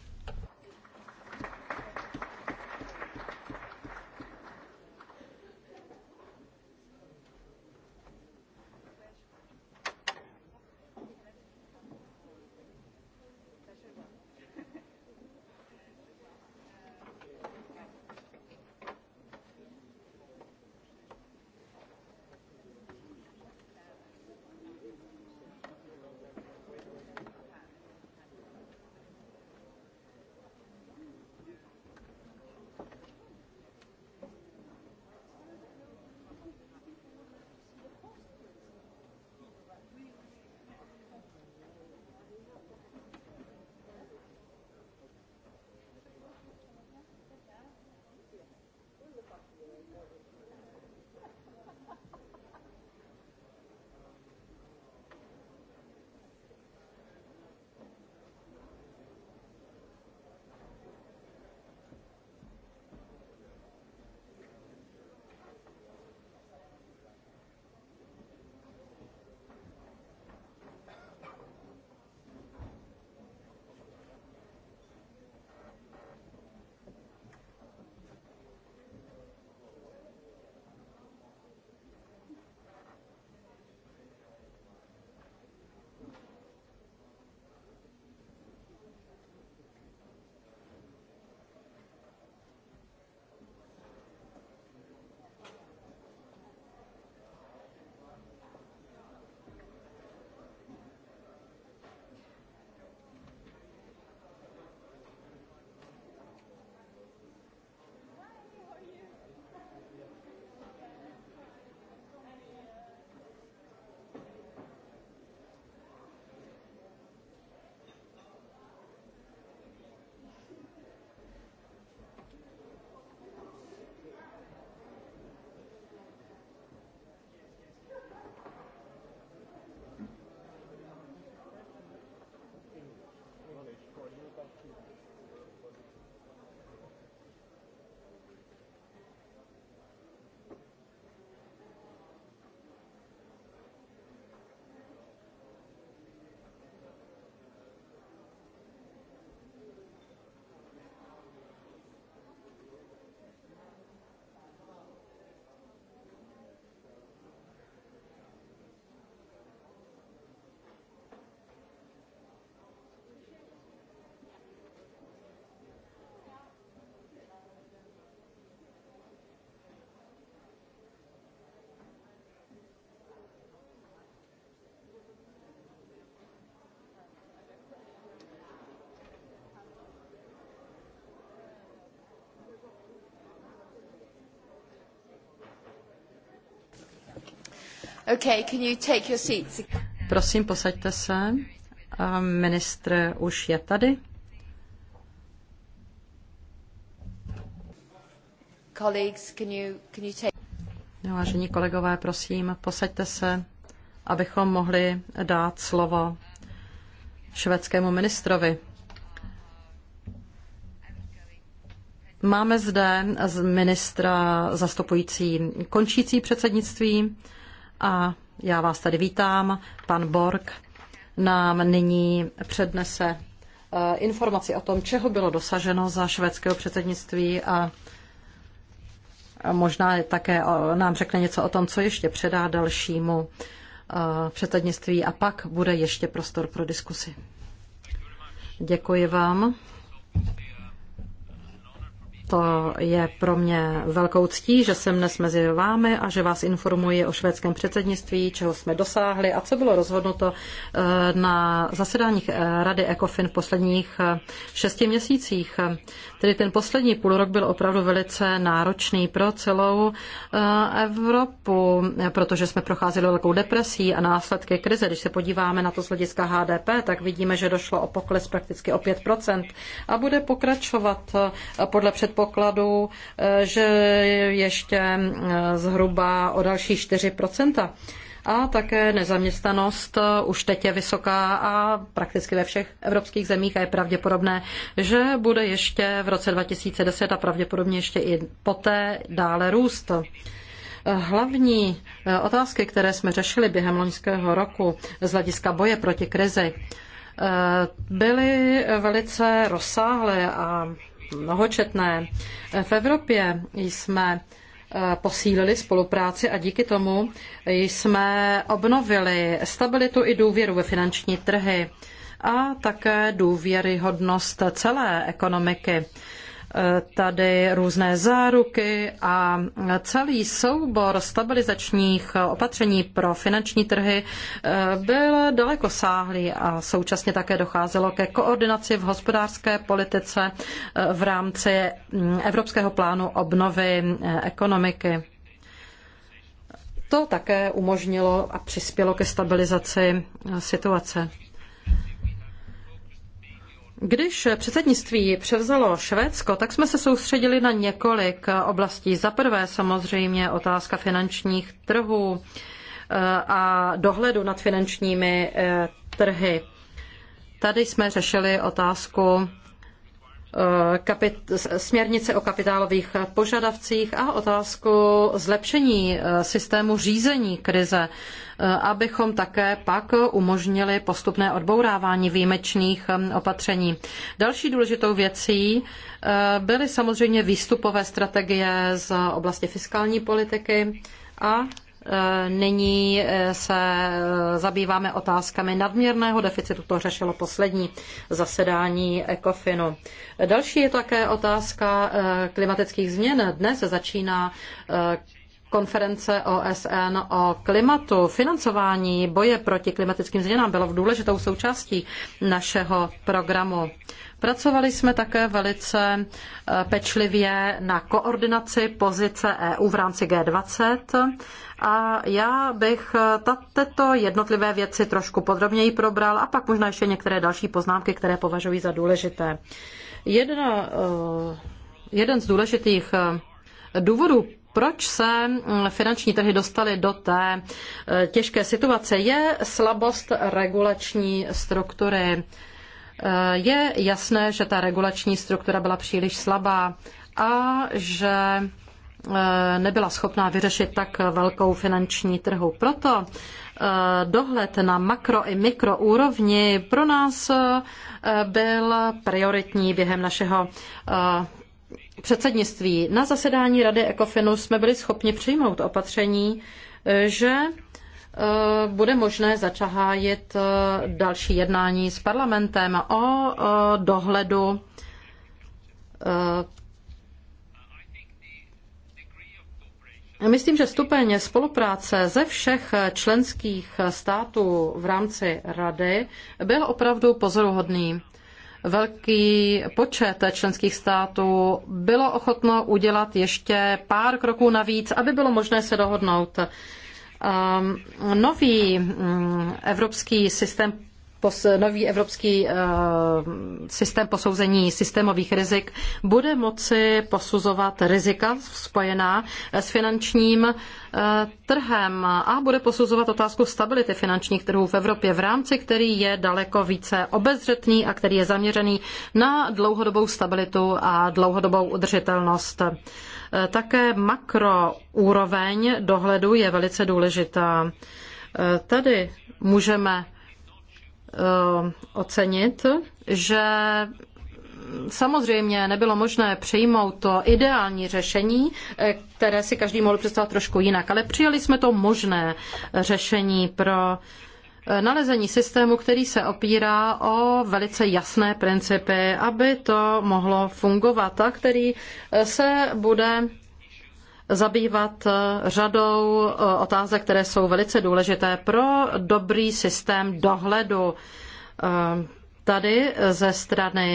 Okay, can you take your seats? Prosím, posaďte se. Ministr už je tady. Colleagues, can you, can you take... Vážení kolegové, prosím, posaďte se, abychom mohli dát slovo švédskému ministrovi. Máme zde ministra zastupující končící předsednictví, a já vás tady vítám. Pan Borg nám nyní přednese eh, informaci o tom, čeho bylo dosaženo za švédského předsednictví a možná také nám řekne něco o tom, co ještě předá dalšímu eh, předsednictví a pak bude ještě prostor pro diskusi. Děkuji vám. To je pro mě velkou ctí, že jsem dnes mezi vámi a že vás informuji o švédském předsednictví, čeho jsme dosáhli a co bylo rozhodnuto eh, na zasedáních eh, Rady ECOFIN v posledních eh, šesti měsících. Tedy ten poslední půlrok byl opravdu velice náročný pro celou Evropu, protože jsme procházeli velkou depresí a následky krize. Když se podíváme na to z hlediska HDP, tak vidíme, že došlo o pokles prakticky o 5% a bude pokračovat podle před předpokladu, eh, že ještě eh, zhruba o další 4 a také nezaměstnanost eh, už teď je vysoká a prakticky ve všech evropských zemích a je pravděpodobné, že bude ještě v roce 2010 a pravděpodobně ještě i poté dále růst. Hlavní otázky, které jsme řešili během loňského roku z hlediska boje proti krizi, byly velice rozsáhlé a mnohočetné. V Evropě jsme eh, posílili spolupráci a díky tomu jsme obnovili stabilitu i důvěru ve finanční trhy a také důvěryhodnost celé ekonomiky tady různé záruky a celý soubor stabilizačních opatření pro finanční trhy eh, byl daleko sáhlý a současně také docházelo ke koordinaci v hospodářské politice eh, v rámci mm, Evropského plánu obnovy eh, ekonomiky. To také umožnilo a přispělo ke stabilizaci situace. Když předsednictví převzalo Švédsko, tak jsme se soustředili na několik oblastí. Za prvé samozřejmě otázka finančních trhů eh, a dohledu nad finančními eh, trhy. Tady jsme řešili otázku Eh, směrnice o kapitálových požadavcích a otázku zlepšení eh, systému řízení krize, eh, abychom také pak umožnili postupné odbourávání výjimečných opatření. Další důležitou věcí byly samozřejmě výstupové strategie z oblasti fiskální politiky a Eh, nyní eh, se eh, zabýváme otázkami nadměrného deficitu. To řešilo poslední zasedání ECOFINu. Další je také otázka klimatických změn. Dnes začíná konference OSN o klimatu, financování boje proti klimatickým změnám bylo důležitou součástí našeho programu. Pracovali jsme také velice eh, pečlivě na koordinaci pozice EU v rámci G20 a já bych eh, tato jednotlivé věci trošku podrobněji probral a pak možná ještě některé další poznámky, které považuji za důležité. Eh, jeden z důležitých důvodů, proč se hm, finanční trhy dostaly do té těžké situace, je slabost regulační struktury Eh, je jasné, že ta regulační struktura byla příliš slabá a že eh, nebyla schopná vyřešit tak velkou finanční trhu. Proto eh, dohled na makro i mikroúrovni pro nás byl prioritní během našeho předsednictví. Na zasedání Rady Ekofinu jsme byli schopni přijmout opatření, že Eh, bude možné začahájit eh, další jednání s parlamentem o eh, dohledu Myslím, že stupeň spolupráce ze všech členských států v rámci Rady byl opravdu pozoruhodný. Velký počet členských států bylo ochotno udělat ještě pár kroků navíc, aby bylo možné se dohodnout. Ehm, mm, nový evropský systém nový evropský systém posouzení systémových rizik bude moci posuzovat rizika spojená s finančním eh, trhem a bude posuzovat otázku stability finančních trhů v Evropě v rámci, který je daleko více obezřetný a který je zaměřený na dlouhodobou stabilitu a dlouhodobou udržitelnost. Eh, také makroúroveň dohledu je velice důležitá. Eh, tady můžeme eh, ocenit, že samozřejmě nebylo možné přijmout to ideální řešení, které si každý mohl představit trošku jinak, ale přijali jsme to možné řešení pro nalezení systému, který se opírá o velice jasné principy, aby to mohlo fungovat a který eh, se bude zabývat eh, řadou eh, otázek, které jsou velice důležité pro dobrý systém dohledu. Tady ze strany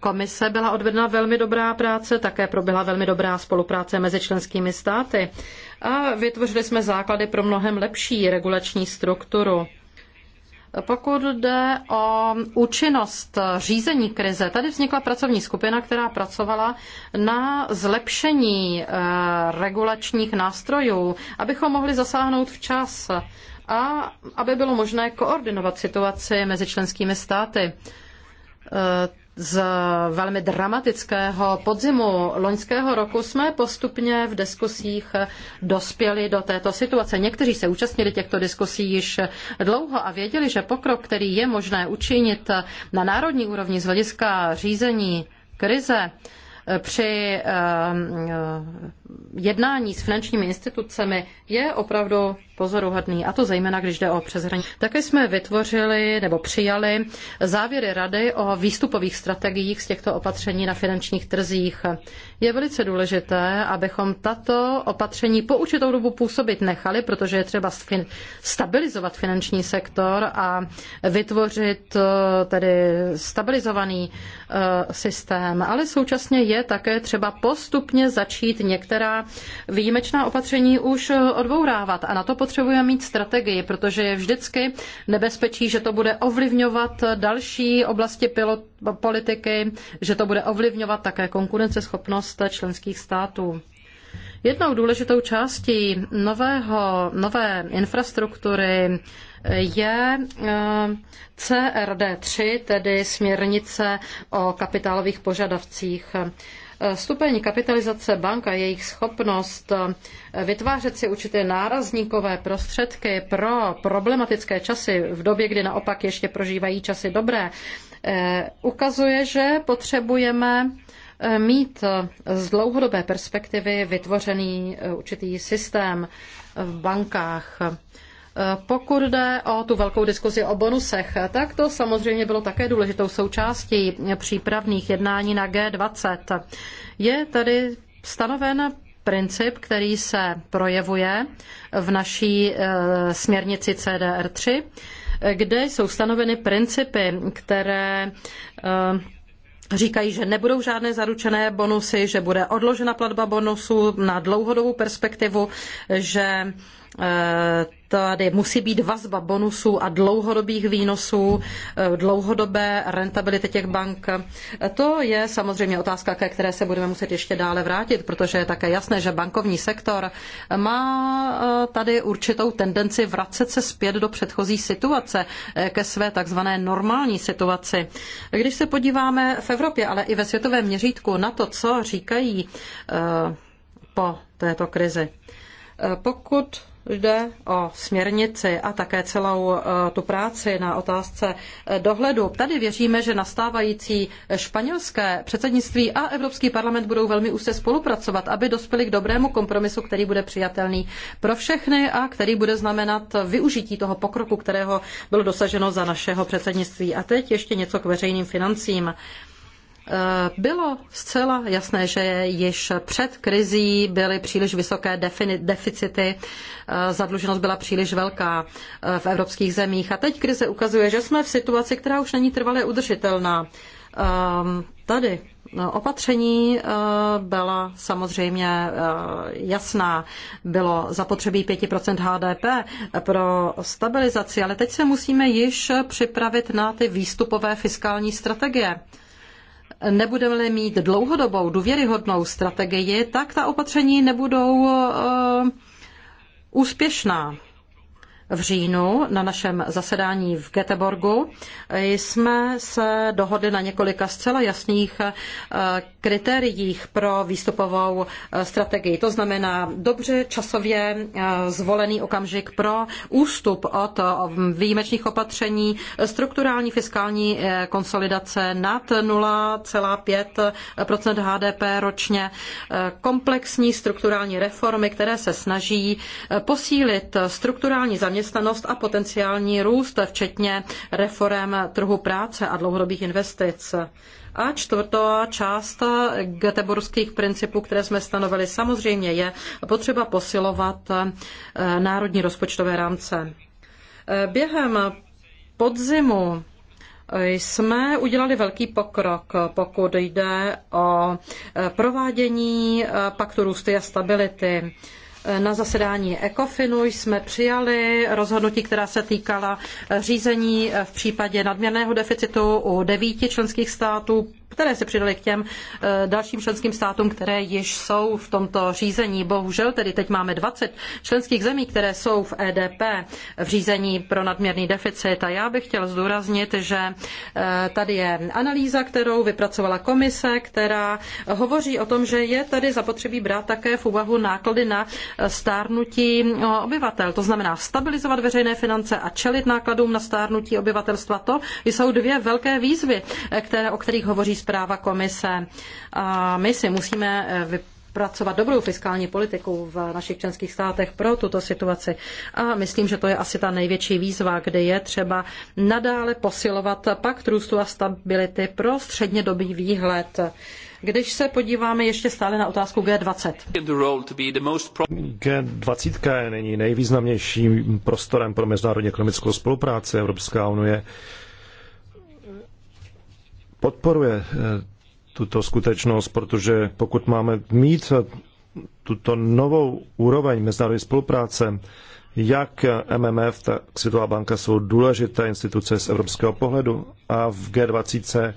komise byla odvedena velmi dobrá práce, také proběhla velmi dobrá spolupráce mezi členskými státy a vytvořili jsme základy pro mnohem lepší regulační strukturu. Pokud jde o účinnost řízení krize, tady vznikla pracovní skupina, která pracovala na zlepšení eh, regulačních nástrojů, abychom mohli zasáhnout včas a aby bylo možné koordinovat situaci mezi členskými státy. Eh, z velmi dramatického podzimu loňského roku jsme postupně v diskusích dospěli do této situace. Někteří se účastnili těchto diskusí již dlouho a věděli, že pokrok, který je možné učinit na národní úrovni z hlediska řízení krize, při jednání s finančními institucemi je opravdu pozoruhodný, a to zejména, když jde o přezhraní. Také jsme vytvořili nebo přijali závěry rady o výstupových strategiích z těchto opatření na finančních trzích. Je velice důležité, abychom tato opatření po určitou dobu působit nechali, protože je třeba stabilizovat finanční sektor a vytvořit eh, tedy stabilizovaný eh, systém, ale současně je také třeba postupně začít některé některá výjimečná opatření už odbourávat. A na to potřebujeme mít strategii, protože je vždycky nebezpečí, že to bude ovlivňovat další oblasti pilot, politiky, že to bude ovlivňovat také konkurenceschopnost členských států. Jednou důležitou částí nového, nové infrastruktury je eh, CRD3, tedy směrnice o kapitálových požadavcích. Stupeň kapitalizace bank a jejich schopnost eh, vytvářet si určité nárazníkové prostředky pro problematické časy v době, kdy naopak ještě prožívají časy dobré, eh, ukazuje, že potřebujeme eh, mít z dlouhodobé perspektivy vytvořený určitý systém v bankách. Pokud jde o tu velkou diskuzi o bonusech, tak to samozřejmě bylo také důležitou součástí přípravných jednání na G20. Je tady stanoven princip, který se projevuje v naší eh, směrnici CDR3, kde jsou stanoveny principy, které eh, Říkají, že nebudou žádné zaručené bonusy, že bude odložena platba bonusů na dlouhodobou perspektivu, že tady musí být vazba bonusů a dlouhodobých výnosů, eh, dlouhodobé rentability těch bank. To je samozřejmě otázka, ke které se budeme muset ještě dále vrátit, protože je také jasné, že bankovní sektor má eh, tady určitou tendenci vracet se zpět do předchozí situace, eh, ke své takzvané normální situaci. Když se podíváme v Evropě, ale i ve světovém měřítku na to, co říkají po této krizi. Pokud Jde o směrnici a také celou e, tu práci na otázce e, dohledu. Tady věříme, že nastávající španělské předsednictví a Evropský parlament budou velmi úzce spolupracovat, aby dospěli k dobrému kompromisu, který bude přijatelný pro všechny a který bude znamenat využití toho pokroku, kterého bylo dosaženo za našeho předsednictví. A teď ještě něco k veřejným financím. Eh, bylo zcela jasné, že již před krizí byly příliš vysoké deficity, eh, zadluženost byla příliš velká eh, v evropských zemích. A teď krize ukazuje, že jsme v situaci, která už není trvale udržitelná. Ehm, tady no, opatření byla samozřejmě jasná. Bylo zapotřebí 5% HDP pro stabilizaci, ale teď se musíme již připravit na ty výstupové fiskální strategie nebudeme-li mít dlouhodobou důvěryhodnou strategii, tak ta opatření nebudou eh, úspěšná v říjnu na našem zasedání v Göteborgu jsme se dohodli na několika zcela jasných eh, kritériích pro výstupovou eh, strategii. To znamená dobře časově eh, zvolený okamžik pro ústup od výjimečných opatření, strukturální fiskální konsolidace nad 0,5 HDP ročně, komplexní strukturální reformy, které se snaží posílit strukturální zaměstnanost zaměstnanost a potenciální růst, včetně reform trhu práce a dlouhodobých investic. A čtvrtá část geteborských principů, které jsme stanovili, samozřejmě je potřeba posilovat eh, národní rozpočtové rámce. Eh, během podzimu eh, jsme udělali velký pokrok, pokud jde o provádění paktu růstu a stability na zasedání ECOFINu jsme přijali rozhodnutí, která se týkala řízení v případě nadměrného deficitu u devíti členských států které se přidaly k těm eh, dalším členským státům, které již jsou v tomto řízení. Bohužel tedy teď máme 20 členských zemí, které jsou v EDP v řízení pro nadměrný deficit. A já bych chtěl zdůraznit, že eh, tady je analýza, kterou vypracovala komise, která hovoří o tom, že je tady zapotřebí brát také v úvahu náklady na eh, stárnutí obyvatel. To znamená stabilizovat veřejné finance a čelit nákladům na stárnutí obyvatelstva. To jsou dvě velké výzvy, které, o kterých hovoří zpráva komise. A my si musíme eh, vypracovat dobrou fiskální politiku v našich členských státech pro tuto situaci. A myslím, že to je asi ta největší výzva, kdy je třeba nadále posilovat pakt růstu a stability pro střednědobý výhled. Když se podíváme ještě stále na otázku G20. G20 je není nejvýznamnějším prostorem pro mezinárodní ekonomickou spolupráci. Evropská unie podporuje eh, tuto skutečnost, protože pokud máme mít eh, tuto novou úroveň mezinárodní spolupráce, jak MMF, tak Světová banka jsou důležité instituce z evropského pohledu a v G20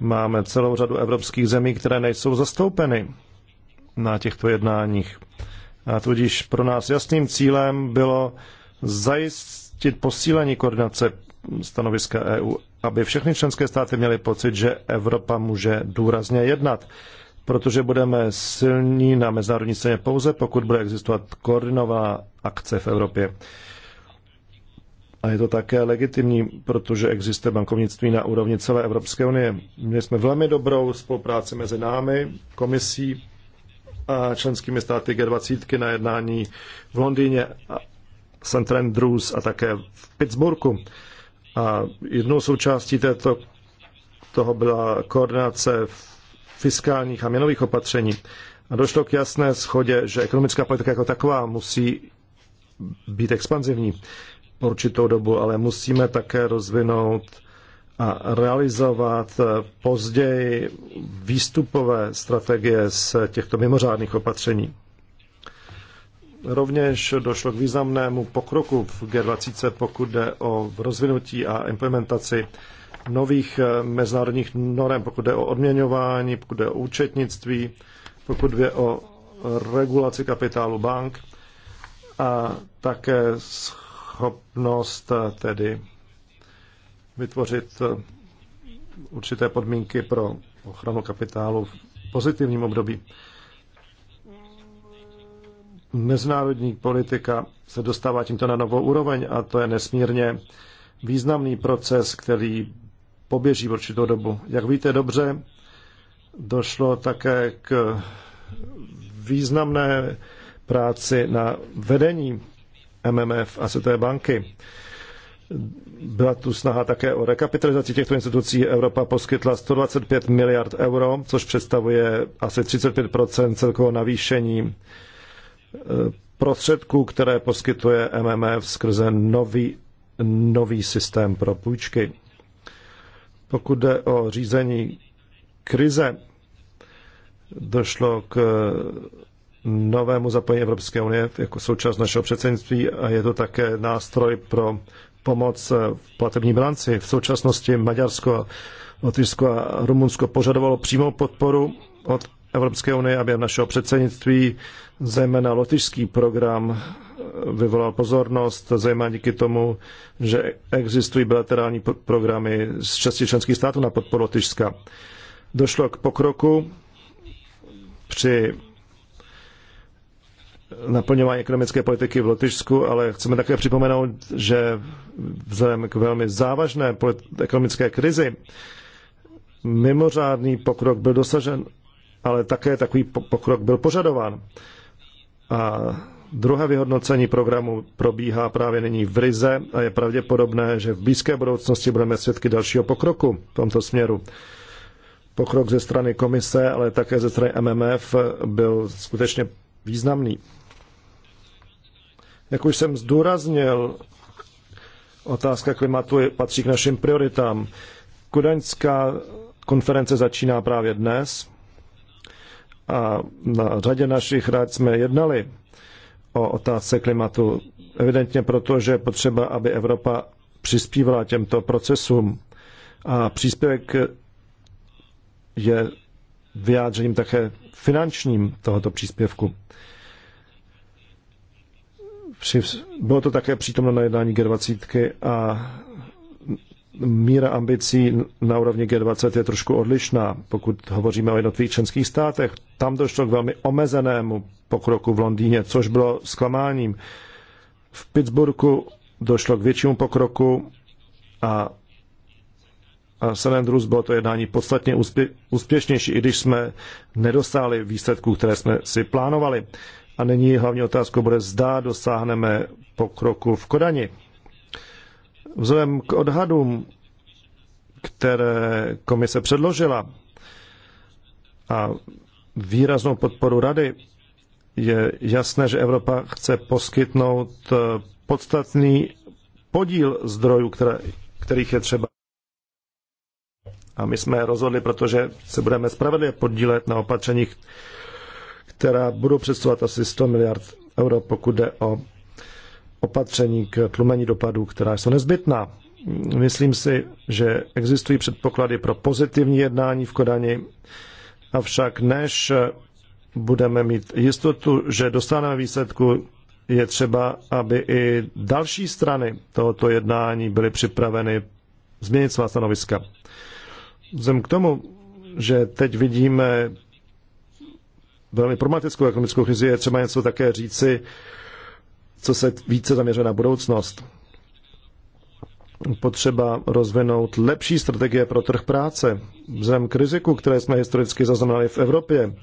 máme celou řadu evropských zemí, které nejsou zastoupeny na těchto jednáních. A tudíž pro nás jasným cílem bylo zajistit posílení koordinace stanoviska EU aby všechny členské státy měly pocit, že Evropa může důrazně jednat, protože budeme silní na mezinárodní scéně pouze, pokud bude existovat koordinovaná akce v Evropě. A je to také legitimní, protože existuje bankovnictví na úrovni celé Evropské unie. Měli jsme velmi dobrou spolupráci mezi námi, komisí a členskými státy G20 na jednání v Londýně, St. Andrews a také v Pittsburghu. A jednou součástí této, toho byla koordinace fiskálních a měnových opatření. A došlo k jasné schodě, že ekonomická politika jako taková musí být expanzivní po určitou dobu, ale musíme také rozvinout a realizovat později výstupové strategie z těchto mimořádných opatření. Rovněž došlo k významnému pokroku v G20, pokud jde o rozvinutí a implementaci nových eh, mezinárodních norm, pokud jde o odměňování, pokud jde o účetnictví, pokud jde o regulaci kapitálu bank a také schopnost eh, tedy vytvořit eh, určité podmínky pro ochranu kapitálu v pozitivním období mezinárodní politika se dostává tímto na novou úroveň a to je nesmírně významný proces, který poběží v určitou dobu. Jak víte dobře, došlo také k významné práci na vedení MMF a Světové banky. Byla tu snaha také o rekapitalizaci těchto institucí. Evropa poskytla 125 miliard euro, což představuje asi 35 celkového navýšení prostředků, které poskytuje MMF skrze nový, nový systém pro půjčky. Pokud jde o řízení krize, došlo k novému zapojení Evropské unie jako součást našeho předsednictví a je to také nástroj pro pomoc v platební branci. V současnosti Maďarsko, Lotyšsko a Rumunsko požadovalo přímou podporu od Evropské unie a během našeho předsednictví zejména lotyšský program vyvolal pozornost, zejména díky tomu, že existují bilaterální programy z části členských států na podporu Lotyšska. Došlo k pokroku při naplňování ekonomické politiky v Lotyšsku, ale chceme také připomenout, že vzhledem k velmi závažné ekonomické krizi mimořádný pokrok byl dosažen ale také takový pokrok byl požadován. A druhé vyhodnocení programu probíhá právě nyní v Rize a je pravděpodobné, že v blízké budoucnosti budeme svědky dalšího pokroku v tomto směru. Pokrok ze strany komise, ale také ze strany MMF byl skutečně významný. Jak už jsem zdůraznil, otázka klimatu patří k našim prioritám. Kudaňská konference začíná právě dnes a na řadě našich rád jsme jednali o otázce klimatu. Evidentně proto, že je potřeba, aby Evropa přispívala těmto procesům. A příspěvek je vyjádřením také finančním tohoto příspěvku. Bylo to také přítomno na jednání G20 a míra ambicí na úrovni G20 je trošku odlišná, pokud hovoříme o jednotlivých členských státech. Tam došlo k velmi omezenému pokroku v Londýně, což bylo zklamáním. V Pittsburghu došlo k většímu pokroku a, a St. Andrews bylo to jednání podstatně úspě, úspěšnější, i když jsme nedostali výsledků, které jsme si plánovali. A nyní hlavní otázkou bude, zda dosáhneme pokroku v Kodani Vzhledem k odhadům, které komise předložila a výraznou podporu rady, je jasné, že Evropa chce poskytnout eh, podstatný podíl zdrojů, které, kterých je třeba. A my jsme rozhodli, protože se budeme spravedlivě podílet na opatřeních, která budou představovat asi 100 miliard euro, pokud jde o opatření k tlumení dopadů, která jsou nezbytná. Myslím si, že existují předpoklady pro pozitivní jednání v Kodani, avšak než budeme mít jistotu, že dostaneme výsledku, je třeba, aby i další strany tohoto jednání byly připraveny změnit svá stanoviska. Vzhledem k tomu, že teď vidíme velmi problematickou ekonomickou krizi, je třeba něco také říci co se více zaměřuje na budoucnost. Potřeba rozvinout lepší strategie pro trh práce. Vzhledem k riziku, které jsme historicky zaznamenali v Evropě,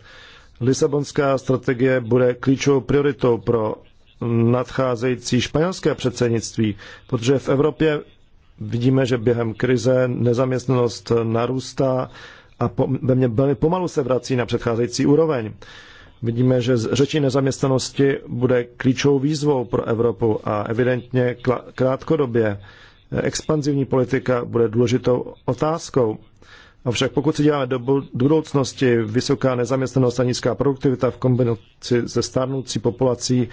Lisabonská strategie bude klíčovou prioritou pro nadcházející španělské předsednictví, protože v Evropě vidíme, že během krize nezaměstnanost narůstá a mně velmi pomalu se vrací na předcházející úroveň. Vidíme, že řeči nezaměstnanosti bude klíčovou výzvou pro Evropu a evidentně krátkodobě expanzivní politika bude důležitou otázkou. Avšak pokud si děláme do budoucnosti vysoká nezaměstnanost a nízká produktivita v kombinaci se stárnoucí populací,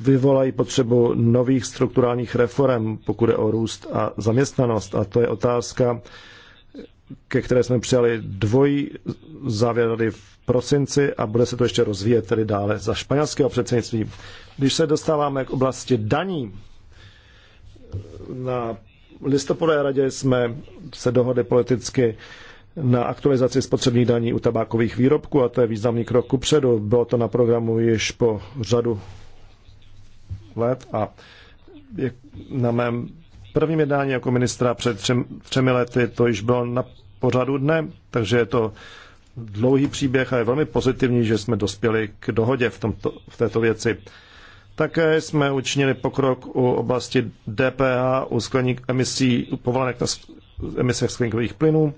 vyvolají potřebu nových strukturálních reform, pokud je o růst a zaměstnanost. A to je otázka, ke které jsme přijali dvojí závěr tady v prosinci a bude se to ještě rozvíjet tedy dále za španělského předsednictví. Když se dostáváme k oblasti daní, na listopadové radě jsme se dohodli politicky na aktualizaci spotřebních daní u tabákových výrobků a to je významný krok kupředu. Bylo to na programu již po řadu let a na mém prvním jednání jako ministra před třem, třemi lety to již bylo na pořadu dne, takže je to dlouhý příběh a je velmi pozitivní, že jsme dospěli k dohodě v, tomto, v této věci. Také jsme učinili pokrok u oblasti DPH, u skleník emisí, u povolenek na emisech skleníkových plynů.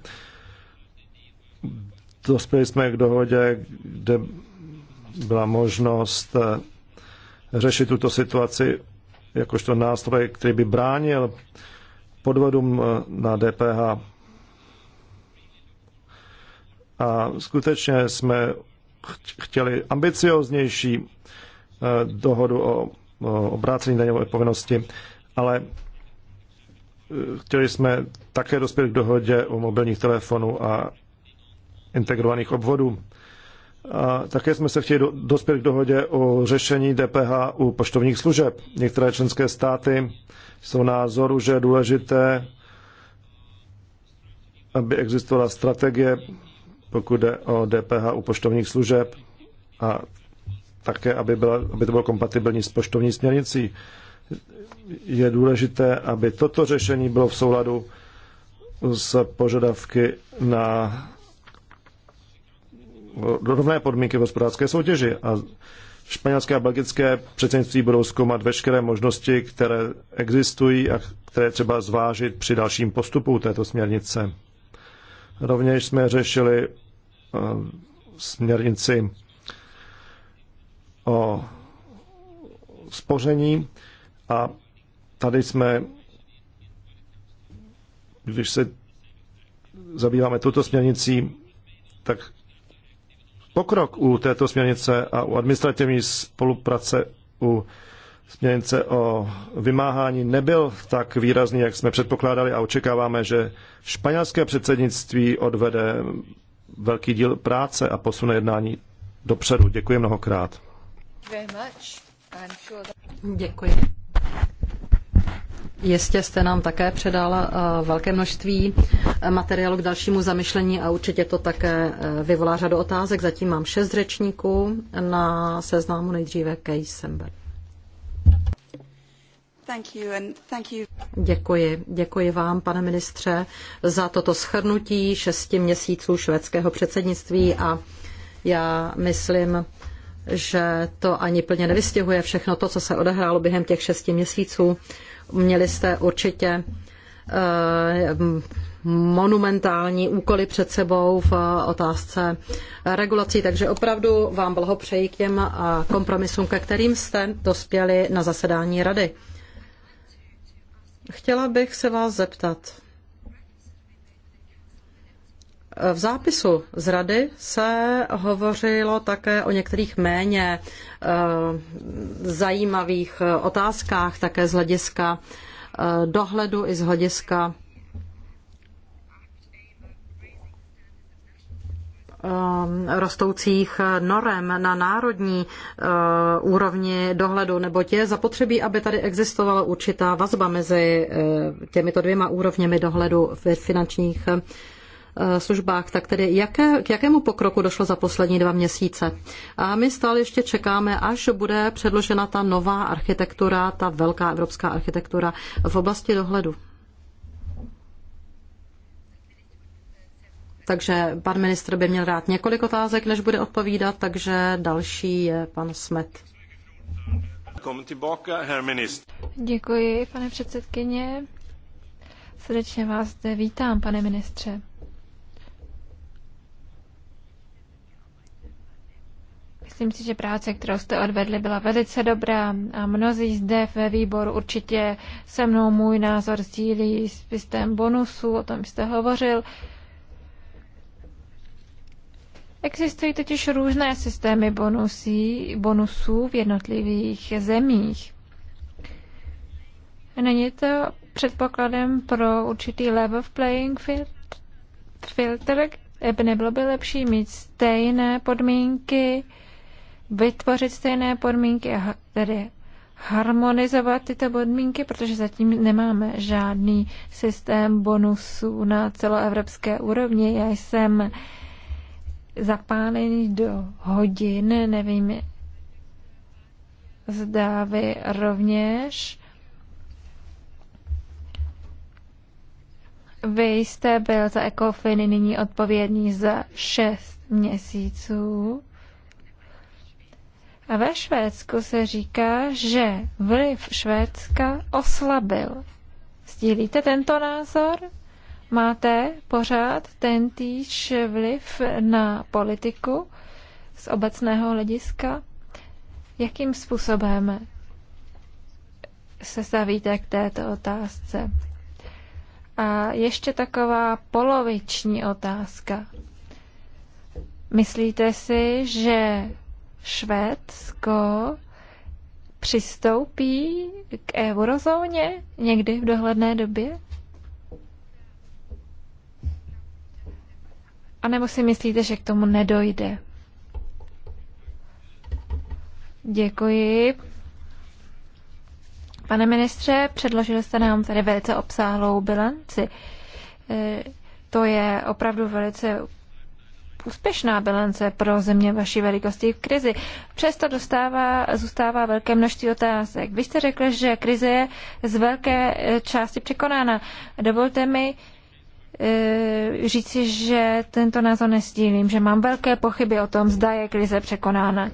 Dospěli jsme k dohodě, kde byla možnost eh, řešit tuto situaci jakožto nástroj, který by bránil podvodům eh, na DPH. A skutečně jsme chtěli ambicioznější eh, dohodu o obrácení daňové povinnosti, ale eh, chtěli jsme také dospět k dohodě o mobilních telefonů a integrovaných obvodů. A také jsme se chtěli dospět k dohodě o řešení DPH u poštovních služeb. Některé členské státy jsou názoru, že je důležité, aby existovala strategie, pokud jde o DPH u poštovních služeb a také, aby, byla, aby to bylo kompatibilní s poštovní směrnicí. Je důležité, aby toto řešení bylo v souladu s požadavky na rovné podmínky v hospodářské soutěži a španělské a belgické předsednictví budou zkoumat veškeré možnosti, které existují a které třeba zvážit při dalším postupu této směrnice. Rovněž jsme řešili eh, směrnici o spoření a tady jsme, když se zabýváme tuto směrnicí, tak pokrok u této směrnice a u administrativní spolupráce u směrnice o vymáhání nebyl tak výrazný, jak jsme předpokládali a očekáváme, že španělské předsednictví odvede velký díl práce a posune jednání dopředu. Děkuji mnohokrát. Děkuji. Jistě jste nám také předal eh, velké množství eh, materiálu k dalšímu zamyšlení a určitě to také eh, vyvolá řadu otázek. Zatím mám šest řečníků na seznamu nejdříve Kay Sember. Děkuji. Děkuji vám, pane ministře, za toto schrnutí šesti měsíců švédského předsednictví a já myslím, že to ani plně nevystěhuje všechno to, co se odehrálo během těch šesti měsíců. Měli jste určitě eh, monumentální úkoly před sebou v otázce regulací, takže opravdu vám blahopřeji k těm eh, kompromisům, ke kterým jste dospěli na zasedání rady. Chtěla bych se vás zeptat, v zápisu z rady se hovořilo také o některých méně eh, zajímavých eh, otázkách, také z hlediska eh, dohledu i z hlediska rostoucích norem na národní úrovni dohledu, nebo je zapotřebí, aby tady existovala určitá vazba mezi těmito dvěma úrovněmi dohledu ve finančních Eh, službách, tak tedy jaké, k jakému pokroku došlo za poslední dva měsíce? A my stále ještě čekáme, až bude předložena ta nová architektura, ta velká evropská architektura v oblasti dohledu. Takže pan ministr by měl rád několik otázek, než bude odpovídat, takže další je pan Smet. Děkuji, pane předsedkyně. Srdečně vás zde vítám, pane ministře. Myslím si, že práce, kterou jste odvedli, byla velice dobrá a mnozí zde ve výboru určitě se mnou můj názor sdílí s systém bonusu, o tom jste hovořil. Existují totiž různé systémy bonusí, bonusů v jednotlivých zemích. Není to předpokladem pro určitý level playing field, filtr, nebylo by lepší mít stejné podmínky vytvořit stejné podmínky a tedy harmonizovat tyto podmínky, protože zatím nemáme žádný systém bonusů na celoevropské úrovni. Já jsem zapálený do hodin, nevím, zda vy rovněž. Vy jste byl za ECOFIN nyní odpovědný za šest měsíců. A ve Švédsku se říká, že vliv Švédska oslabil. Sdílíte tento názor? Máte pořád tentýž vliv na politiku z obecného hlediska? Jakým způsobem se stavíte k této otázce? A ještě taková poloviční otázka. Myslíte si, že Švédsko přistoupí k eurozóně někdy v dohledné době? A nebo si myslíte, že k tomu nedojde? Děkuji. Pane ministře, předložili jste nám tady velice obsáhlou bilanci. E, to je opravdu velice úspěšná bilance pro země vaší velikosti v krizi. Přesto dostává, zůstává velké množství otázek. Vy jste řekl, že krize je z velké eh, části překonána. Dovolte mi e, říci, že tento názor nestílím, že mám velké pochyby o tom, zda je krize překonána.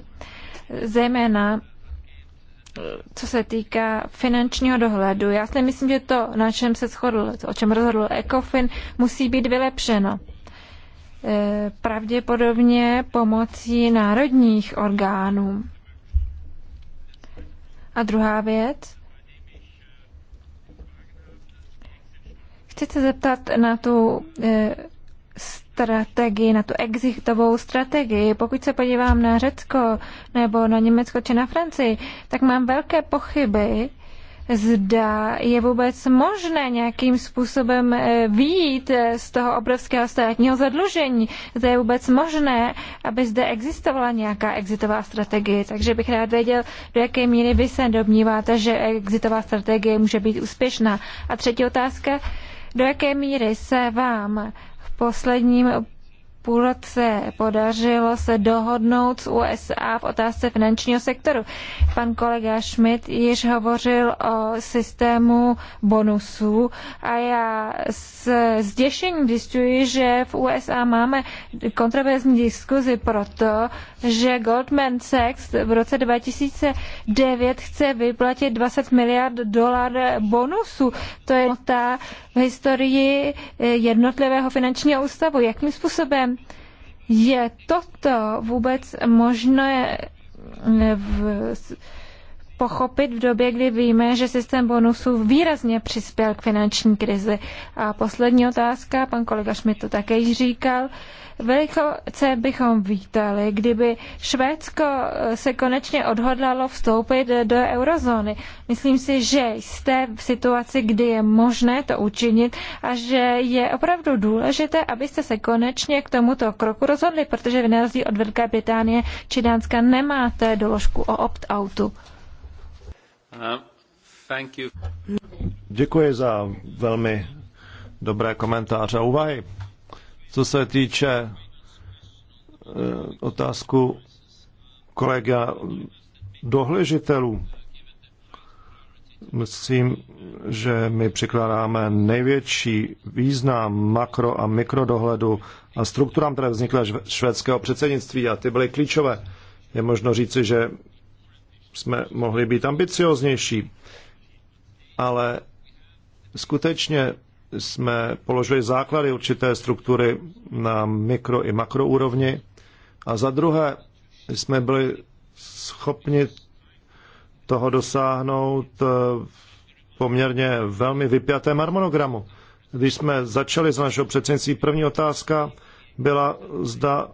Zejména eh, co se týká finančního dohledu. Já si myslím, že to, na čem se shodl, o čem rozhodl ECOFIN, musí být vylepšeno. Eh, pravděpodobně pomocí národních orgánů. A druhá věc. Chci se zeptat na tu eh, strategii, na tu exitovou strategii. Pokud se podívám na Řecko nebo na Německo či na Francii, tak mám velké pochyby, zda je vůbec možné nějakým způsobem eh, výjít eh, z toho obrovského státního zadlužení. Zda je vůbec možné, aby zde existovala nějaká exitová strategie. Takže bych rád věděl, do jaké míry vy se domníváte, že exitová strategie může být úspěšná. A třetí otázka, do jaké míry se vám v posledním půl roce podařilo se dohodnout s USA v otázce finančního sektoru. Pan kolega Schmidt již hovořil o systému bonusů a já s zděšením zjišťuji, že v USA máme kontroverzní diskuzi proto, že Goldman Sachs v roce 2009 chce vyplatit 20 miliard dolar bonusů. To je ta v historii eh, jednotlivého finančního ústavu. Jakým způsobem je toto vůbec možné eh, v pochopit v době, kdy víme, že systém bonusů výrazně přispěl k finanční krizi. A poslední otázka, pan kolega Schmidt to také již říkal. Velice bychom vítali, kdyby Švédsko se konečně odhodlalo vstoupit do eurozóny. Myslím si, že jste v situaci, kdy je možné to učinit a že je opravdu důležité, abyste se konečně k tomuto kroku rozhodli, protože vy od Velké Británie či Dánska nemáte doložku o opt-outu. Uh, Děkuji za velmi dobré komentáře a úvahy. Co se týče eh, otázku kolega dohležitelů, myslím, že my přikládáme největší význam makro a mikrodohledu a strukturám, které vznikly švédského předsednictví a ty byly klíčové. Je možno říci, že jsme mohli být ambicioznější, ale skutečně jsme položili základy určité struktury na mikro i makroúrovni a za druhé jsme byli schopni toho dosáhnout eh, poměrně velmi vypjatém harmonogramu. Když jsme začali z našeho předsednictví, první otázka byla, zda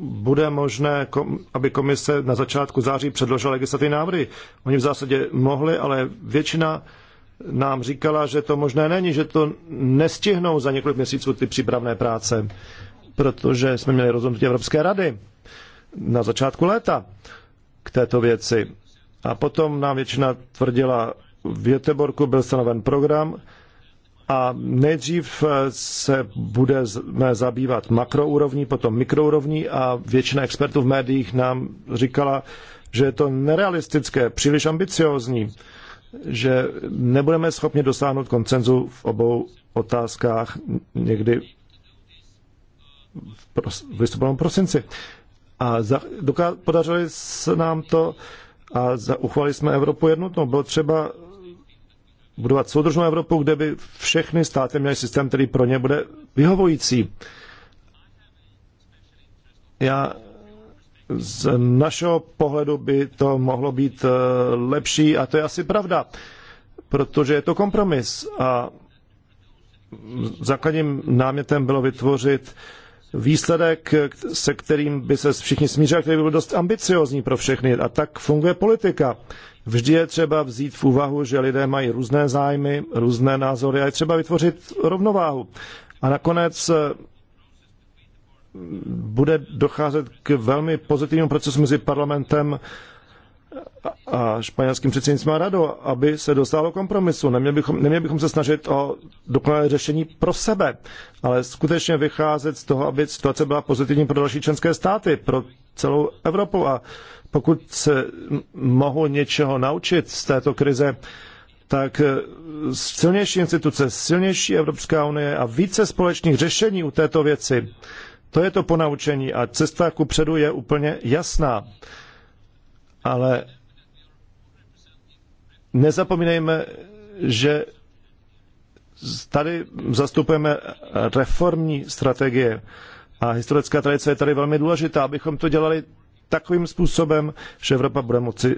bude možné, aby komise na začátku září předložila legislativní návrhy. Oni v zásadě mohli, ale většina nám říkala, že to možné není, že to nestihnou za několik měsíců ty přípravné práce, protože jsme měli rozhodnutí Evropské rady na začátku léta k této věci. A potom nám většina tvrdila, v Göteborgu byl stanoven program, a nejdřív eh, se budeme zabývat makroúrovní, potom mikroúrovní a většina expertů v médiích nám říkala, že je to nerealistické, příliš ambiciózní, že nebudeme schopni dosáhnout koncenzu v obou otázkách někdy v listopadu prosinci. A za, doká, podařili se nám to a za, uchvali jsme Evropu jednotnou. Bylo třeba budovat soudržnou Evropu, kde by všechny státy měly systém, který pro ně bude vyhovující. Já z našeho pohledu by to mohlo být eh, lepší a to je asi pravda, protože je to kompromis a základním námětem bylo vytvořit výsledek, se kterým by se všichni smířili, který by byl dost ambiciozní pro všechny. A tak funguje politika. Vždy je třeba vzít v úvahu, že lidé mají různé zájmy, různé názory a je třeba vytvořit rovnováhu. A nakonec eh, bude docházet k velmi pozitivnímu procesu mezi parlamentem a španělským předsednictvím a radou, aby se dostalo kompromisu. Neměli bychom, neměli bychom se snažit o dokonalé řešení pro sebe, ale skutečně vycházet z toho, aby situace byla pozitivní pro další členské státy, pro celou Evropu. A pokud se mohu něčeho naučit z této krize, tak e, silnější instituce, silnější Evropská unie a více společných řešení u této věci, to je to ponaučení a cesta ku předu je úplně jasná ale nezapomínejme, že tady zastupujeme reformní strategie a historická tradice je tady velmi důležitá, abychom to dělali takovým způsobem, že Evropa bude moci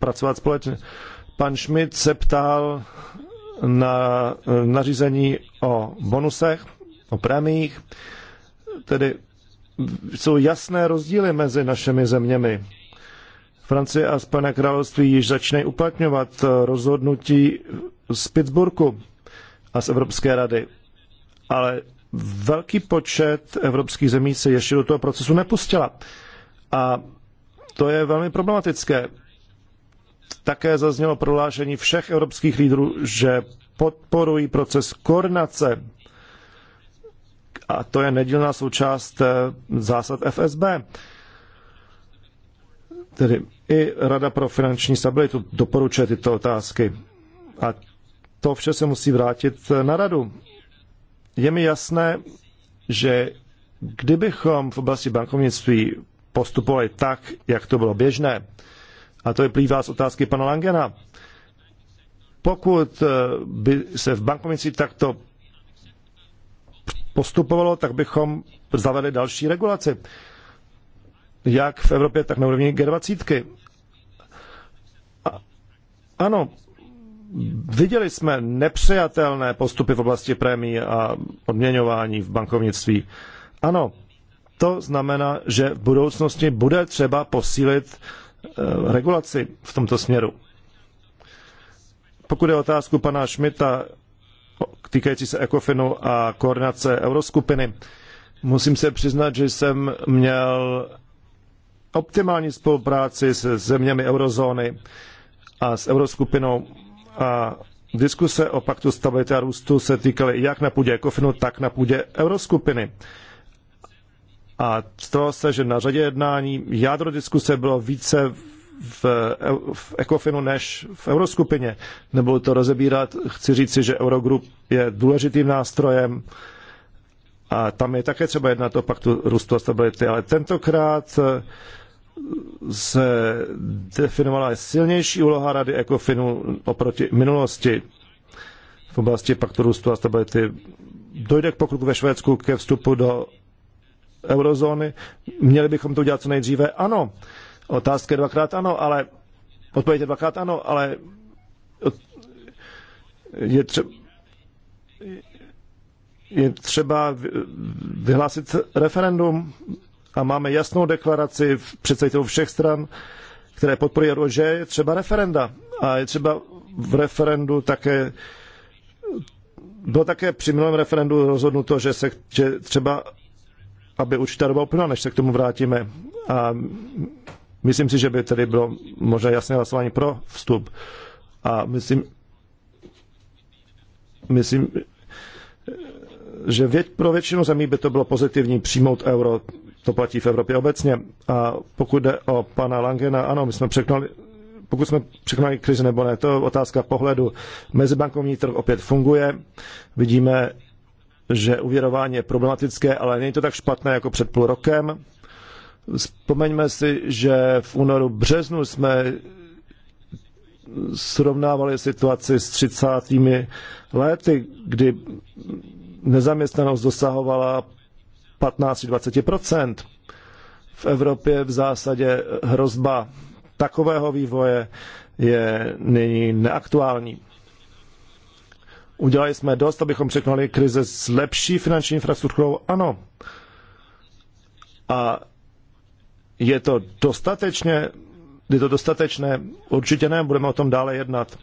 pracovat společně. Pan Schmidt se ptal na nařízení o bonusech, o prémiích, tedy jsou jasné rozdíly mezi našimi zeměmi. Francie a Spojené království již začínají uplatňovat eh, rozhodnutí z Pittsburghu a z Evropské rady. Ale velký počet evropských zemí se ještě do toho procesu nepustila. A to je velmi problematické. Také zaznělo prohlášení všech evropských lídrů, že podporují proces koordinace. A to je nedílná součást eh, zásad FSB. Tedy i Rada pro finanční stabilitu doporučuje tyto otázky. A to vše se musí vrátit na radu. Je mi jasné, že kdybychom v oblasti bankovnictví postupovali tak, jak to bylo běžné, a to vyplývá z otázky pana Langena, pokud eh, by se v bankovnictví takto postupovalo, tak bychom zavedli další regulaci. Jak v Evropě, tak na úrovni G20. Ano, viděli jsme nepřijatelné postupy v oblasti prémií a odměňování v bankovnictví. Ano, to znamená, že v budoucnosti bude třeba posílit eh, regulaci v tomto směru. Pokud je otázku pana Šmita týkající se ECOFINu a koordinace euroskupiny, musím se přiznat, že jsem měl optimální spolupráci se zeměmi eurozóny a s Euroskupinou a diskuse o paktu stability a růstu se týkaly jak na půdě Ekofinu, tak na půdě Euroskupiny. A stalo se, že na řadě jednání jádro diskuse bylo více v, v Ekofinu než v Euroskupině. Nebo to rozebírat, chci říci, že Eurogroup je důležitým nástrojem a tam je také třeba jednat o paktu růstu a stability, ale tentokrát se definovala silnější úloha Rady Ecofinu oproti minulosti v oblasti paktu růstu a stability. Dojde k pokroku ve Švédsku ke vstupu do eurozóny. Měli bychom to udělat co nejdříve? Ano. Otázka je dvakrát ano, ale odpověď je dvakrát ano, ale je třeba je třeba vyhlásit referendum a máme jasnou deklaraci představitelů všech stran, které podporují že je třeba referenda. A je třeba v referendu také bylo také při minulém referendu rozhodnuto, že, se, že třeba, aby určitá doba uplynula, než se k tomu vrátíme. A myslím si, že by tedy bylo možná jasné hlasování pro vstup. A myslím, myslím, že vět, pro většinu zemí by to bylo pozitivní přijmout euro to platí v Evropě obecně. A pokud jde o pana Langena, ano, my jsme překnali. pokud jsme překonali krizi nebo ne, to je otázka pohledu. Mezibankovní trh opět funguje. Vidíme, že uvěrování je problematické, ale není to tak špatné jako před půl rokem. Vzpomeňme si, že v únoru březnu jsme srovnávali situaci s 30. lety, kdy nezaměstnanost dosahovala 15-20 V Evropě v zásadě hrozba takového vývoje je nyní neaktuální. Udělali jsme dost, abychom překonali krize s lepší finanční infrastrukturou? Ano. A je to dostatečně, je to dostatečné? Určitě ne, budeme o tom dále jednat.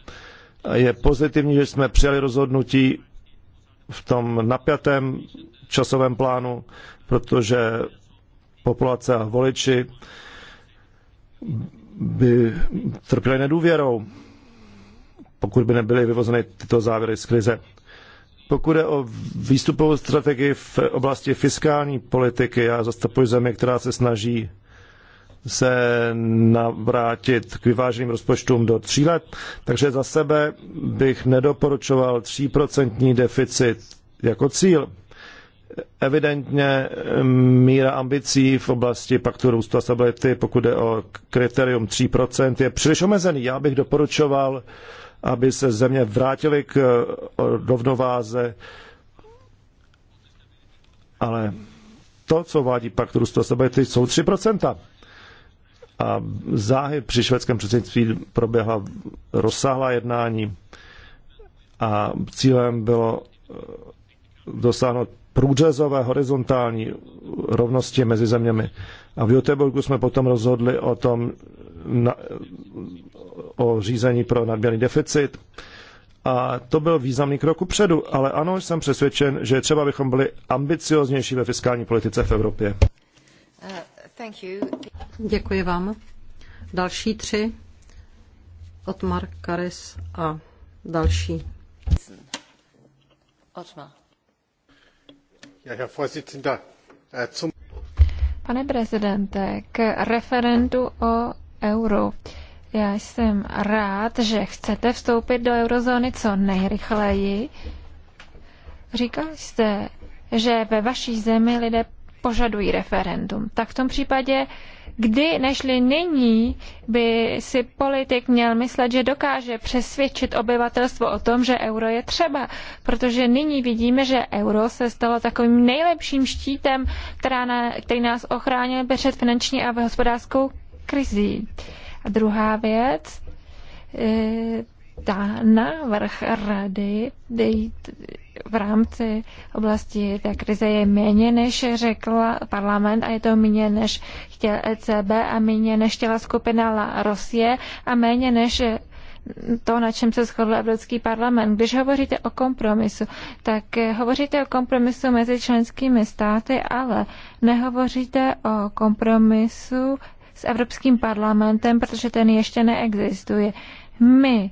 Je pozitivní, že jsme přijali rozhodnutí v tom napjatém časovém plánu, protože populace a voliči by trpěli nedůvěrou, pokud by nebyly vyvozeny tyto závěry z krize. Pokud je o výstupovou strategii v oblasti fiskální politiky, já zastupuji zemi, která se snaží se navrátit k vyváženým rozpočtům do tří let, takže za sebe bych nedoporučoval 3% deficit jako cíl evidentně eh, míra ambicí v oblasti paktu růstu a stability, pokud jde o kritérium 3%, je příliš omezený. Já bych doporučoval, aby se země vrátily k eh, rovnováze, ale to, co vádí paktu růstu a stability, jsou 3%. A záhy při švédském předsednictví proběhla rozsáhlá jednání a cílem bylo eh, dosáhnout průřezové horizontální rovnosti mezi zeměmi. A v Göteborgu jsme potom rozhodli o tom, na, o řízení pro nadměrný deficit. A to byl významný krok upředu, ale ano, jsem přesvědčen, že třeba bychom byli ambicioznější ve fiskální politice v Evropě. Uh, Děkuji vám. Další tři od Mark Karis a další. Otmar. Äh, Pane prezidente, k referendu o euru. Já jsem rád, že chcete vstoupit do eurozóny co nejrychleji. Říkal jste, že ve vaší zemi lidé požadují referendum. Tak v tom případě Kdy nežli nyní by si politik měl myslet, že dokáže přesvědčit obyvatelstvo o tom, že euro je třeba, protože nyní vidíme, že euro se stalo takovým nejlepším štítem, na, který nás ochránil před finanční a hospodářskou krizí. A druhá věc, eh, ta návrh rady v rámci oblasti té krize je méně, než řekl parlament a je to méně, než chtěl ECB a méně, než chtěla skupina La Rosie a méně, než to, na čem se shodl Evropský parlament. Když hovoříte o kompromisu, tak hovoříte o kompromisu mezi členskými státy, ale nehovoříte o kompromisu s Evropským parlamentem, protože ten ještě neexistuje. My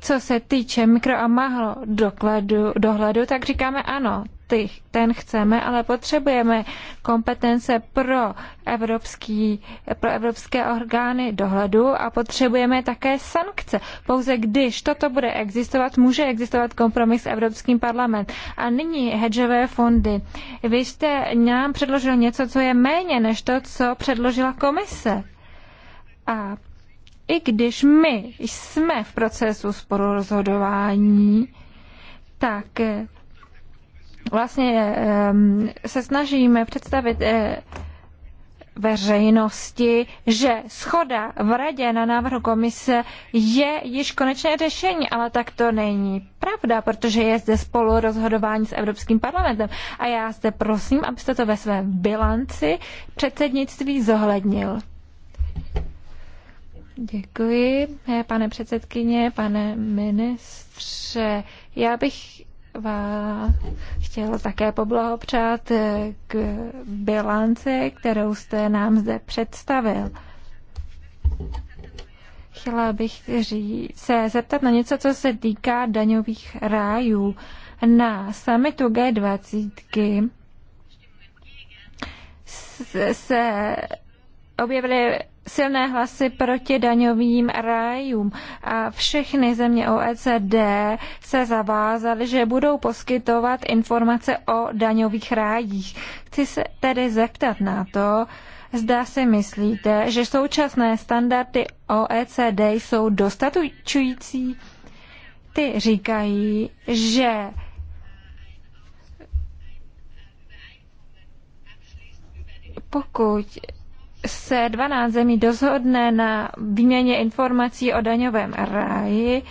co se týče mikro a málo dokladu, dohledu, tak říkáme ano, ty, ten chceme, ale potřebujeme kompetence pro, evropský, pro evropské orgány dohledu a potřebujeme také sankce. Pouze když toto bude existovat, může existovat kompromis s Evropským parlament. A nyní hedžové fondy. Vy jste nám předložil něco, co je méně než to, co předložila komise. A i když my jsme v procesu spolurozhodování, tak eh, vlastně ehm, se snažíme představit eh, veřejnosti, že schoda v radě na návrhu komise je již konečné řešení, ale tak to není pravda, protože je zde spolu rozhodování s Evropským parlamentem. A já zde prosím, abyste to ve své bilanci předsednictví zohlednil. Děkuji, pane předsedkyně, pane ministře. Já bych vás chtěla také poblahopřát k bilance, kterou jste nám zde představil. Chtěla bych říct, se zeptat na něco, co se týká daňových rájů. Na summitu G20 se objevily silné hlasy proti daňovým rájům a všechny země OECD se zavázaly, že budou poskytovat informace o daňových rájích. Chci se tedy zeptat na to, Zda si myslíte, že současné standardy OECD jsou dostatučující? Ty říkají, že pokud se 12 zemí dozhodne na výměně informací o daňovém ráji,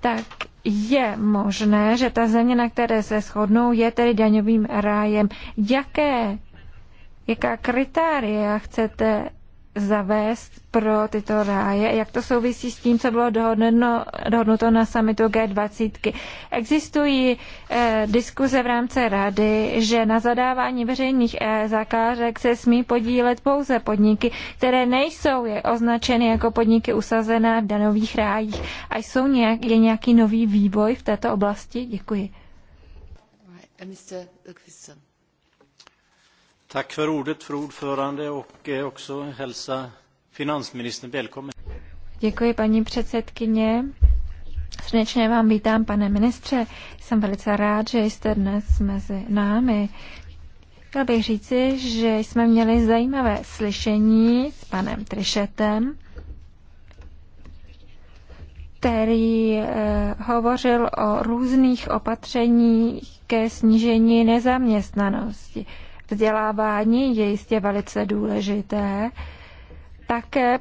tak je možné, že ta země, na které se shodnou, je tedy daňovým rájem. Jaké, jaká kritéria chcete zavést pro tyto ráje, jak to souvisí s tím, co bylo dohodnuto na samitu G20. Existují e, diskuze v rámci rady, že na zadávání veřejných e, zakázek se smí podílet pouze podniky, které nejsou je označeny jako podniky usazené v danových rájích. A jsou nějak, je nějaký nový vývoj v této oblasti? Děkuji. Right. Tack för ordet, fru ordförande, och eh, också hälsa finansministern välkommen. Děkuji, paní předsedkyně. Srdečně vám vítám, pane ministře. Jsem velice rád, že jste dnes mezi námi. Chtěl bych říci, že jsme měli zajímavé slyšení s panem Trišetem, který eh, hovořil o různých opatřeních ke snížení nezaměstnanosti. Eh, vzdělávání je jistě velice důležité, také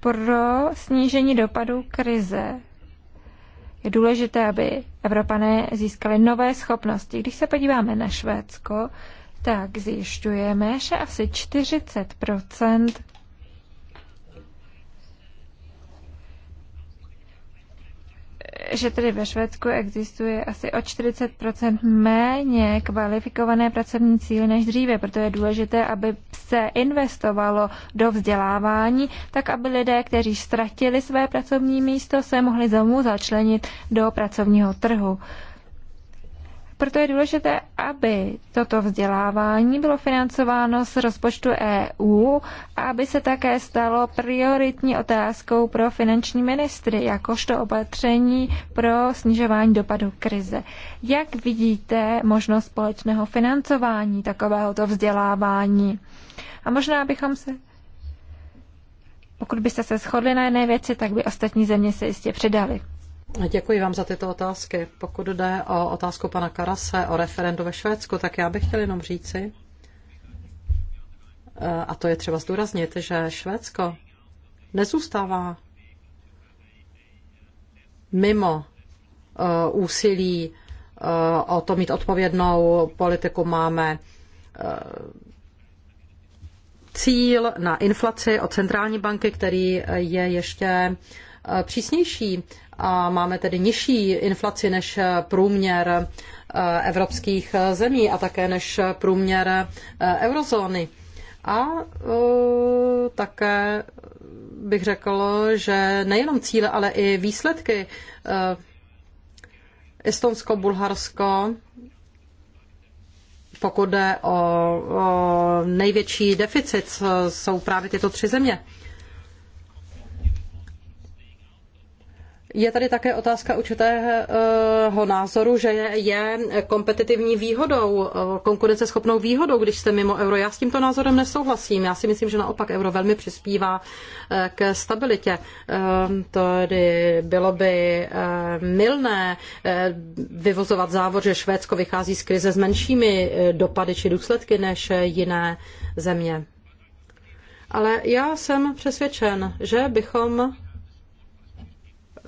pro snížení dopadů krize. Je důležité, aby Evropané získali nové schopnosti. Když se podíváme na Švédsko, tak zjišťujeme, že asi 40 že tedy ve Švédsku existuje asi o 40 méně kvalifikované pracovní cíly než dříve, proto je důležité, aby se investovalo do vzdělávání, tak aby lidé, kteří ztratili své pracovní místo, se mohli znovu začlenit do pracovního trhu. Proto je důležité, aby toto vzdělávání bylo financováno z rozpočtu EU a aby se také stalo prioritní otázkou pro finanční ministry, jakožto opatření pro snižování dopadu krize. Jak vidíte možnost společného financování takovéhoto vzdělávání? A možná bychom se pokud byste se shodli na jedné věci, tak by ostatní země se jistě přidali. Děkuji vám za tyto otázky. Pokud jde o otázku pana Karase o referendu ve Švédsku, tak já bych chtěl jenom říci, eh, a to je třeba zdůraznit, že Švédsko nezůstává mimo eh, úsilí eh, o to mít odpovědnou politiku. Máme cíl na inflaci od centrální banky, který je ještě přísnější a máme tedy nižší inflaci než průměr eh, evropských eh, zemí a také než průměr eh, eurozóny. A také bych řekl, že nejenom cíle, ale i výsledky Estonsko, Bulharsko, pokud jde o, o největší deficit, jsou právě tyto tři země. Je tady také otázka určitého eh, názoru, že je kompetitivní výhodou, eh, konkurenceschopnou výhodou, když jste mimo euro. Já s tímto názorem nesouhlasím. Já si myslím, že naopak euro velmi přispívá eh, k stabilitě. Ehm, tady bylo by milné vyvozovat závod, že Švédsko vychází z krize s menšími dopady či důsledky než jiné země. Ale já jsem přesvědčen, že bychom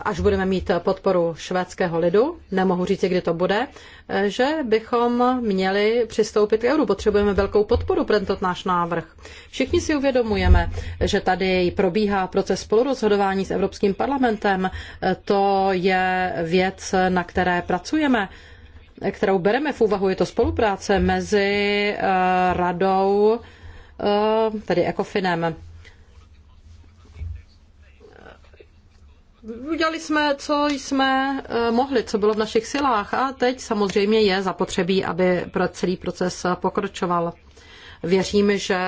až budeme mít podporu švédského lidu, nemohu říct, kdy to bude, že bychom měli přistoupit k euru. Potřebujeme velkou podporu pro tento náš návrh. Všichni si uvědomujeme, že tady probíhá proces spolurozhodování s Evropským parlamentem. To je věc, na které pracujeme kterou bereme v úvahu, je to spolupráce mezi eh, radou, eh, tedy ECOFINem udělali jsme, co jsme eh, mohli, co bylo v našich silách a teď samozřejmě je zapotřebí, aby celý proces pokročoval. Věřím, že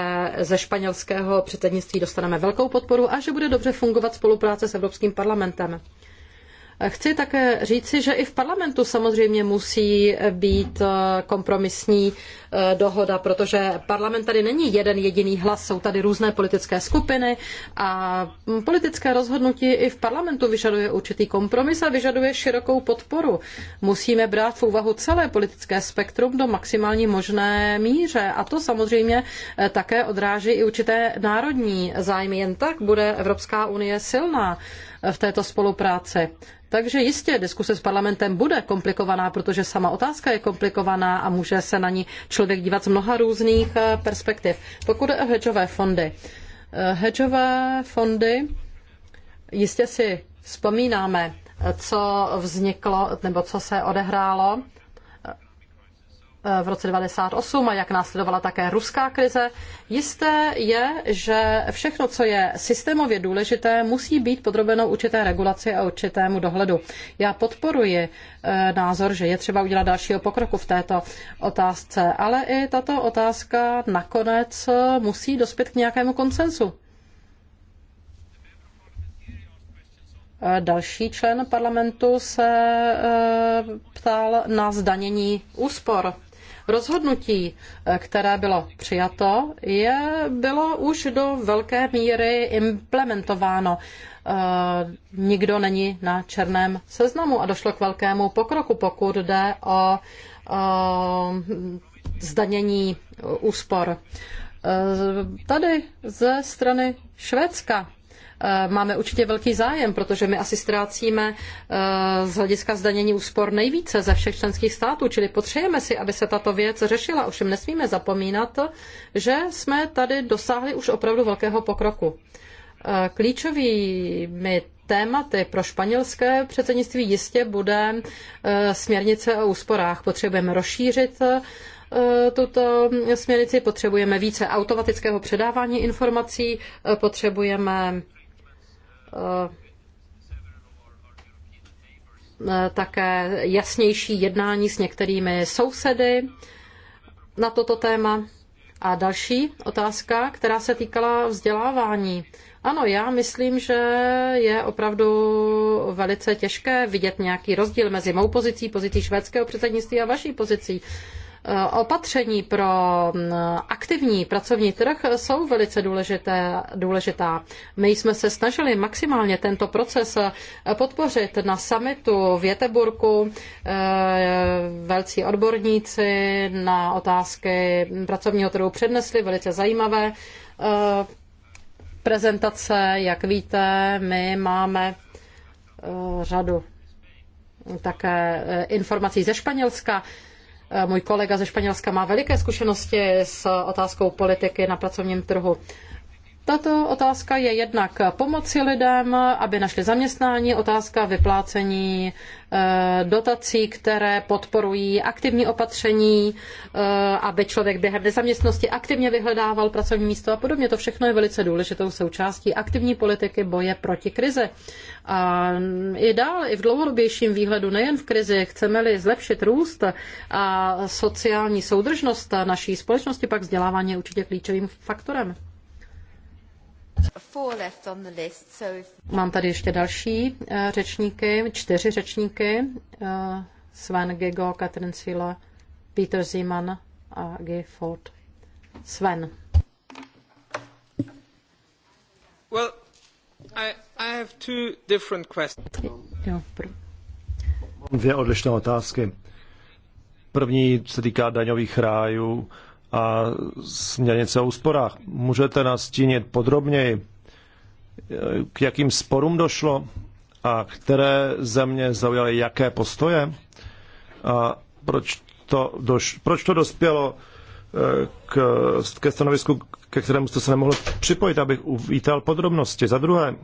ze španělského předsednictví dostaneme velkou podporu a že bude dobře fungovat spolupráce s Evropským parlamentem. Chci také říci, že i v parlamentu samozřejmě musí být eh, kompromisní eh, dohoda, protože parlament tady není jeden jediný hlas, jsou tady různé politické skupiny a politické rozhodnutí i v parlamentu vyžaduje určitý kompromis a vyžaduje širokou podporu. Musíme brát v úvahu celé politické spektrum do maximální možné míře a to samozřejmě eh, také odráží i určité národní zájmy. Jen tak bude Evropská unie silná v této spolupráci. Takže jistě diskuse s parlamentem bude komplikovaná, protože sama otázka je komplikovaná a může se na ní člověk dívat z mnoha různých eh, perspektiv. Pokud je o hedžové fondy, eh, hedžové fondy jistě si vzpomínáme, co vzniklo nebo co se odehrálo Eh, v roce 1998 a jak následovala také ruská krize. Jisté je, že všechno, co je systémově důležité, musí být podrobeno určité regulaci a určitému dohledu. Já podporuji eh, názor, že je třeba udělat dalšího pokroku v této otázce, ale i tato otázka nakonec eh, musí dospět k nějakému konsensu. Další člen parlamentu se ptal na zdanění úspor. Rozhodnutí, eh, které bylo přijato, je, bylo už do velké míry implementováno. Eh, nikdo není na černém seznamu a došlo k velkému pokroku, pokud jde o, e, zdanění úspor. Tady ze strany Švédska Eh, máme určitě velký zájem, protože my asi ztrácíme eh, z hlediska zdanění úspor nejvíce ze všech členských států, čili potřebujeme si, aby se tato věc řešila. Ovšem nesmíme zapomínat, že jsme tady dosáhli už opravdu velkého pokroku. Eh, klíčovými tématy pro španělské předsednictví jistě bude směrnice o úsporách. Potřebujeme rozšířit tuto směrnici, potřebujeme více automatického předávání informací, potřebujeme Eh, také jasnější jednání s některými sousedy na toto téma. A další otázka, která se týkala vzdělávání. Ano, já myslím, že je opravdu velice těžké vidět nějaký rozdíl mezi mou pozicí, pozicí švédského předsednictví a vaší pozicí. Eh, opatření pro mm, aktivní pracovní trh jsou velice důležité, důležitá. My jsme se snažili maximálně tento proces eh, podpořit na summitu v Jeteburku. Eh, velcí odborníci na otázky pracovního trhu přednesli velice zajímavé prezentace. Jak víte, my máme řadu také informací ze Španělska Eh, můj kolega ze Španělska má veliké zkušenosti s otázkou politiky na pracovním trhu. Tato otázka je jednak pomoci lidem, aby našli zaměstnání, otázka vyplácení eh, dotací, které podporují aktivní opatření, eh, aby člověk během nezaměstnosti aktivně vyhledával pracovní místo a podobně. To všechno je velice důležitou součástí aktivní politiky boje proti krizi. A i dál, i v dlouhodobějším výhledu, nejen v krizi, chceme-li zlepšit růst a sociální soudržnost naší společnosti, pak vzdělávání je určitě klíčovým faktorem. Mám tady ještě další eh, řečníky, čtyři řečníky. Eh, Sven Gego, Katrin Sila, Peter Zeman a G. Ford. Sven. Well, I, I have two different questions. Jo, Mám dvě odlišné otázky. První se týká daňových rájů a směrnice o úsporách. Můžete nastínit podrobněji, eh, k jakým sporům došlo a které země zaujaly jaké postoje a proč to, doš- proč to dospělo eh, k, ke stanovisku, ke kterému jste se nemohl připojit, abych uvítal podrobnosti. Za druhé,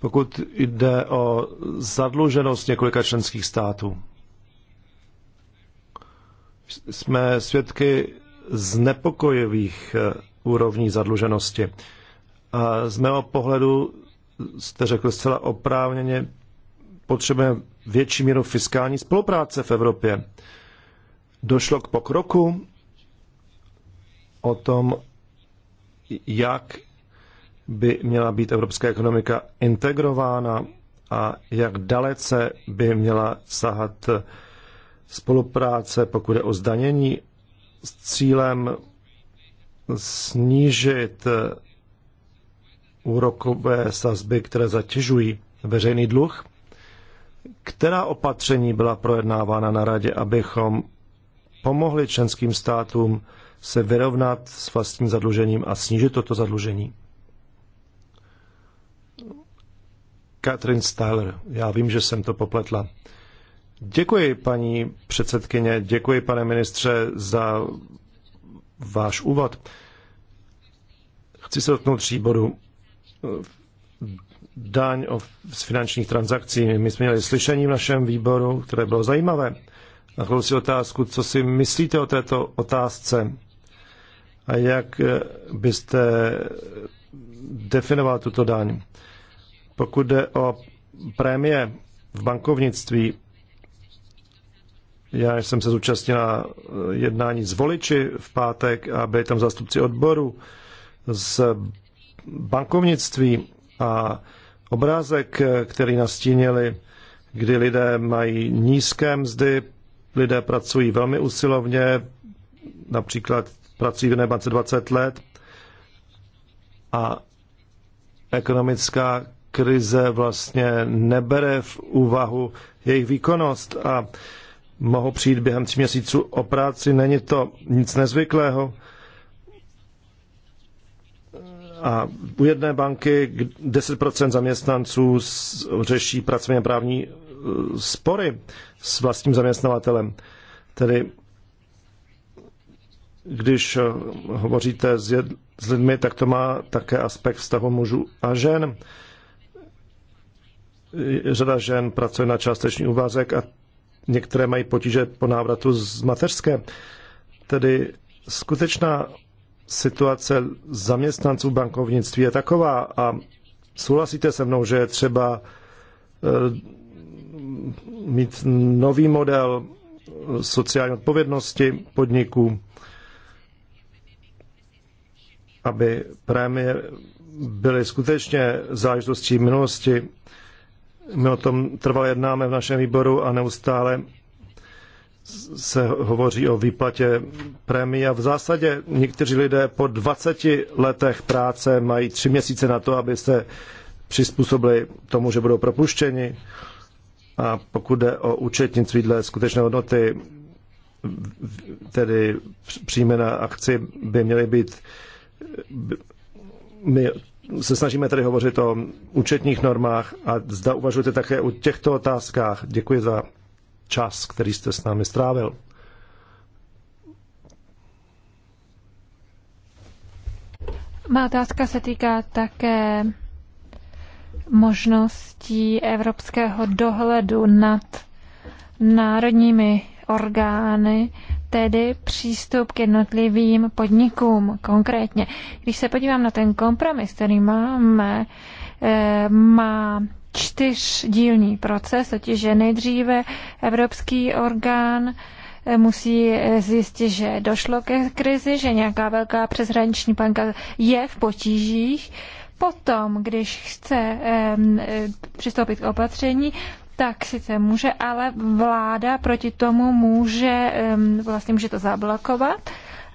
pokud jde o zadluženost několika členských států jsme svědky znepokojivých eh, úrovní zadluženosti. A z mého pohledu jste řekl zcela oprávněně, potřebujeme větší míru fiskální spolupráce v Evropě. Došlo k pokroku o tom, jak by měla být evropská ekonomika integrována a jak dalece by měla sahat eh, spolupráce, pokud je o zdanění, s cílem snížit úrokové sazby, které zatěžují veřejný dluh. Která opatření byla projednávána na radě, abychom pomohli členským státům se vyrovnat s vlastním zadlužením a snížit toto zadlužení? Catherine Styler, já vím, že jsem to popletla. Děkuji, paní předsedkyně, děkuji, pane ministře, za váš úvod. Chci se dotknout tří bodů. Daň z finančních transakcí. My jsme měli slyšení v našem výboru, které bylo zajímavé. A si otázku, co si myslíte o této otázce a jak eh, byste definoval tuto daň. Pokud jde o prémie v bankovnictví, já jsem se zúčastnila eh, jednání s voliči v pátek a byli tam zástupci odboru z bankovnictví a obrázek, eh, který nastínili, kdy lidé mají nízké mzdy, lidé pracují velmi usilovně, například pracují v jedné bance 20 let a ekonomická krize vlastně nebere v úvahu jejich výkonnost a mohou přijít během tří měsíců o práci. Není to nic nezvyklého. A u jedné banky 10% zaměstnanců řeší pracovně právní e, spory s vlastním zaměstnavatelem. Tedy když e, hovoříte s, jed, s lidmi, tak to má také aspekt vztahu mužů a žen. E, řada žen pracuje na částečný úvazek a některé mají potíže po návratu z mateřské. Tedy skutečná situace zaměstnanců bankovnictví je taková a souhlasíte se mnou, že je třeba eh, mít nový model sociální odpovědnosti podniků, aby prémie byly skutečně záležitostí minulosti my o tom trvale jednáme v našem výboru a neustále se hovoří o výplatě prémí a v zásadě někteří lidé po 20 letech práce mají tři měsíce na to, aby se přizpůsobili tomu, že budou propuštěni. A pokud jde o účetnictví dle skutečné hodnoty, tedy příjmy na akci by měly být, by, se snažíme tady hovořit o účetních normách a zda uvažujete také o těchto otázkách. Děkuji za čas, který jste s námi strávil. Má otázka se týká také možností evropského dohledu nad národními orgány tedy přístup k jednotlivým podnikům konkrétně. Když se podívám na ten kompromis, který máme, eh, má čtyřdílný proces, totiž že nejdříve evropský orgán eh, musí eh, zjistit, že došlo ke krizi, že nějaká velká přeshraniční banka je v potížích. Potom, když chce přistoupit k opatření, tak sice může, ale vláda proti tomu může, vlastně může to zablokovat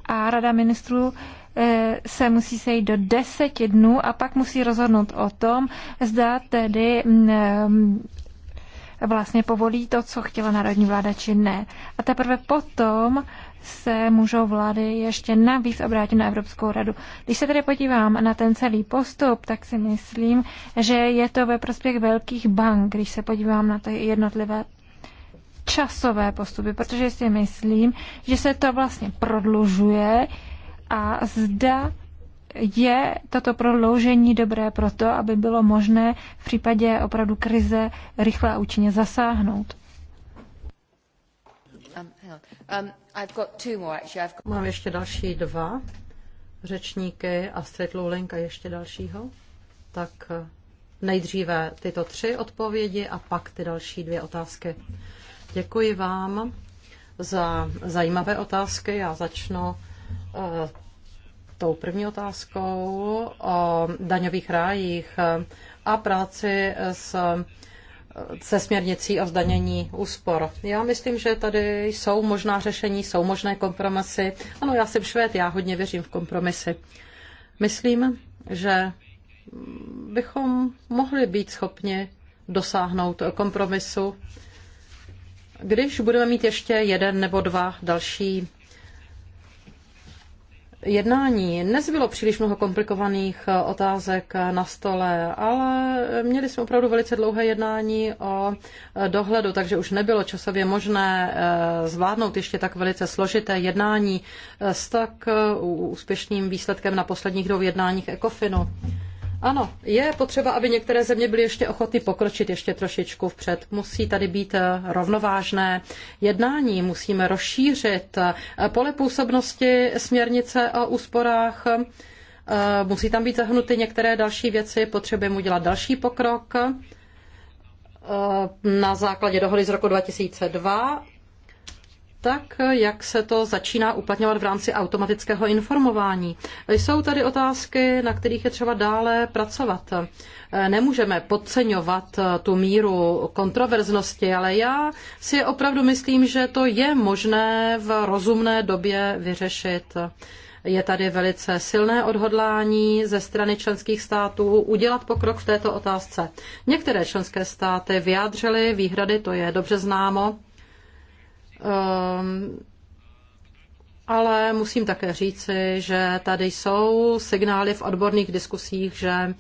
a Rada ministrů eh, se musí sejít do deseti dnů a pak musí rozhodnout o tom, zda tedy mm, vlastně povolí to, co chtěla národní vláda, či ne. A teprve potom se můžou vlády ještě navíc obrátit na Evropskou radu. Když se tedy podívám na ten celý postup, tak si myslím, že je to ve prospěch velkých bank, když se podívám na ty jednotlivé časové postupy, protože si myslím, že se to vlastně prodlužuje a zda je toto prodloužení dobré proto, aby bylo možné v případě opravdu krize rychle a účinně zasáhnout. Um, Got... Mám ještě další dva řečníky a Luling a ještě dalšího. Tak eh, nejdříve tyto tři odpovědi a pak ty další dvě otázky. Děkuji vám za zajímavé otázky. Já začnu eh, tou první otázkou o daňových rájích a práci s se směrnicí o zdanění úspor. Já myslím, že tady jsou možná řešení, jsou možné kompromisy. Ano, já jsem švéd, já hodně věřím v kompromisy. Myslím, že bychom mohli být schopni dosáhnout kompromisu, když budeme mít ještě jeden nebo dva další jednání nezbylo příliš mnoho komplikovaných eh, otázek eh, na stole, ale měli jsme opravdu velice dlouhé jednání o eh, dohledu, takže už nebylo časově možné zvládnout ještě tak velice složité jednání s tak úspěšným výsledkem na posledních dvou jednáních ECOFINu. Ano, je potřeba, aby některé země byly ještě ochotny pokročit ještě trošičku vpřed. Musí tady být eh, rovnovážné jednání, musíme rozšířit eh, pole působnosti směrnice o úsporách. Eh, musí tam být zahnuty některé další věci, potřebujeme udělat další pokrok na základě dohody z roku 2002 tak, jak se to začíná uplatňovat v rámci automatického informování. Jsou tady otázky, na kterých je třeba dále pracovat. Nemůžeme podceňovat tu míru kontroverznosti, ale já si opravdu myslím, že to je možné v rozumné době vyřešit. Je tady velice silné odhodlání ze strany členských států udělat pokrok v této otázce. Některé členské státy vyjádřily výhrady, to je dobře známo, Ehm, ale musím také říci, že tady jsou signály v odborných diskusích, že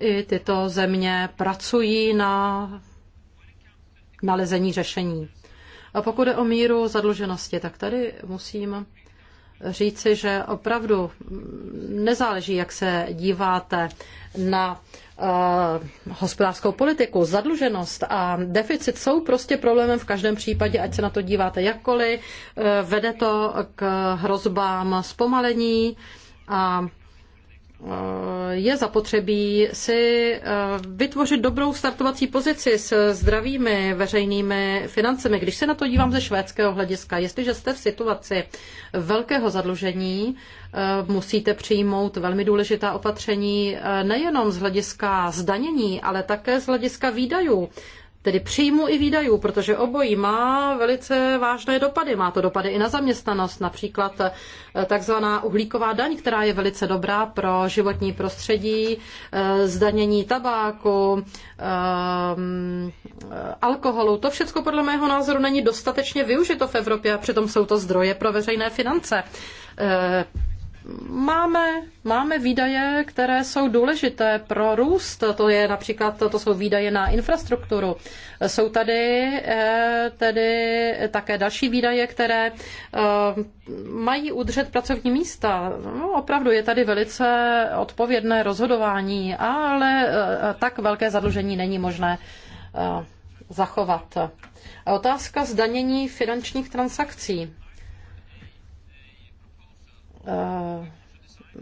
i tyto země pracují na nalezení řešení. A pokud je o míru zadluženosti, tak tady musím říci, že opravdu nezáleží, jak se díváte na Eh, hospodářskou politiku, zadluženost a deficit jsou prostě problémem v každém případě, ať se na to díváte jakkoliv. Eh, vede to k hrozbám zpomalení a je zapotřebí si eh, vytvořit dobrou startovací pozici s zdravými veřejnými financemi. Když se na to dívám ze švédského hlediska, jestliže jste v situaci velkého zadlužení, eh, musíte přijmout velmi důležitá opatření eh, nejenom z hlediska zdanění, ale také z hlediska výdajů tedy příjmu i výdajů, protože obojí má velice vážné dopady. Má to dopady i na zaměstnanost, například eh, takzvaná uhlíková daň, která je velice dobrá pro životní prostředí, eh, zdanění tabáku, eh, alkoholu. To všechno podle mého názoru není dostatečně využito v Evropě a přitom jsou to zdroje pro veřejné finance máme, máme výdaje, které jsou důležité pro růst. To je například, to jsou výdaje na infrastrukturu. Jsou tady eh, tedy také další výdaje, které eh, mají udržet pracovní místa. No, opravdu je tady velice odpovědné rozhodování, ale eh, tak velké zadlužení není možné zachovat. Otázka zdanění finančních transakcí. Eh,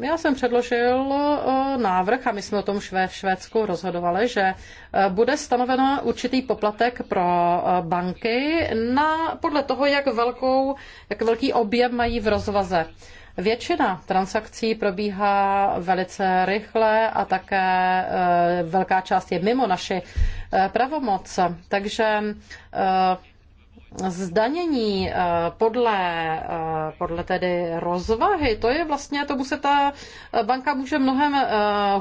já jsem předložil eh, návrh a my jsme o tom ve Švédsku rozhodovali, že eh, bude stanoveno určitý poplatek pro banky na, podle toho, jak, velkou, jak velký objem mají v rozvaze. Většina transakcí probíhá velice rychle a také velká část je mimo naši pravomoc. Takže zdanění eh, podle, eh, podle tedy rozvahy, to je vlastně, tomu se ta banka může mnohem eh,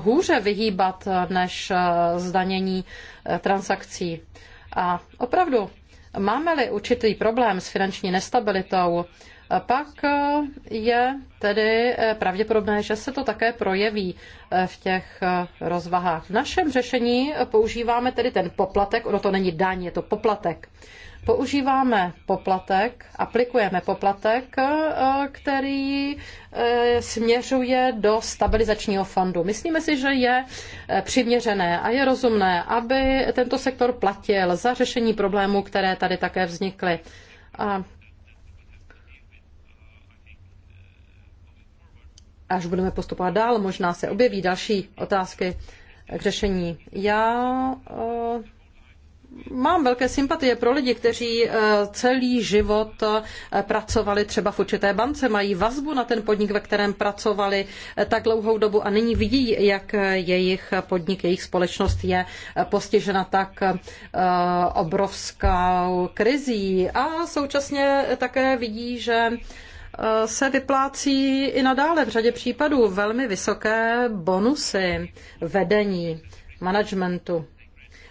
hůře vyhýbat než zdanění transakcí. A opravdu, máme-li určitý problém s finanční nestabilitou, pak je tedy pravděpodobné, že se to také projeví v těch rozvahách. V našem řešení používáme tedy ten poplatek, ono to není daň, je to poplatek. Používáme poplatek, aplikujeme poplatek, eh, který eh, směřuje do stabilizačního fondu. Myslíme si, že je eh, přiměřené a je rozumné, aby tento sektor platil za řešení problémů, které tady také vznikly. A až budeme postupovat dál, možná se objeví další otázky k řešení. Já mám velké sympatie pro lidi, kteří eh, celý život eh, pracovali třeba v určité bance, mají vazbu na ten podnik, ve kterém pracovali eh, tak dlouhou dobu a nyní vidí, jak jejich podnik, jejich společnost je postižena tak obrovskou krizí a současně také vidí, že se vyplácí i nadále v řadě případů velmi vysoké bonusy vedení, managementu.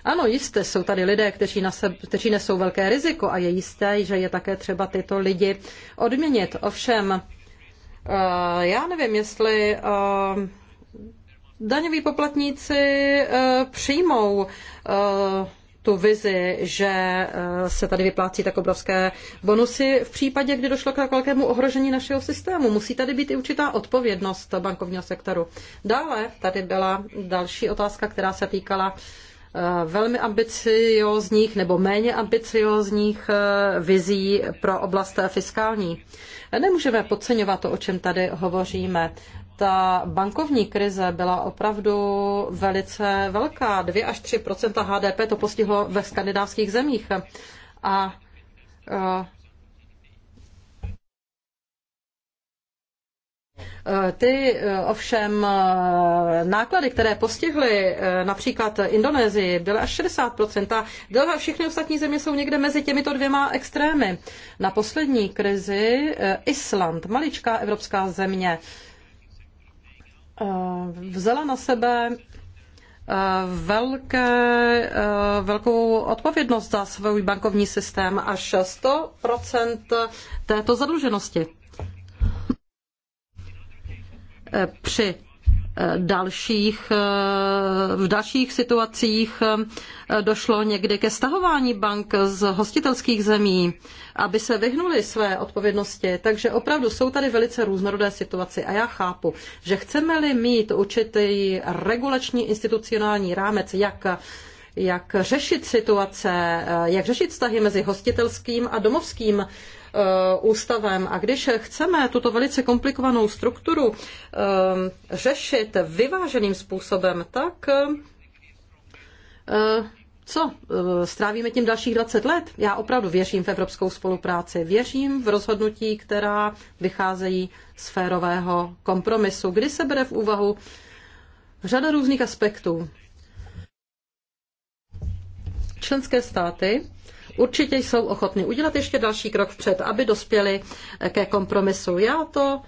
Ano, jisté, jsou tady lidé, kteří, kteří nesou velké riziko a je jisté, že je také třeba tyto lidi odměnit. Ovšem, eh, já nevím, jestli eh, daňoví poplatníci eh, přijmou tu vizi, že se tady vyplácí tak obrovské bonusy v případě, kdy došlo k velkému ohrožení našeho systému. Musí tady být i určitá odpovědnost bankovního sektoru. Dále tady byla další otázka, která se týkala uh, Eh, velmi ambiciózních nebo méně ambiciózních eh, vizí pro oblast fiskální. Nemůžeme podceňovat to, o čem tady hovoříme. Ta bankovní krize byla opravdu velice velká. 2 až 3 HDP to postihlo ve skandinávských zemích. A eh, Eh, ty eh, ovšem eh, náklady, které postihly například Indonésii, byly až 60%. A dlouho všechny ostatní země jsou někde mezi těmito dvěma extrémy. Na poslední krizi Island, maličká evropská země, vzala na sebe velké, velkou odpovědnost za svůj bankovní systém až 100% této zadluženosti při eh, dalších, eh, v dalších situacích eh, došlo někdy ke stahování bank z hostitelských zemí, aby se vyhnuli své odpovědnosti. Takže opravdu jsou tady velice různorodé situace a já chápu, že chceme-li mít určitý regulační institucionální rámec, jak jak řešit situace, jak řešit vztahy mezi hostitelským a domovským Eh, ústavem. A když chceme tuto velice komplikovanou strukturu eh, řešit vyváženým způsobem, tak eh, co, strávíme tím dalších 20 let? Já opravdu věřím v evropskou spolupráci. Věřím v rozhodnutí, která vycházejí z férového kompromisu, kdy se bere v úvahu řada různých aspektů. Členské státy určitě jsou ochotny udělat ještě další krok vpřed, aby dospěli eh, ke kompromisu. Já to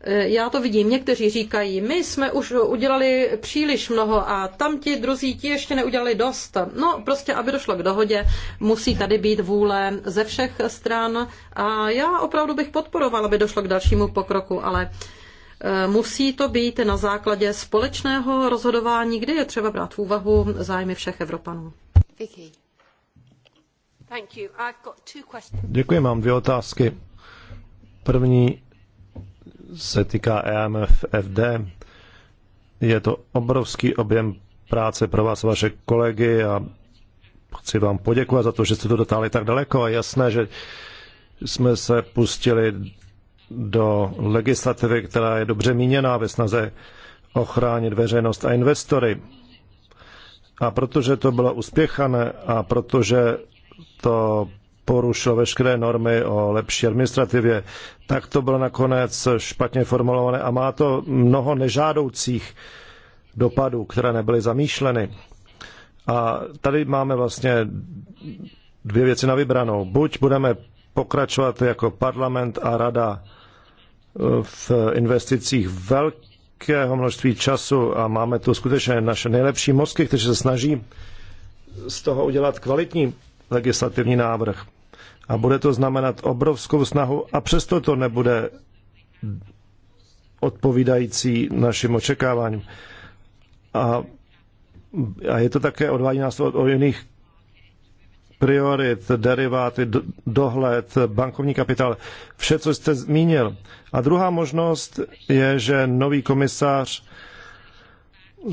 eh, já to vidím, někteří říkají, my jsme už udělali příliš mnoho a tam ti druzí ti ještě neudělali dost. No prostě, aby došlo k dohodě, musí tady být vůle ze všech stran a já opravdu bych podporovala, aby došlo k dalšímu pokroku, ale eh, musí to být na základě společného rozhodování, kdy je třeba brát v úvahu zájmy všech Evropanů. Vicky. Děkuji, mám dvě otázky. První se týká EMF FD. Je to obrovský objem práce pro vás, vaše kolegy a chci vám poděkovat za to, že jste to dotáhli tak daleko a jasné, že jsme se pustili do legislativy, která je dobře míněná ve snaze ochránit veřejnost a investory. A protože to bylo uspěchané a protože to porušilo veškeré normy o lepší administrativě. Tak to bylo nakonec špatně formulované a má to mnoho nežádoucích dopadů, které nebyly zamýšleny. A tady máme vlastně dvě věci na vybranou. Buď budeme pokračovat jako parlament a rada v investicích velkého množství času a máme tu skutečně naše nejlepší mozky, kteří se snaží z toho udělat kvalitní legislativní návrh. A bude to znamenat obrovskou snahu a přesto to nebude odpovídající našim očekáváním. A, a je to také odvádí nás od, od jiných priorit, deriváty, dohled, bankovní kapitál, vše, co jste zmínil. A druhá možnost je, že nový komisař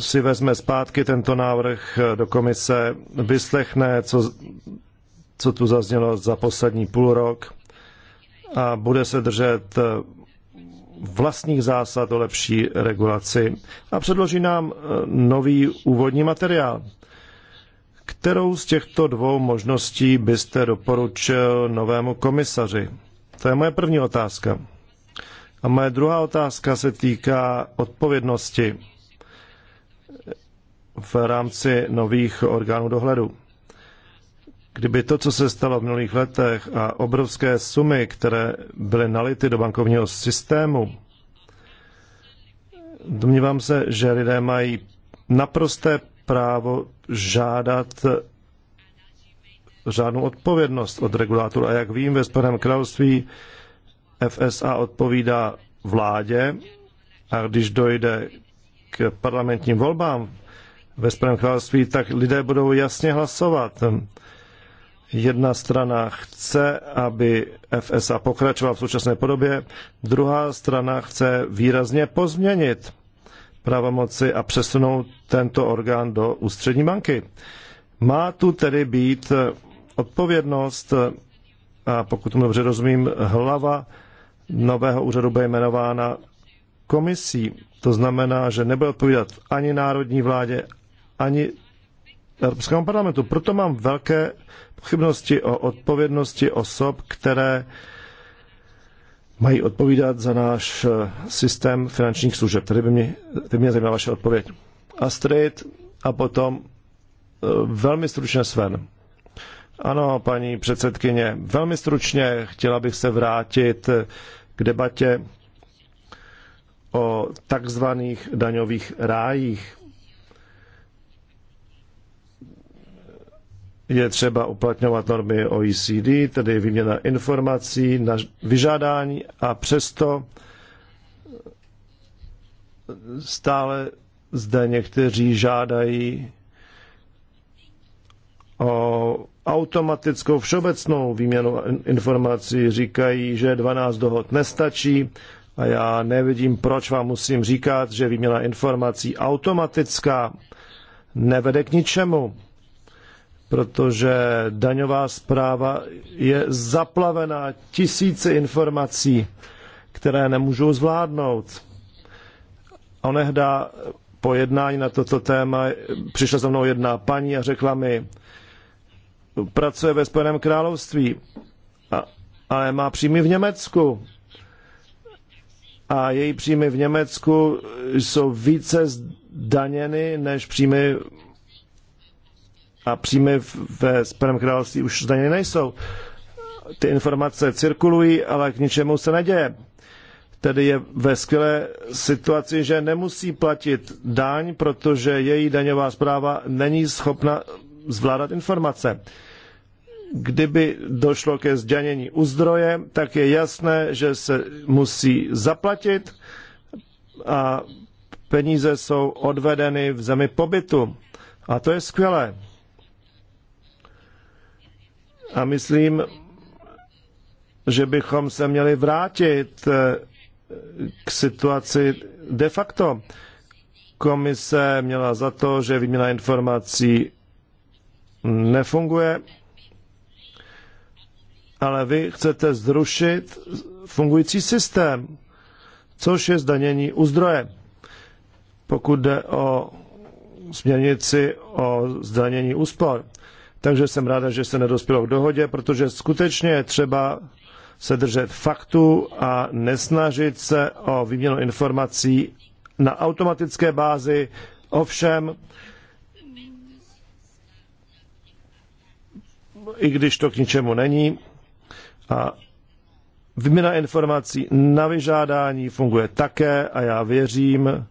si vezme zpátky tento návrh do komise, vyslechne, co, co tu zaznělo za poslední půl rok a bude se držet vlastních zásad o lepší regulaci a předloží nám eh, nový úvodní materiál. Kterou z těchto dvou možností byste doporučil novému komisaři? To je moje první otázka. A moje druhá otázka se týká odpovědnosti v rámci nových orgánů dohledu. Kdyby to, co se stalo v minulých letech a obrovské sumy, které byly nality do bankovního systému, domnívám se, že lidé mají naprosté právo žádat žádnou odpovědnost od regulátora. A jak vím, ve Spojeném království FSA odpovídá vládě a když dojde k parlamentním volbám ve Spojeném království, tak lidé budou jasně hlasovat. Jedna strana chce, aby FSA pokračovala v současné podobě, druhá strana chce výrazně pozměnit pravomoci a přesunout tento orgán do ústřední banky. Má tu tedy být odpovědnost, a pokud tomu dobře rozumím, hlava nového úřadu bude jmenována komisí. To znamená, že nebude odpovídat ani národní vládě, ani Evropskému parlamentu. Proto mám velké pochybnosti o odpovědnosti osob, které mají odpovídat za náš eh, systém finančních služeb. Tady by mě, by mě zajímala vaše odpověď. Astrid a potom eh, velmi stručně Sven. Ano, paní předsedkyně, velmi stručně chtěla bych se vrátit eh, k debatě o takzvaných daňových rájích. je třeba uplatňovat normy OECD, tedy výměna informací, na vyžádání a přesto stále zde někteří žádají o automatickou všeobecnou výměnu informací, říkají, že 12 dohod nestačí a já nevidím, proč vám musím říkat, že výměna informací automatická nevede k ničemu protože daňová zpráva je zaplavená tisíce informací, které nemůžou zvládnout. Onehda po jednání na toto téma přišla za mnou jedna paní a řekla mi, pracuje ve Spojeném království, ale má příjmy v Německu. A její příjmy v Německu jsou více zdaněny než příjmy a příjmy ve Spojeném království už zdaněny nejsou. Ty informace cirkulují, ale k ničemu se neděje. Tedy je ve skvělé situaci, že nemusí platit daň, protože její daňová zpráva není schopna zvládat informace. Kdyby došlo ke zdanění u zdroje, tak je jasné, že se musí zaplatit a peníze jsou odvedeny v zemi pobytu. A to je skvělé. A myslím, že bychom se měli vrátit eh, k situaci de facto. Komise měla za to, že výměna informací nefunguje, ale vy chcete zrušit fungující systém, což je zdanění u zdroje. Pokud jde o směrnici o zdanění úspor. Takže jsem ráda, že se nedospělo k dohodě, protože skutečně je třeba se držet faktu a nesnažit se o výměnu informací na automatické bázi. Ovšem, i když to k ničemu není, a Výměna informací na vyžádání funguje také a já věřím,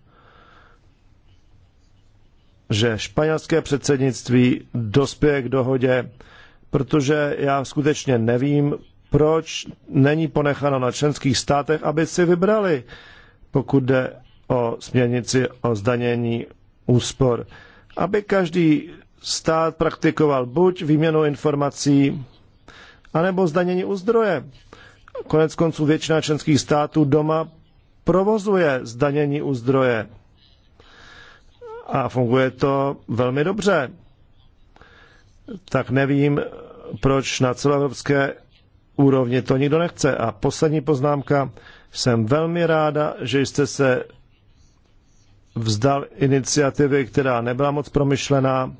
že španělské předsednictví dospěje k dohodě, protože já skutečně nevím, proč není ponecháno na členských státech, aby si vybrali, pokud jde o směrnici o zdanění úspor. Aby každý stát praktikoval buď výměnu informací, anebo zdanění u zdroje. Konec konců většina členských států doma provozuje zdanění u zdroje a funguje to velmi dobře. Tak nevím, proč na celoevropské úrovni to nikdo nechce. A poslední poznámka. Jsem velmi ráda, že jste se vzdal iniciativy, která nebyla moc promyšlená,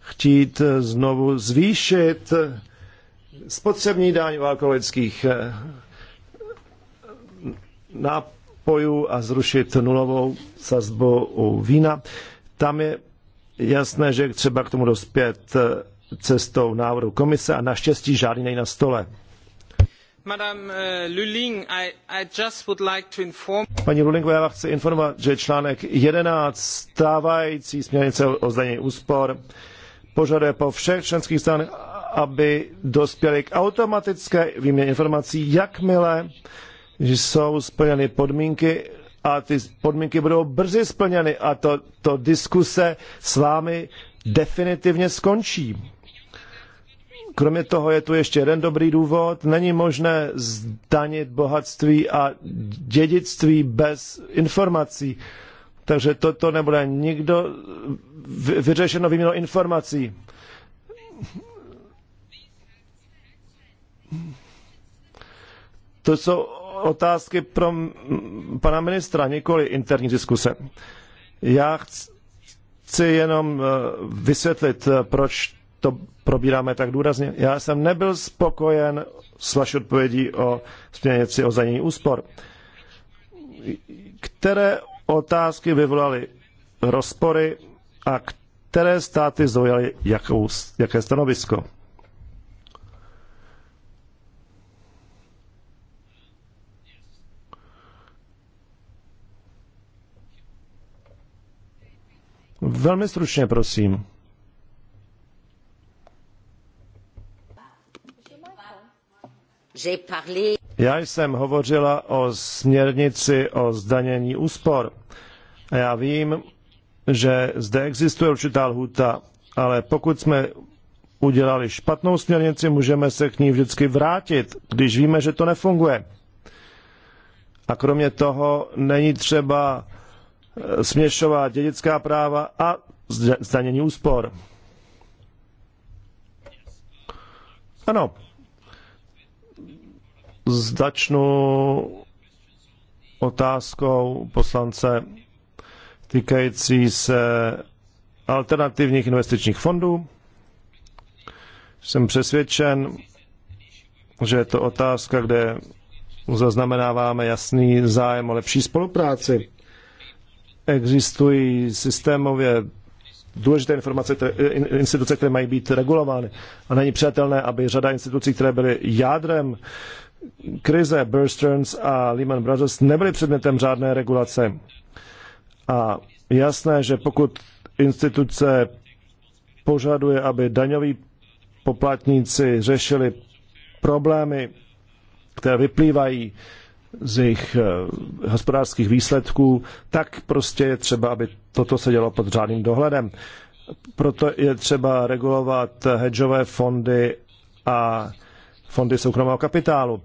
chtít znovu zvýšit spotřební daň u alkoholických eh, náp nápojů a zrušit nulovou sazbu u vína. Tam je jasné, že třeba k tomu dospět eh, cestou návrhu komise a naštěstí žádný není na stole. Paní Lulingo, já vám chci informovat, že článek 11 stávající směrnice o zdanění úspor požaduje po všech členských stranách, aby dospěli k automatické výměně informací, jakmile že jsou splněny podmínky a ty podmínky budou brzy splněny a to, to diskuse s vámi definitivně skončí. Kromě toho je tu ještě jeden dobrý důvod. Není možné zdanit bohatství a dědictví bez informací. Takže toto nebude nikdo vyřešeno výměnou informací. To jsou otázky pro pana ministra, nikoli interní diskuse. Já chci jenom eh, vysvětlit, eh, proč to probíráme tak důrazně. Já jsem nebyl spokojen s vaší odpovědí o směrnici o zdanění úspor. Které otázky vyvolaly rozpory a které státy zaujaly jaké stanovisko? Velmi stručně, prosím. Já jsem hovořila o směrnici o zdanění úspor. A já vím, že zde existuje určitá lhůta, ale pokud jsme udělali špatnou směrnici, můžeme se k ní vždycky vrátit, když víme, že to nefunguje. A kromě toho není třeba směšovat dědická práva a zdanění úspor. Ano. Začnu otázkou poslance týkající se alternativních investičních fondů. Jsem přesvědčen, že je to otázka, kde zaznamenáváme jasný zájem o lepší spolupráci existují systémově důležité informace, které, instituce, které mají být regulovány. A není přijatelné, aby řada institucí, které byly jádrem krize Bear Stearns a Lehman Brothers nebyly předmětem žádné regulace. A jasné, že pokud instituce požaduje, aby daňoví poplatníci řešili problémy, které vyplývají z jejich eh, hospodářských výsledků, tak prostě je třeba, aby toto se dělo pod řádným dohledem. Proto je třeba regulovat hedžové fondy a fondy soukromého kapitálu.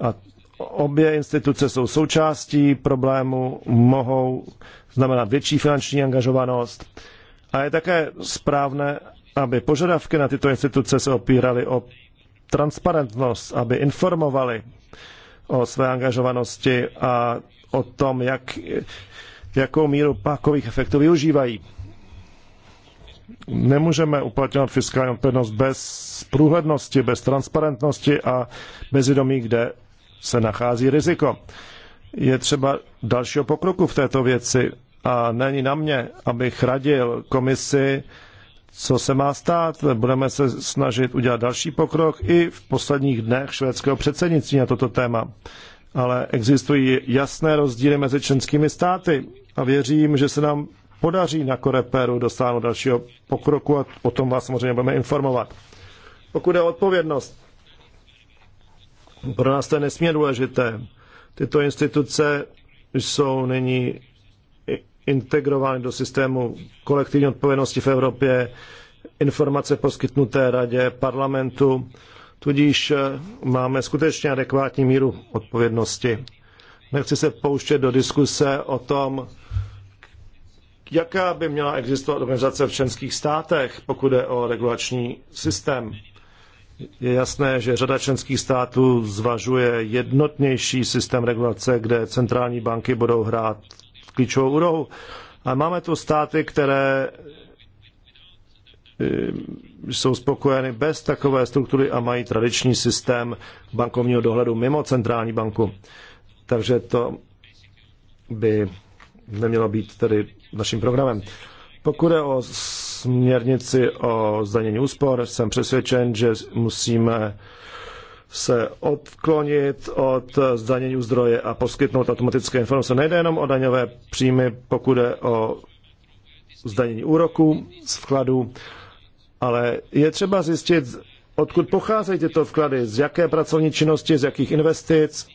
A obě instituce jsou součástí problému, mohou znamenat větší finanční angažovanost. A je také správné, aby požadavky na tyto instituce se opíraly o transparentnost, aby informovali o své angažovanosti a o tom, jak, jakou míru pákových efektů využívají. Nemůžeme uplatňovat fiskální odpovědnost bez průhlednosti, bez transparentnosti a bez vědomí, kde se nachází riziko. Je třeba dalšího pokroku v této věci a není na mě, abych radil komisi, co se má stát. Budeme se snažit udělat další pokrok i v posledních dnech švédského předsednictví na toto téma. Ale existují jasné rozdíly mezi členskými státy a věřím, že se nám podaří na Koreperu dostáhnout dalšího pokroku a o tom vás samozřejmě budeme informovat. Pokud je o odpovědnost, pro nás to je nesmírně důležité. Tyto instituce jsou nyní integrovány do systému kolektivní odpovědnosti v Evropě, informace poskytnuté radě, parlamentu, tudíž eh, máme skutečně adekvátní míru odpovědnosti. Nechci se pouštět do diskuse o tom, jaká by měla existovat organizace v členských státech, pokud je o regulační systém. Je jasné, že řada členských států zvažuje jednotnější systém regulace, kde centrální banky budou hrát klíčovou úrohu. A máme tu státy, které eh, jsou spokojeny bez takové struktury a mají tradiční systém bankovního dohledu mimo centrální banku. Takže to by nemělo být tedy naším programem. Pokud je o směrnici o zdanění úspor, jsem přesvědčen, že musíme se odklonit od zdanění zdroje a poskytnout automatické informace. Nejde jenom o daňové příjmy, pokud je o zdanění úroku z vkladu, ale je třeba zjistit, odkud pocházejí tyto vklady, z jaké pracovní činnosti, z jakých investic,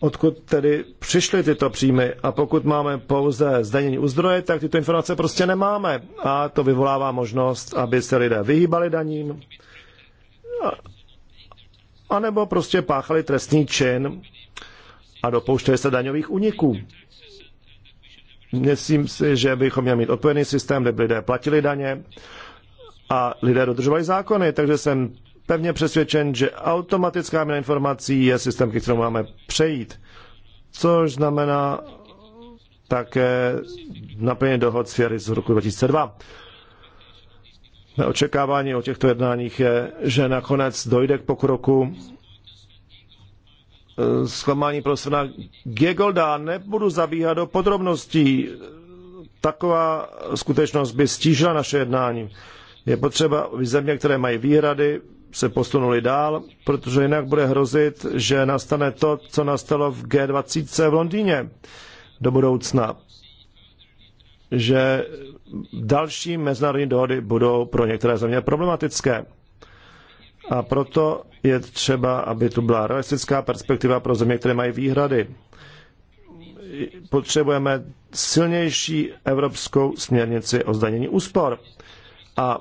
odkud tedy přišly tyto příjmy. A pokud máme pouze zdanění u zdroje, tak tyto informace prostě nemáme. A to vyvolává možnost, aby se lidé vyhýbali daním anebo prostě páchali trestný čin a dopouštěli se daňových úniků. Myslím si, že bychom měli mít odpovědný systém, kde by lidé platili daně a lidé dodržovali zákony, takže jsem pevně přesvědčen, že automatická měna informací je systém, ke kterému máme přejít, což znamená také naplnění dohod sféry z roku 2002. Mé očekávání o těchto jednáních je, že nakonec dojde k pokroku eh, zklamání pro Svena Gegolda. Nebudu zabíhat do podrobností. Taková skutečnost by stížila naše jednání. Je potřeba, aby země, které mají výhrady, se posunuli dál, protože jinak bude hrozit, že nastane to, co nastalo v G20 v Londýně do budoucna. Že další mezinárodní dohody budou pro některé země problematické. A proto je třeba, aby tu byla realistická perspektiva pro země, které mají výhrady. Potřebujeme silnější evropskou směrnici o zdanění úspor. A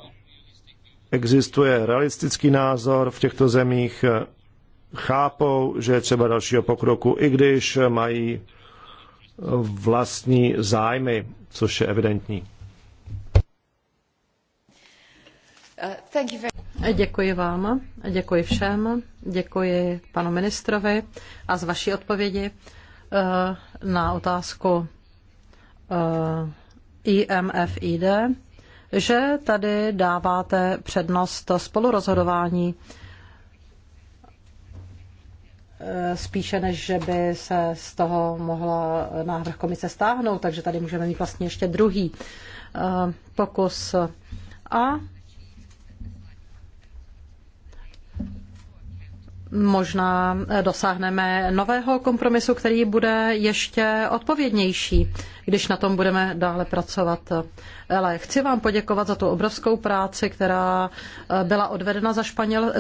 existuje realistický názor v těchto zemích, chápou, že je třeba dalšího pokroku, i když mají vlastní zájmy, což je evidentní. Děkuji vám, děkuji všem, děkuji panu ministrovi a z vaší odpovědi eh, na otázku eh, IMFID, že tady dáváte přednost spolurozhodování eh, spíše než, že by se z toho mohla návrh komise stáhnout, takže tady můžeme mít vlastně ještě druhý pokus. A možná eh, dosáhneme nového kompromisu, který bude ještě odpovědnější, když na tom budeme dále pracovat. Ale chci vám poděkovat za tu obrovskou práci, která eh, byla odvedena za, Španěl,